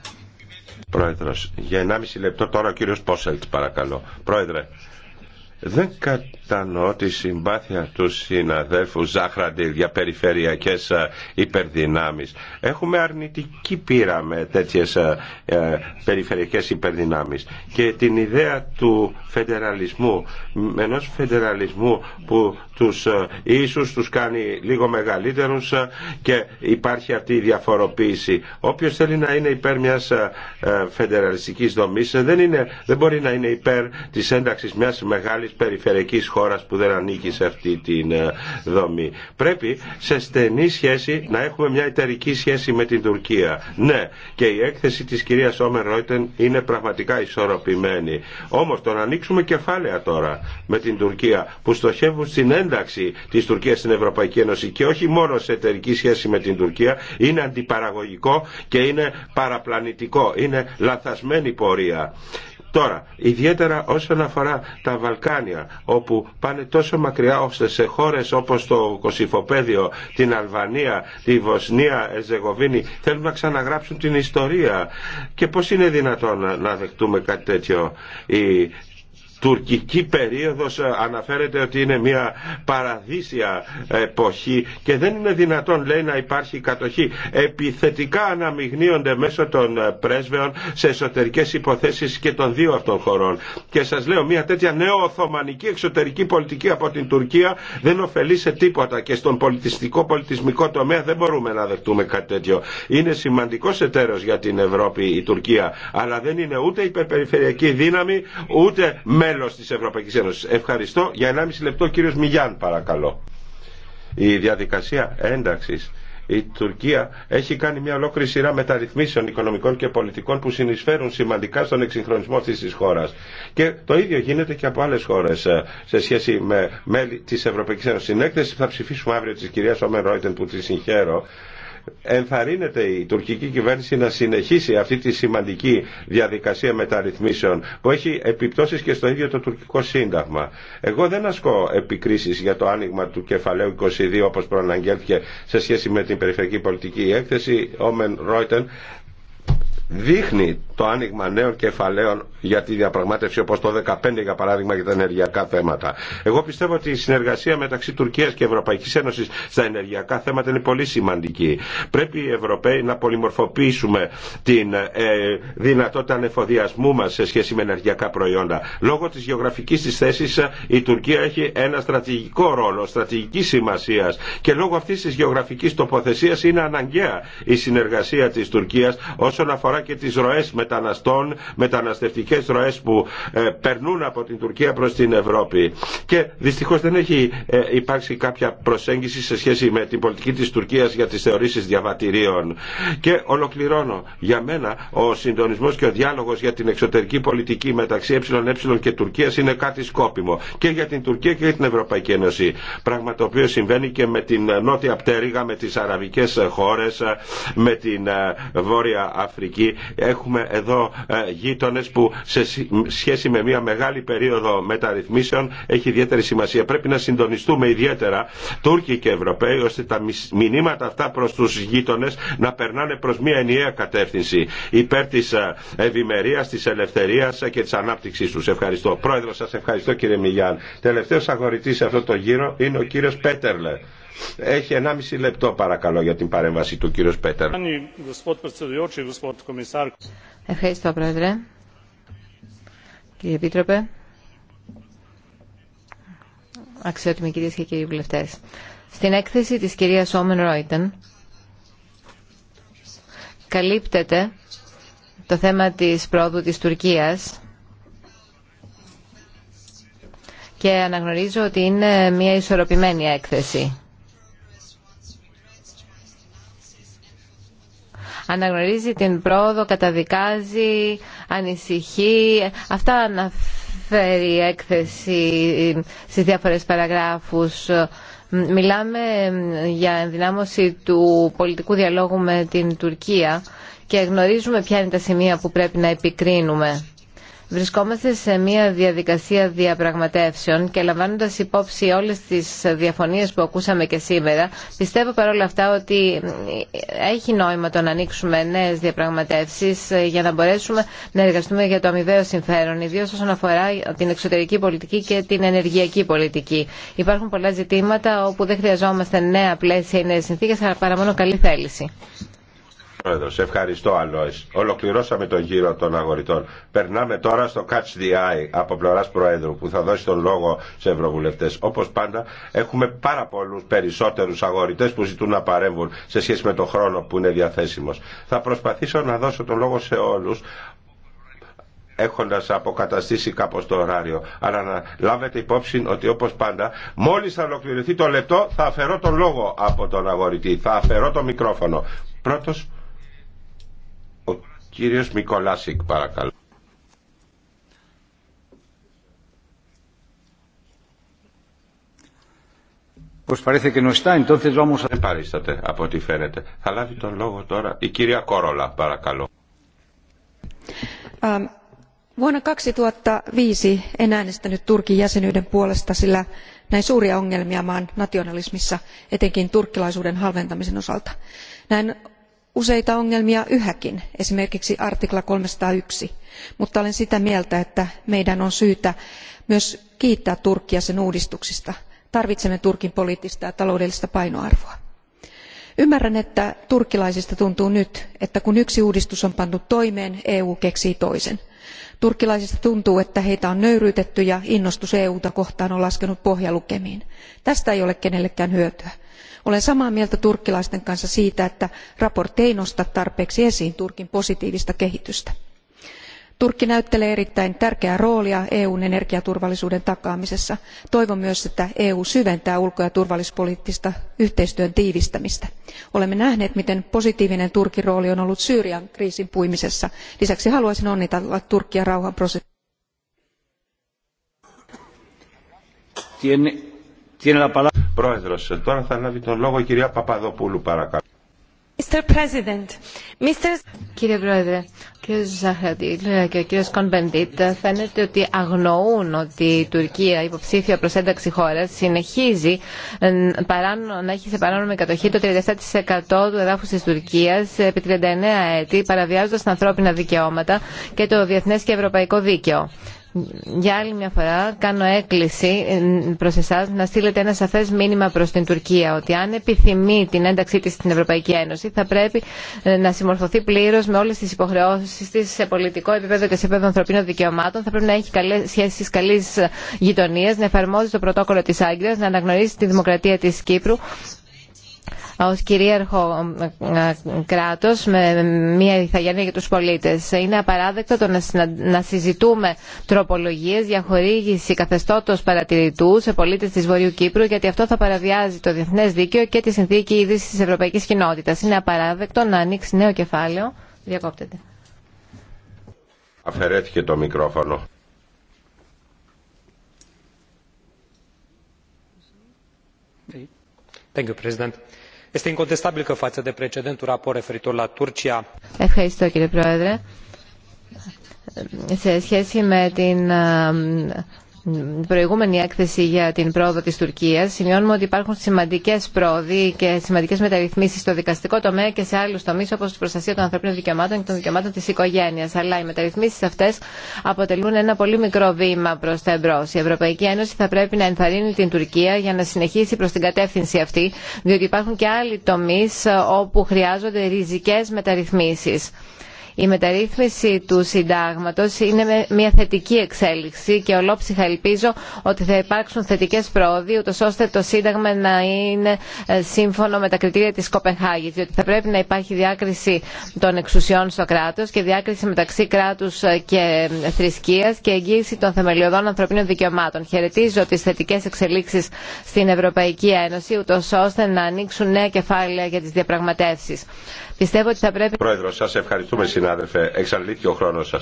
για 1,5 λεπτό τώρα κύριος παρακαλώ. Πρόεδρε, δεν κατανοώ τη συμπάθεια του συναδέλφου Ζάχραντιλ για περιφερειακές ε, υπερδυνάμεις. Έχουμε αρνητική πείρα με τέτοιες ε, ε, περιφερειακές υπερδυνάμεις. Και την ιδέα του φεντεραλισμού, ενός φεντεραλισμού που τους ίσους τους κάνει λίγο μεγαλύτερους και υπάρχει αυτή η διαφοροποίηση. Όποιος θέλει να είναι υπέρ μιας φεντεραλιστικής δομής δεν, δεν μπορεί να είναι υπέρ της ένταξης μιας μεγάλης της περιφερειακής χώρας που δεν ανήκει σε αυτή την ε, δομή. Πρέπει σε στενή σχέση να έχουμε μια εταιρική σχέση με την Τουρκία. Ναι, και η έκθεση της κυρίας Όμερ Ρόιτεν είναι πραγματικά ισορροπημένη. Όμως το να ανοίξουμε κεφάλαια τώρα με την Τουρκία που στοχεύουν στην ένταξη της Τουρκίας στην Ευρωπαϊκή Ένωση και όχι μόνο σε εταιρική σχέση με την Τουρκία είναι αντιπαραγωγικό και είναι παραπλανητικό. Είναι λαθασμένη πορεία. Τώρα, ιδιαίτερα όσον αφορά τα Βαλκάνια, όπου πάνε τόσο μακριά ώστε σε χώρες όπως το Κωσυφοπέδιο, την Αλβανία, τη Βοσνία, Εζεγοβίνη, θέλουν να ξαναγράψουν την ιστορία. Και πώς είναι δυνατόν να δεχτούμε κάτι τέτοιο τουρκική περίοδος ε, αναφέρεται ότι είναι μια παραδείσια εποχή και δεν είναι δυνατόν λέει να υπάρχει κατοχή. Επιθετικά αναμειγνύονται μέσω των ε, πρέσβεων σε εσωτερικές υποθέσεις και των δύο αυτών χωρών. Και σας λέω μια τέτοια νεοοθωμανική εξωτερική πολιτική από την Τουρκία δεν ωφελεί σε τίποτα και στον πολιτιστικό πολιτισμικό τομέα δεν μπορούμε να δεχτούμε κάτι τέτοιο. Είναι σημαντικός εταίρος για την Ευρώπη η Τουρκία αλλά δεν είναι ούτε υπερπεριφερειακή δύναμη ούτε μέλος της Ευρωπαϊκής Ένωσης. Ευχαριστώ. Για 1,5 λεπτό ο κύριος Μιγιάν παρακαλώ. Η διαδικασία ένταξης η Τουρκία έχει κάνει μια ολόκληρη σειρά μεταρρυθμίσεων οικονομικών και πολιτικών που συνεισφέρουν σημαντικά στον εξυγχρονισμό αυτή τη χώρα. Και το ίδιο γίνεται και από άλλε χώρε ε, σε σχέση με μέλη τη Ευρωπαϊκή Ένωση. Στην έκθεση θα ψηφίσουμε αύριο τη κυρία Όμεν Ρόιτεν που τη συγχαίρω, ενθαρρύνεται η τουρκική κυβέρνηση να συνεχίσει αυτή τη σημαντική διαδικασία μεταρρυθμίσεων που έχει επιπτώσεις και στο ίδιο το τουρκικό σύνταγμα. Εγώ δεν ασκώ επικρίσεις για το άνοιγμα του κεφαλαίου 22 όπως προαναγγέλθηκε σε σχέση με την περιφερειακή πολιτική έκθεση Όμεν Ρόιτεν δείχνει το άνοιγμα νέων κεφαλαίων για τη διαπραγμάτευση όπως το 2015 για παράδειγμα για τα ενεργειακά θέματα. Εγώ πιστεύω ότι η συνεργασία μεταξύ Τουρκίας και Ευρωπαϊκής Ένωσης στα ενεργειακά θέματα είναι πολύ σημαντική. Πρέπει οι Ευρωπαίοι να πολυμορφοποιήσουμε την ε, δυνατότητα ανεφοδιασμού μας σε σχέση με ενεργειακά προϊόντα. Λόγω της γεωγραφικής της θέσης η Τουρκία έχει ένα στρατηγικό ρόλο, στρατηγική σημασία και λόγω αυτής της γεωγραφικής τοποθεσίας είναι αναγκαία η συνεργασία της Τουρκίας όσον αφορά και τις ροές μεταναστών, μεταναστευτικές ροές που ε, περνούν από την Τουρκία προς την Ευρώπη. Και δυστυχώς δεν έχει ε, υπάρξει κάποια προσέγγιση σε σχέση με την πολιτική της Τουρκίας για τις θεωρήσεις διαβατηρίων. Και ολοκληρώνω. Για μένα ο συντονισμός και ο διάλογος για την εξωτερική πολιτική μεταξύ ΕΕ και Τουρκίας είναι κάτι σκόπιμο. Και για την Τουρκία και για την Ευρωπαϊκή Ένωση. Πράγμα το οποίο συμβαίνει και με την Νότια Πτέρυγα, με τις αραβικές χώρες, με την ε, Βόρεια Αφρική έχουμε εδώ ε, γείτονε που σε σχέση με μια μεγάλη περίοδο μεταρρυθμίσεων έχει ιδιαίτερη σημασία. Πρέπει να συντονιστούμε ιδιαίτερα Τούρκοι και Ευρωπαίοι ώστε τα μηνύματα αυτά προ του γείτονε να περνάνε προ μια ενιαία κατεύθυνση υπέρ τη ε, ευημερία, τη ελευθερία ε, και τη ανάπτυξη του. Ευχαριστώ. Πρόεδρο, σα ευχαριστώ κύριε Μιγιάν. Τελευταίο αγορητή σε αυτό το γύρο είναι ο κύριο Πέτερλε. Έχει 1,5 λεπτό παρακαλώ για την παρέμβαση του κύριος Πέτερ. Ευχαριστώ πρόεδρε. Κύριε Επίτροπε. Αξιότιμοι κυρίες και κύριοι βουλευτές. Στην έκθεση της κυρίας Όμεν Ρόιτεν καλύπτεται το θέμα της πρόοδου της Τουρκίας και αναγνωρίζω ότι είναι μια ισορροπημένη έκθεση. αναγνωρίζει την πρόοδο, καταδικάζει, ανησυχεί. Αυτά αναφέρει η έκθεση στις διάφορες παραγράφους. Μιλάμε για ενδυνάμωση του πολιτικού διαλόγου με την Τουρκία και γνωρίζουμε ποια είναι τα σημεία που πρέπει να επικρίνουμε. Βρισκόμαστε σε μια διαδικασία διαπραγματεύσεων και λαμβάνοντα υπόψη όλε τι διαφωνίε που ακούσαμε και σήμερα, πιστεύω παρόλα αυτά ότι έχει νόημα το να ανοίξουμε νέε διαπραγματεύσει ε, για να μπορέσουμε να εργαστούμε για το αμοιβαίο συμφέρον, ιδίω όσον αφορά την εξωτερική πολιτική και την ενεργειακή πολιτική. Υπάρχουν πολλά ζητήματα όπου δεν χρειαζόμαστε νέα πλαίσια ή νέε συνθήκε, αλλά παρά μόνο καλή θέληση. Σε ευχαριστώ Αλόης. Ολοκληρώσαμε τον γύρο των αγοριτών. Περνάμε τώρα στο Catch the Eye από πλευρά Προέδρου που θα δώσει τον λόγο σε ευρωβουλευτέ. όπω πάντα έχουμε πάρα πολλού περισσότερου αγορητέ που ζητούν να παρέμβουν σε σχέση με τον χρόνο που είναι διαθέσιμο. Θα προσπαθήσω να δώσω τον λόγο σε όλου, έχοντας αποκαταστήσει κάπως το ωράριο. Αλλά να λάβετε υπόψη ότι όπως πάντα, μόλις θα ολοκληρωθεί το λεπτό, θα αφαιρώ τον λόγο από τον αγορητή. Θα αφαιρώ το μικρόφωνο. Πρώτος, Κύριος Μικολάσικ παρακαλώ. Δεν παρίσταται από ό,τι φαίνεται. Θα λάβει τον λόγο τώρα η κυρία Κόρολα, παρακαλώ. Vuonna 2005 en äänestänyt Turkin jäsenyyden puolesta, sillä näin suuria ongelmia maan nationalismissa, etenkin turkkilaisuuden halventamisen osalta. Näin useita ongelmia yhäkin esimerkiksi artikla 301, mutta olen sitä mieltä että meidän on syytä myös kiittää turkkia sen uudistuksista. tarvitsemme turkin poliittista ja taloudellista painoarvoa. ymmärrän että turkkilaisista tuntuu nyt että kun yksi uudistus on pantu toimeen eu keksii toisen. turkkilaisista tuntuu että heitä on nöyryytetty ja innostus eu ta kohtaan on laskenut pohjalukemiin. tästä ei ole kenellekään hyötyä olen samaa mieltä turkkilaisten kanssa siitä että mietintö ei nosta tarpeeksi esiin turkin positiivista kehitystä. turkki näyttelee erittäin tärkeää roolia EU-n energiaturvallisuuden takaamisessa. toivon myös että eu syventää ulko ja turvallisuuspoliittista yhteistyön tiivistämistä. olemme nähneet miten positiivinen turkin rooli on ollut syyrian kriisin puimisessa. lisäksi haluaisin onnitella turkkia rauhanprosessista. Πρόεδρος, ε, τώρα θα λάβει τον λόγο η κυρία Παπαδοπούλου παρακαλώ. Mr. President. Mr. Κύριε Πρόεδρε, κύριε κύριος και ο κύριος Κονπεντήτ φαίνεται ότι αγνοούν ότι η Τουρκία, υποψήφια προς ένταξη χώρα, συνεχίζει ε, να έχει σε παράνομη κατοχή το 37% του εδάφου της Τουρκίας επί 39 έτη, παραβιάζοντας τα ανθρώπινα δικαιώματα και το διεθνές και ευρωπαϊκό δίκαιο για άλλη μια φορά κάνω έκκληση ε, προς εσάς να στείλετε ένα σαφές μήνυμα προς την Τουρκία ότι αν επιθυμεί την ένταξή της στην Ευρωπαϊκή Ένωση θα πρέπει ε, να συμμορφωθεί πλήρως με όλες τις υποχρεώσεις της σε πολιτικό επίπεδο και σε επίπεδο ανθρωπίνων δικαιωμάτων θα πρέπει να έχει καλές σχέσεις καλής γειτονίας, να εφαρμόζει το πρωτόκολλο της Άγκυρας, να αναγνωρίσει τη δημοκρατία της Κύπρου ως κυρίαρχο ε, ε, κράτος με μια ηθαγένεια για τους πολίτες. Είναι απαράδεκτο το να συζητούμε τροπολογίες για χορήγηση καθεστώτος παρατηρητού σε πολίτες της Βορείου Κύπρου γιατί αυτό θα παραβιάζει το διεθνές δίκαιο και τη συνθήκη είδηση της Ευρωπαϊκής Κοινότητας. Είναι απαράδεκτο να ανοίξει νέο κεφάλαιο. Διακόπτεται. Αφαιρέθηκε το μικρόφωνο. Thank you, President este incontestabil că faă de precedentul raport referitor la turcia σε την προηγούμενη έκθεση για την πρόοδο της Τουρκίας σημειώνουμε ότι υπάρχουν σημαντικές πρόοδοι και σημαντικές μεταρρυθμίσεις στο δικαστικό τομέα και σε άλλους τομείς όπως η προστασία των ανθρωπίνων δικαιωμάτων και των δικαιωμάτων της οικογένειας. Αλλά οι μεταρρυθμίσεις αυτές αποτελούν ένα πολύ μικρό βήμα προς τα εμπρό. Η Ευρωπαϊκή Ένωση θα πρέπει να ενθαρρύνει την Τουρκία για να συνεχίσει προς την κατεύθυνση αυτή διότι υπάρχουν και άλλοι τομείς όπου χρειάζονται ριζικές μεταρρυθμίσεις. Η μεταρρύθμιση του συντάγματο είναι μια θετική εξέλιξη και ολόψυχα ελπίζω ότι θα υπάρξουν θετικέ πρόοδοι ούτω ώστε το σύνταγμα να είναι ε, σύμφωνο με τα κριτήρια τη Κοπεχάγης διότι θα πρέπει να υπάρχει διάκριση των εξουσιών στο κράτο και διάκριση μεταξύ κράτου ε, και ε, θρησκείας και εγγύηση των θεμελιωδών ανθρωπίνων δικαιωμάτων. Χαιρετίζω τι θετικέ εξελίξει στην Ευρωπαϊκή Ένωση ούτω ώστε να ανοίξουν νέα κεφάλαια για τι διαπραγματεύσει. Πιστεύω ότι θα πρέπει... Πρόεδρο, σα ευχαριστούμε συνάδελφε. Εξαντλήθηκε ο χρόνο σα.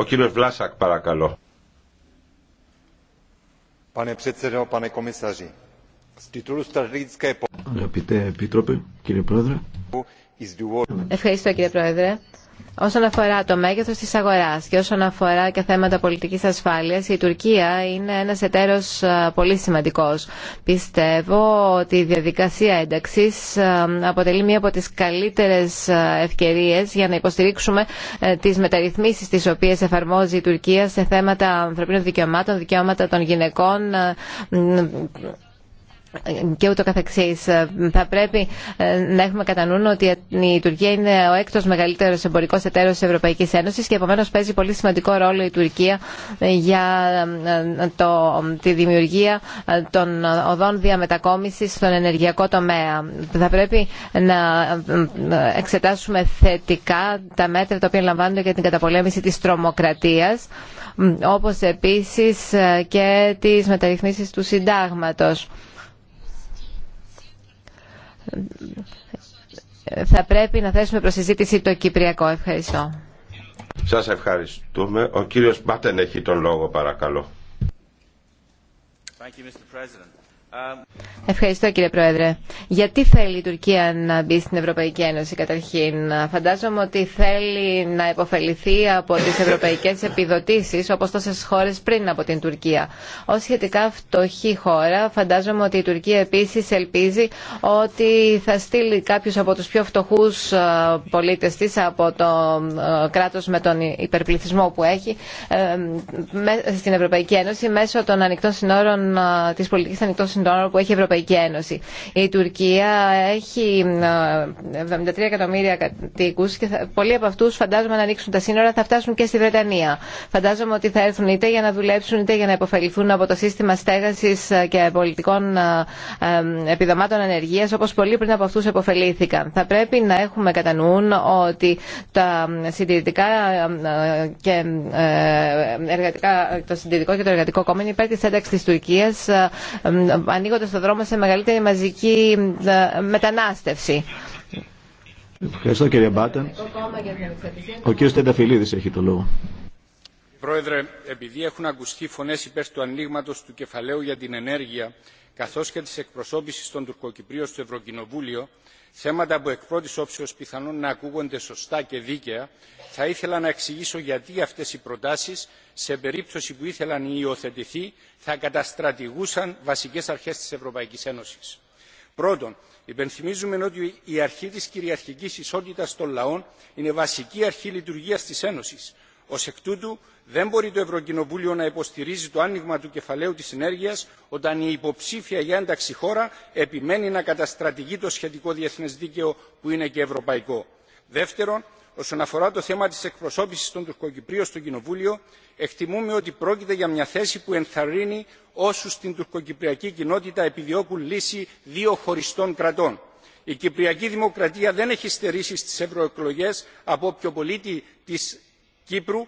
Ο κύριο Βλάσακ παρακαλώ. Αγαπητέ Επίτροπε, κύριε Πρόεδρε. Ευχαριστώ κύριε Πρόεδρε. Όσον αφορά το μέγεθος της αγοράς και όσον αφορά και θέματα πολιτικής ασφάλειας, η Τουρκία είναι ένας εταίρο πολύ σημαντικό. Πιστεύω ότι η διαδικασία ένταξη αποτελεί μία από τις καλύτερες ευκαιρίες για να υποστηρίξουμε ε, τις μεταρρυθμίσει τις οποίες εφαρμόζει η Τουρκία σε θέματα ανθρωπίνων δικαιωμάτων, δικαιώματα των γυναικών, και ούτω καθεξής. Ε, θα πρέπει ε, να έχουμε κατά νου ότι η Τουρκία είναι ο έκτος μεγαλύτερος εμπορικός εταίρος της Ευρωπαϊκής Ένωσης και επομένως παίζει πολύ σημαντικό ρόλο η Τουρκία ε, για τη δημιουργία των οδών διαμετακόμισης στον ενεργειακό τομέα. Θα πρέπει να εξετάσουμε θετικά τα μέτρα τα οποία λαμβάνονται για την καταπολέμηση της τρομοκρατίας όπως επίσης και τις μεταρρυθμίσεις του συντάγματος θα πρέπει να θέσουμε προς το Κυπριακό. Ευχαριστώ. Σας ευχαριστούμε. Ο κύριος Μπάτεν έχει τον λόγο παρακαλώ. Thank you, Mr. Ευχαριστώ κύριε Πρόεδρε. Γιατί θέλει η Τουρκία να μπει στην Ευρωπαϊκή Ένωση καταρχήν. Φαντάζομαι ότι θέλει να υποφεληθεί από τις ευρωπαϊκές επιδοτήσεις όπως τόσες χώρες πριν από την Τουρκία. Ως σχετικά φτωχή χώρα φαντάζομαι ότι η Τουρκία επίσης ελπίζει ότι θα στείλει κάποιους από τους πιο φτωχούς ε, πολίτες της από το ε, κράτος με τον υπερπληθυσμό που έχει ε, στην Ευρωπαϊκή Ένωση μέσω των ανοιχτών συνόρων, της πολιτικής ανοιχτών συνόρων τον όρο που έχει η Ευρωπαϊκή Ένωση. Η Τουρκία έχει 73 ε, εκατομμύρια κατοίκου και πολλοί από αυτού φαντάζομαι να ανοίξουν τα σύνορα θα φτάσουν και στη Βρετανία. Φαντάζομαι ότι θα έρθουν είτε για να δουλέψουν είτε για να υποφεληθούν από το σύστημα στέγαση ε, και πολιτικών ε, επιδομάτων ανεργία όπω πολλοί πριν από αυτού υποφελήθηκαν. Θα πρέπει να έχουμε κατά νου ότι τα συντηρητικά και εργατικά, το συντηρητικό και το εργατικό κόμμα είναι υπέρ τη ένταξη τη Τουρκία ανοίγοντας το δρόμο σε μεγαλύτερη μαζική ε, μετανάστευση. Ευχαριστώ κύριε Μπάτεν. Ο κύριος Τενταφυλίδης έχει το λόγο. Πρόεδρε, επειδή έχουν ακουστεί φωνές υπέρ του ανοίγματο του κεφαλαίου για την ενέργεια, καθώς και της εκπροσώπησης των τουρκοκυπρίων στο Ευρωκοινοβούλιο, θέματα που εκ πρώτη όψεω πιθανόν να ακούγονται σωστά και δίκαια, θα ήθελα να εξηγήσω γιατί αυτέ οι προτάσει, σε περίπτωση που ήθελαν να υιοθετηθεί, θα καταστρατηγούσαν βασικέ αρχέ τη Ευρωπαϊκή Ένωση. Πρώτον, υπενθυμίζουμε ότι η αρχή τη κυριαρχική ισότητα των λαών είναι βασική αρχή λειτουργία τη Ένωση ω εκ τούτου δεν μπορεί το ευρωκοινοβούλιο να υποστηρίζει το άνοιγμα του κεφαλαίου τη ενέργεια όταν η υποψήφια για ένταξη χώρα επιμένει να καταστρατηγεί το σχετικό διεθνέ δίκαιο που είναι και ευρωπαϊκό. δεύτερον όσον αφορά το θέμα τη εκπροσώπηση των τουρκοκυπρίων στο κοινοβούλιο εκτιμούμε ότι πρόκειται για μια θέση που ενθαρρύνει όσου στην τουρκοκυπριακή κοινότητα επιδιώκουν λύση δύο χωριστών κρατών. η κυπριακή δημοκρατία δεν έχει στερήσει στι ευρωεκλογέ από όποιο πολίτη τη Κύπρου,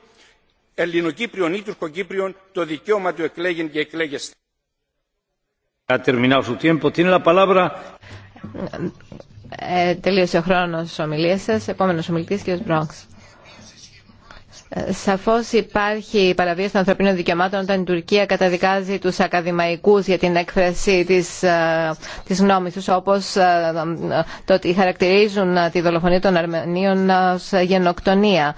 Ελληνοκύπριων ή Τουρκοκύπριων, το δικαίωμα του εκλέγεν και εκλέγεστε. Ε, τελείωσε ο χρόνος ομιλίας σας. Επόμενος ομιλητής, κ. Μπρόγκς. Ε, σαφώς υπάρχει παραβίαση των ανθρωπίνων δικαιωμάτων όταν η Τουρκία καταδικάζει τους ακαδημαϊκούς για την έκφραση της, ε, της γνώμης τους όπως ε, το ότι χαρακτηρίζουν τη δολοφονία των Αρμενίων ως γενοκτονία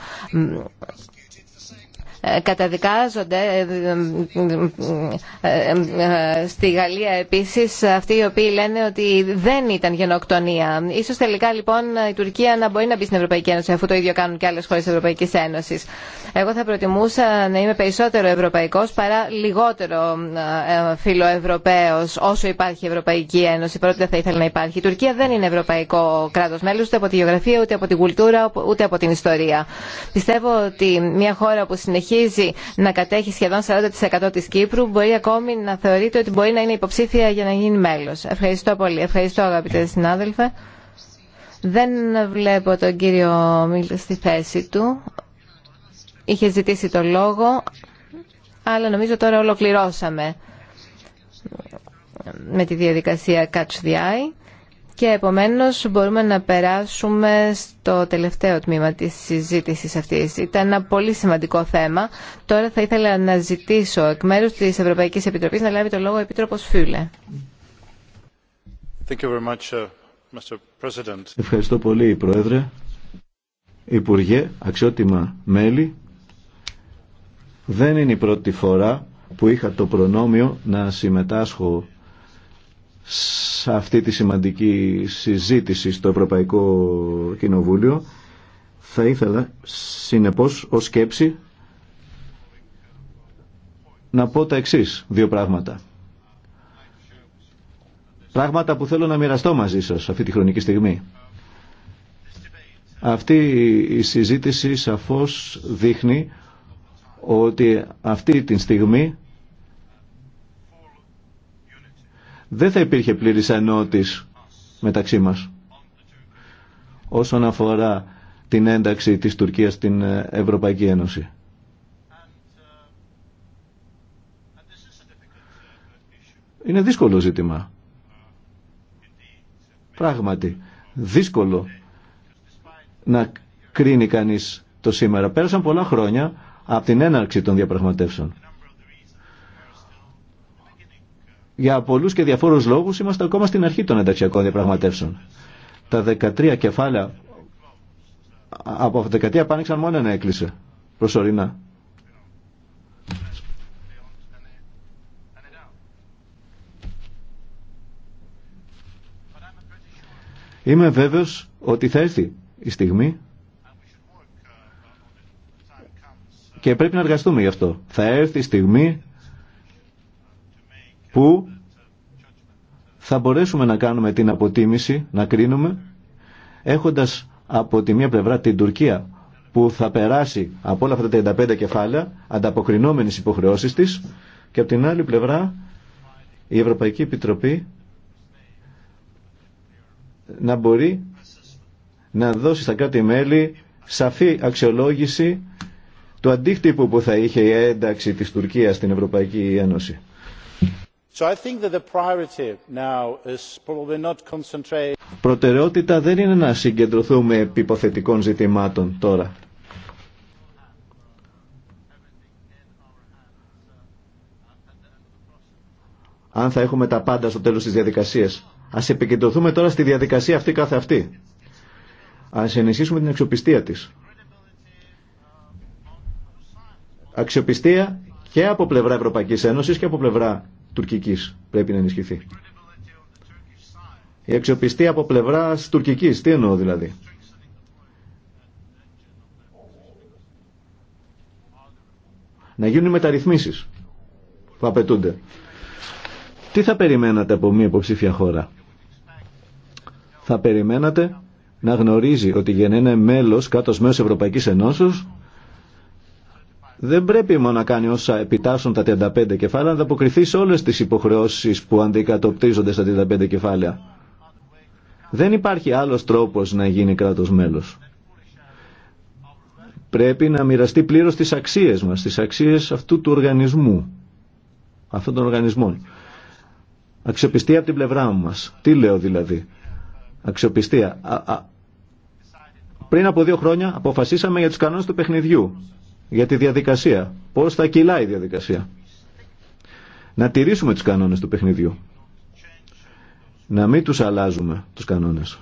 καταδικάζονται ε, ε, ε, στη Γαλλία επίσης αυτοί οι οποίοι λένε ότι δεν ήταν γενοκτονία. Ίσως τελικά λοιπόν η Τουρκία να μπορεί να μπει στην Ευρωπαϊκή Ένωση αφού το ίδιο κάνουν και άλλες χώρες της Ευρωπαϊκής Ένωσης. Εγώ θα προτιμούσα να είμαι περισσότερο ευρωπαϊκός παρά λιγότερο φιλοευρωπαίος όσο υπάρχει η Ευρωπαϊκή Ένωση. Πρώτα θα ήθελα να υπάρχει. Η Τουρκία δεν είναι ευρωπαϊκό κράτος μέλος ούτε από τη γεωγραφία, ούτε από την κουλτούρα, ούτε από την ιστορία. Πιστεύω ότι μια χώρα που συνεχίζει συνεχίζει να κατέχει σχεδόν 40% της Κύπρου μπορεί ακόμη να θεωρείται ότι μπορεί να είναι υποψήφια για να γίνει μέλος. Ευχαριστώ πολύ. Ευχαριστώ αγαπητέ συνάδελφε. Δεν βλέπω τον κύριο Μίλτο στη θέση του. Είχε ζητήσει το λόγο, αλλά νομίζω τώρα ολοκληρώσαμε με τη διαδικασία Catch the Eye. Και επομένως μπορούμε να περάσουμε στο τελευταίο τμήμα της συζήτησης αυτής. Ήταν ένα πολύ σημαντικό θέμα. Τώρα θα ήθελα να ζητήσω εκ μέρους της Ευρωπαϊκής Επιτροπής να λάβει το λόγο ο Επίτροπος Φιούλε. Uh, Ευχαριστώ πολύ, Πρόεδρε. Υπουργέ, αξιότιμα μέλη, δεν είναι η πρώτη φορά που είχα το προνόμιο να συμμετάσχω σε αυτή τη σημαντική συζήτηση στο Ευρωπαϊκό Κοινοβούλιο. Θα ήθελα, συνεπώς, ως σκέψη, να πω τα εξής δύο πράγματα. Πράγματα που θέλω να μοιραστώ μαζί σας αυτή τη χρονική στιγμή. Αυτή η συζήτηση σαφώς δείχνει ότι αυτή τη στιγμή δεν θα υπήρχε πλήρης ενότης μεταξύ μας όσον αφορά την ένταξη της Τουρκίας στην Ευρωπαϊκή Ένωση. Είναι δύσκολο ζήτημα. Πράγματι, δύσκολο να κρίνει κανείς το σήμερα. Πέρασαν πολλά χρόνια από την έναρξη των διαπραγματεύσεων. για πολλούς και διαφόρους λόγους είμαστε ακόμα στην αρχή των ενταξιακών διαπραγματεύσεων. Τα 13 κεφάλαια από τα 13 πάνηξαν μόνο ένα έκλεισε προσωρινά. Είμαι βέβαιος ότι θα έρθει η στιγμή και πρέπει να εργαστούμε γι' αυτό. Θα έρθει η στιγμή που θα μπορέσουμε να κάνουμε την αποτίμηση, να κρίνουμε, έχοντας από τη μία πλευρά την Τουρκία που θα περάσει από όλα αυτά τα 35 κεφάλαια, ανταποκρινόμενες υποχρεώσεις της, και από την άλλη πλευρά η Ευρωπαϊκή Επιτροπή να μπορεί να δώσει στα κράτη-μέλη σαφή αξιολόγηση του αντίκτυπου που θα είχε η ένταξη της Τουρκίας στην Ευρωπαϊκή Ένωση. Προτεραιότητα δεν είναι να συγκεντρωθούμε επί υποθετικών ζητημάτων τώρα. Αν θα έχουμε τα πάντα στο τέλος της διαδικασίας. Ας επικεντρωθούμε τώρα στη διαδικασία αυτή κάθε αυτή. Ας ενισχύσουμε την αξιοπιστία της. Αξιοπιστία και από πλευρά Ευρωπαϊκής Ένωσης και από πλευρά τουρκικής πρέπει να ενισχυθεί. Η αξιοπιστία από πλευρά τουρκική, τι εννοώ δηλαδή. Να γίνουν μεταρρυθμίσει που απαιτούνται. Τι θα περιμένατε από μια υποψήφια χώρα. Θα περιμένατε να γνωρίζει ότι για να μέλος κάτω μέσω Ευρωπαϊκής Ενώσεως δεν πρέπει μόνο να κάνει όσα επιτάσσουν τα 35 κεφάλαια, να αποκριθεί σε όλες τις υποχρεώσεις που αντικατοπτίζονται στα 35 κεφάλαια. Δεν υπάρχει άλλος τρόπος να γίνει κράτος μέλος. Πρέπει να μοιραστεί πλήρως τις αξίες μας, τις αξίες αυτού του οργανισμού, αυτών των οργανισμών. Αξιοπιστία από την πλευρά μας. Τι λέω δηλαδή. Αξιοπιστία. Πριν από δύο χρόνια αποφασίσαμε για τους κανόνες του παιχνιδιού για τη διαδικασία. Πώς θα κυλάει η διαδικασία. Να τηρήσουμε τους κανόνες του παιχνιδιού. Να μην τους αλλάζουμε τους κανόνες.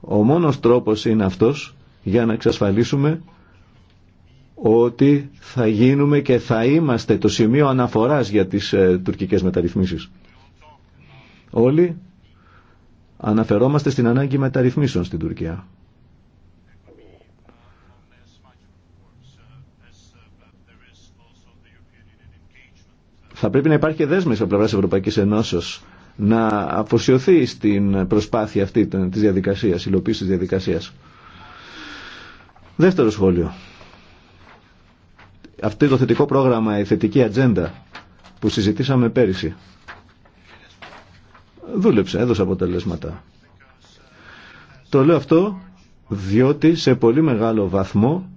Ο μόνος τρόπος είναι αυτός για να εξασφαλίσουμε ότι θα γίνουμε και θα είμαστε το σημείο αναφοράς για τις ε, τουρκικές μεταρρυθμίσεις. Όλοι αναφερόμαστε στην ανάγκη μεταρρυθμίσεων στην Τουρκία. Θα πρέπει να υπάρχει και δέσμευση από πλευρά τη Ευρωπαϊκή Ενώσεω να αφοσιωθεί στην προσπάθεια αυτή τη διαδικασία, υλοποίηση τη διαδικασία. Δεύτερο σχόλιο. Αυτό το θετικό πρόγραμμα, η θετική ατζέντα που συζητήσαμε πέρυσι. Δούλεψε, έδωσε αποτελέσματα. Το λέω αυτό διότι σε πολύ μεγάλο βαθμό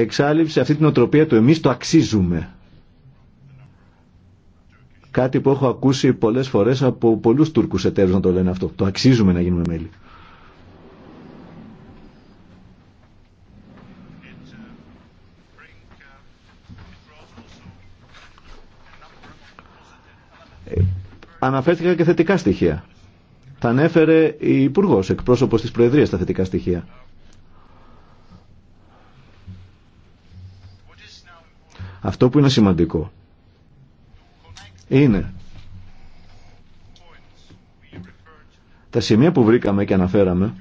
εξάλληψε αυτή την οτροπία του εμείς το αξίζουμε. Κάτι που έχω ακούσει πολλές φορές από πολλούς Τούρκους εταίρους να το λένε αυτό. Το αξίζουμε να γίνουμε μέλη. Αναφέρθηκα και θετικά στοιχεία. Τα ανέφερε η Υπουργός, εκπρόσωπος της Προεδρίας, τα θετικά στοιχεία. Αυτό που είναι σημαντικό είναι τα σημεία που βρήκαμε και αναφέραμε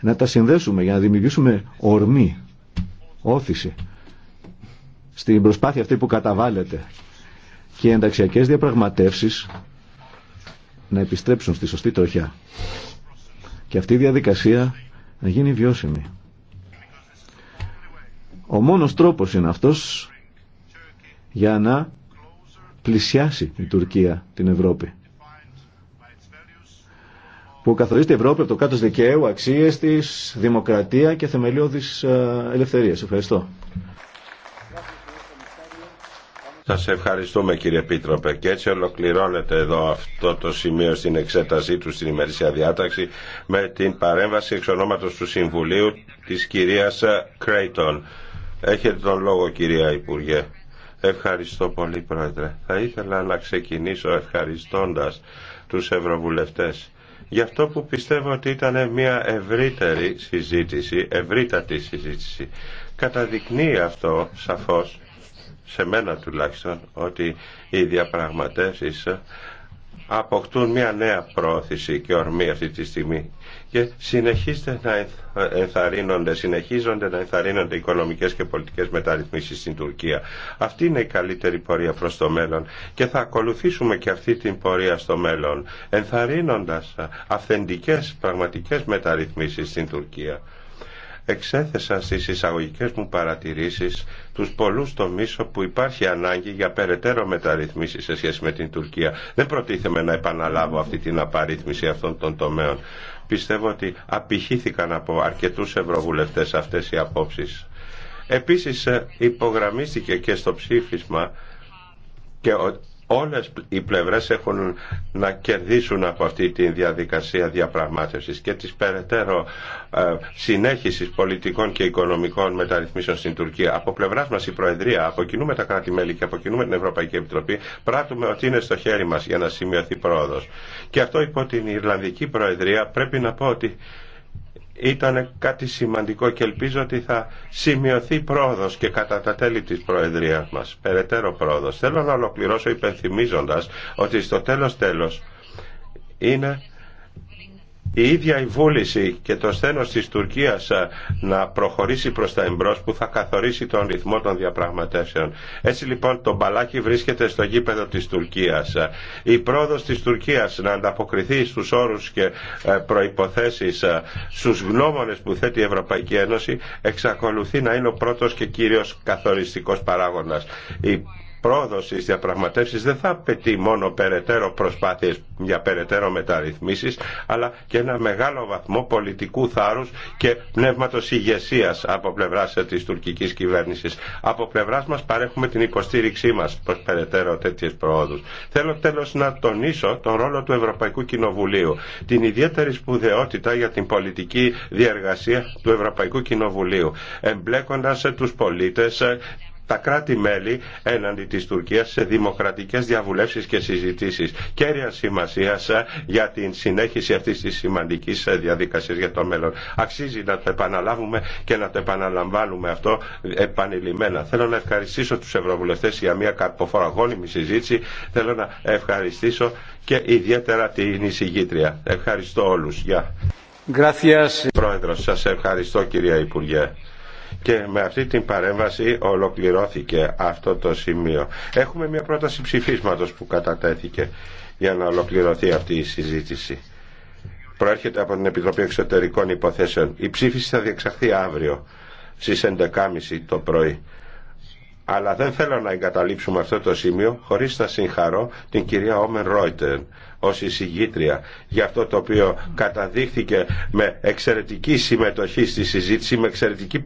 να τα συνδέσουμε για να δημιουργήσουμε ορμή, όθηση στην προσπάθεια αυτή που καταβάλλεται και οι ενταξιακές διαπραγματεύσεις να επιστρέψουν στη σωστή τροχιά και αυτή η διαδικασία να γίνει βιώσιμη. Ο μόνος τρόπος είναι αυτός για να πλησιάσει η Τουρκία την Ευρώπη. Που καθορίζεται η Ευρώπη από το κάτω δικαίου, αξίες της, δημοκρατία και θεμελιώδης ε, ελευθερίας. Ευχαριστώ. Σας ευχαριστούμε κύριε Πίτροπε και έτσι ολοκληρώνεται εδώ αυτό το σημείο στην εξέτασή του στην ημερήσια διάταξη με την παρέμβαση εξ του Συμβουλίου της κυρίας Κρέιτον. Έχετε τον λόγο κυρία Υπουργέ. Ευχαριστώ πολύ Πρόεδρε. Θα ήθελα να ξεκινήσω ευχαριστώντας τους Ευρωβουλευτές για αυτό που πιστεύω ότι ήταν μια ευρύτερη συζήτηση, ευρύτατη συζήτηση. Καταδεικνύει αυτό σαφώς, σε μένα τουλάχιστον, ότι οι διαπραγματεύσεις αποκτούν μια νέα πρόθεση και ορμή αυτή τη στιγμή και συνεχίζονται να ενθαρρύνονται, συνεχίζονται να ενθαρρύνονται οικονομικές και πολιτικές μεταρρυθμίσεις στην Τουρκία. Αυτή είναι η καλύτερη πορεία προς το μέλλον και θα ακολουθήσουμε και αυτή την πορεία στο μέλλον, ενθαρρύνοντας αυθεντικές πραγματικές μεταρρυθμίσεις στην Τουρκία εξέθεσα στις εισαγωγικές μου παρατηρήσεις τους πολλούς τομείς όπου υπάρχει ανάγκη για περαιτέρω μεταρρυθμίσεις σε σχέση με την Τουρκία. Δεν προτίθεμαι να επαναλάβω αυτή την απαρίθμηση αυτών των τομέων. Πιστεύω ότι απηχήθηκαν από αρκετούς ευρωβουλευτές αυτές οι απόψεις. Επίσης ε, υπογραμμίστηκε και στο ψήφισμα και όλες οι πλευρές έχουν να κερδίσουν από αυτή τη διαδικασία διαπραγμάτευσης και της περαιτέρω ε, συνέχισης πολιτικών και οικονομικών μεταρρυθμίσεων στην Τουρκία. Από πλευρά μας η Προεδρία, από κοινού με τα κράτη-μέλη και από κοινού με την Ευρωπαϊκή Επιτροπή πράττουμε ότι είναι στο χέρι μας για να σημειωθεί πρόοδος. Και αυτό υπό την Ιρλανδική Προεδρία πρέπει να πω ότι ήταν κάτι σημαντικό και ελπίζω ότι θα σημειωθεί πρόοδος και κατά τα τέλη της Προεδρίας μας, περαιτέρω πρόοδος. Θέλω να ολοκληρώσω υπενθυμίζοντας ότι στο τέλος τέλος είναι η ίδια η βούληση και το στένος της Τουρκίας να προχωρήσει προς τα εμπρός που θα καθορίσει τον ρυθμό των διαπραγματεύσεων. Έτσι λοιπόν το μπαλάκι βρίσκεται στο γήπεδο της Τουρκίας. Η πρόοδος της Τουρκίας να ανταποκριθεί στους όρους και ε, προϋποθέσεις στους γνώμονες που θέτει η Ευρωπαϊκή Ένωση εξακολουθεί να είναι ο πρώτος και κύριος καθοριστικός παράγοντας πρόοδο στι διαπραγματεύσει δεν θα απαιτεί μόνο περαιτέρω προσπάθειε για περαιτέρω μεταρρυθμίσει, αλλά και ένα μεγάλο βαθμό πολιτικού θάρρου και πνεύματο ηγεσία από πλευρά τη τουρκική κυβέρνηση. Από πλευρά μα παρέχουμε την υποστήριξή μα προ περαιτέρω τέτοιε προόδου. Θέλω τέλο να τονίσω τον ρόλο του Ευρωπαϊκού Κοινοβουλίου, την ιδιαίτερη σπουδαιότητα για την πολιτική διεργασία του Ευρωπαϊκού Κοινοβουλίου, εμπλέκοντα του πολίτε, τα κράτη-μέλη έναντι της Τουρκίας σε δημοκρατικές διαβουλεύσεις και συζητήσεις. Κέρια σημασία ε, για την συνέχιση αυτής της σημαντικής ε, διαδικασίας για το μέλλον. Αξίζει να το επαναλάβουμε και να το επαναλαμβάνουμε αυτό επανειλημμένα. Θέλω να ευχαριστήσω τους Ευρωβουλευτές για μια καρποφοραγόνιμη συζήτηση. Θέλω να ευχαριστήσω και ιδιαίτερα την εισηγήτρια. Ευχαριστώ όλους. Γεια. σας ευχαριστώ κυρία Υπουργέ. Και με αυτή την παρέμβαση ολοκληρώθηκε αυτό το σημείο. Έχουμε μια πρόταση ψηφίσματος που κατατέθηκε για να ολοκληρωθεί αυτή η συζήτηση. Προέρχεται από την Επιτροπή Εξωτερικών Υποθέσεων. Η ψήφιση θα διεξαχθεί αύριο στις 11.30 το πρωί. Αλλά δεν θέλω να εγκαταλείψουμε αυτό το σημείο χωρίς να συγχαρώ την κυρία Όμεν Ρόιτερ ως εισηγήτρια για αυτό το οποίο καταδείχθηκε με εξαιρετική συμμετοχή στη συζήτηση, με εξαιρετική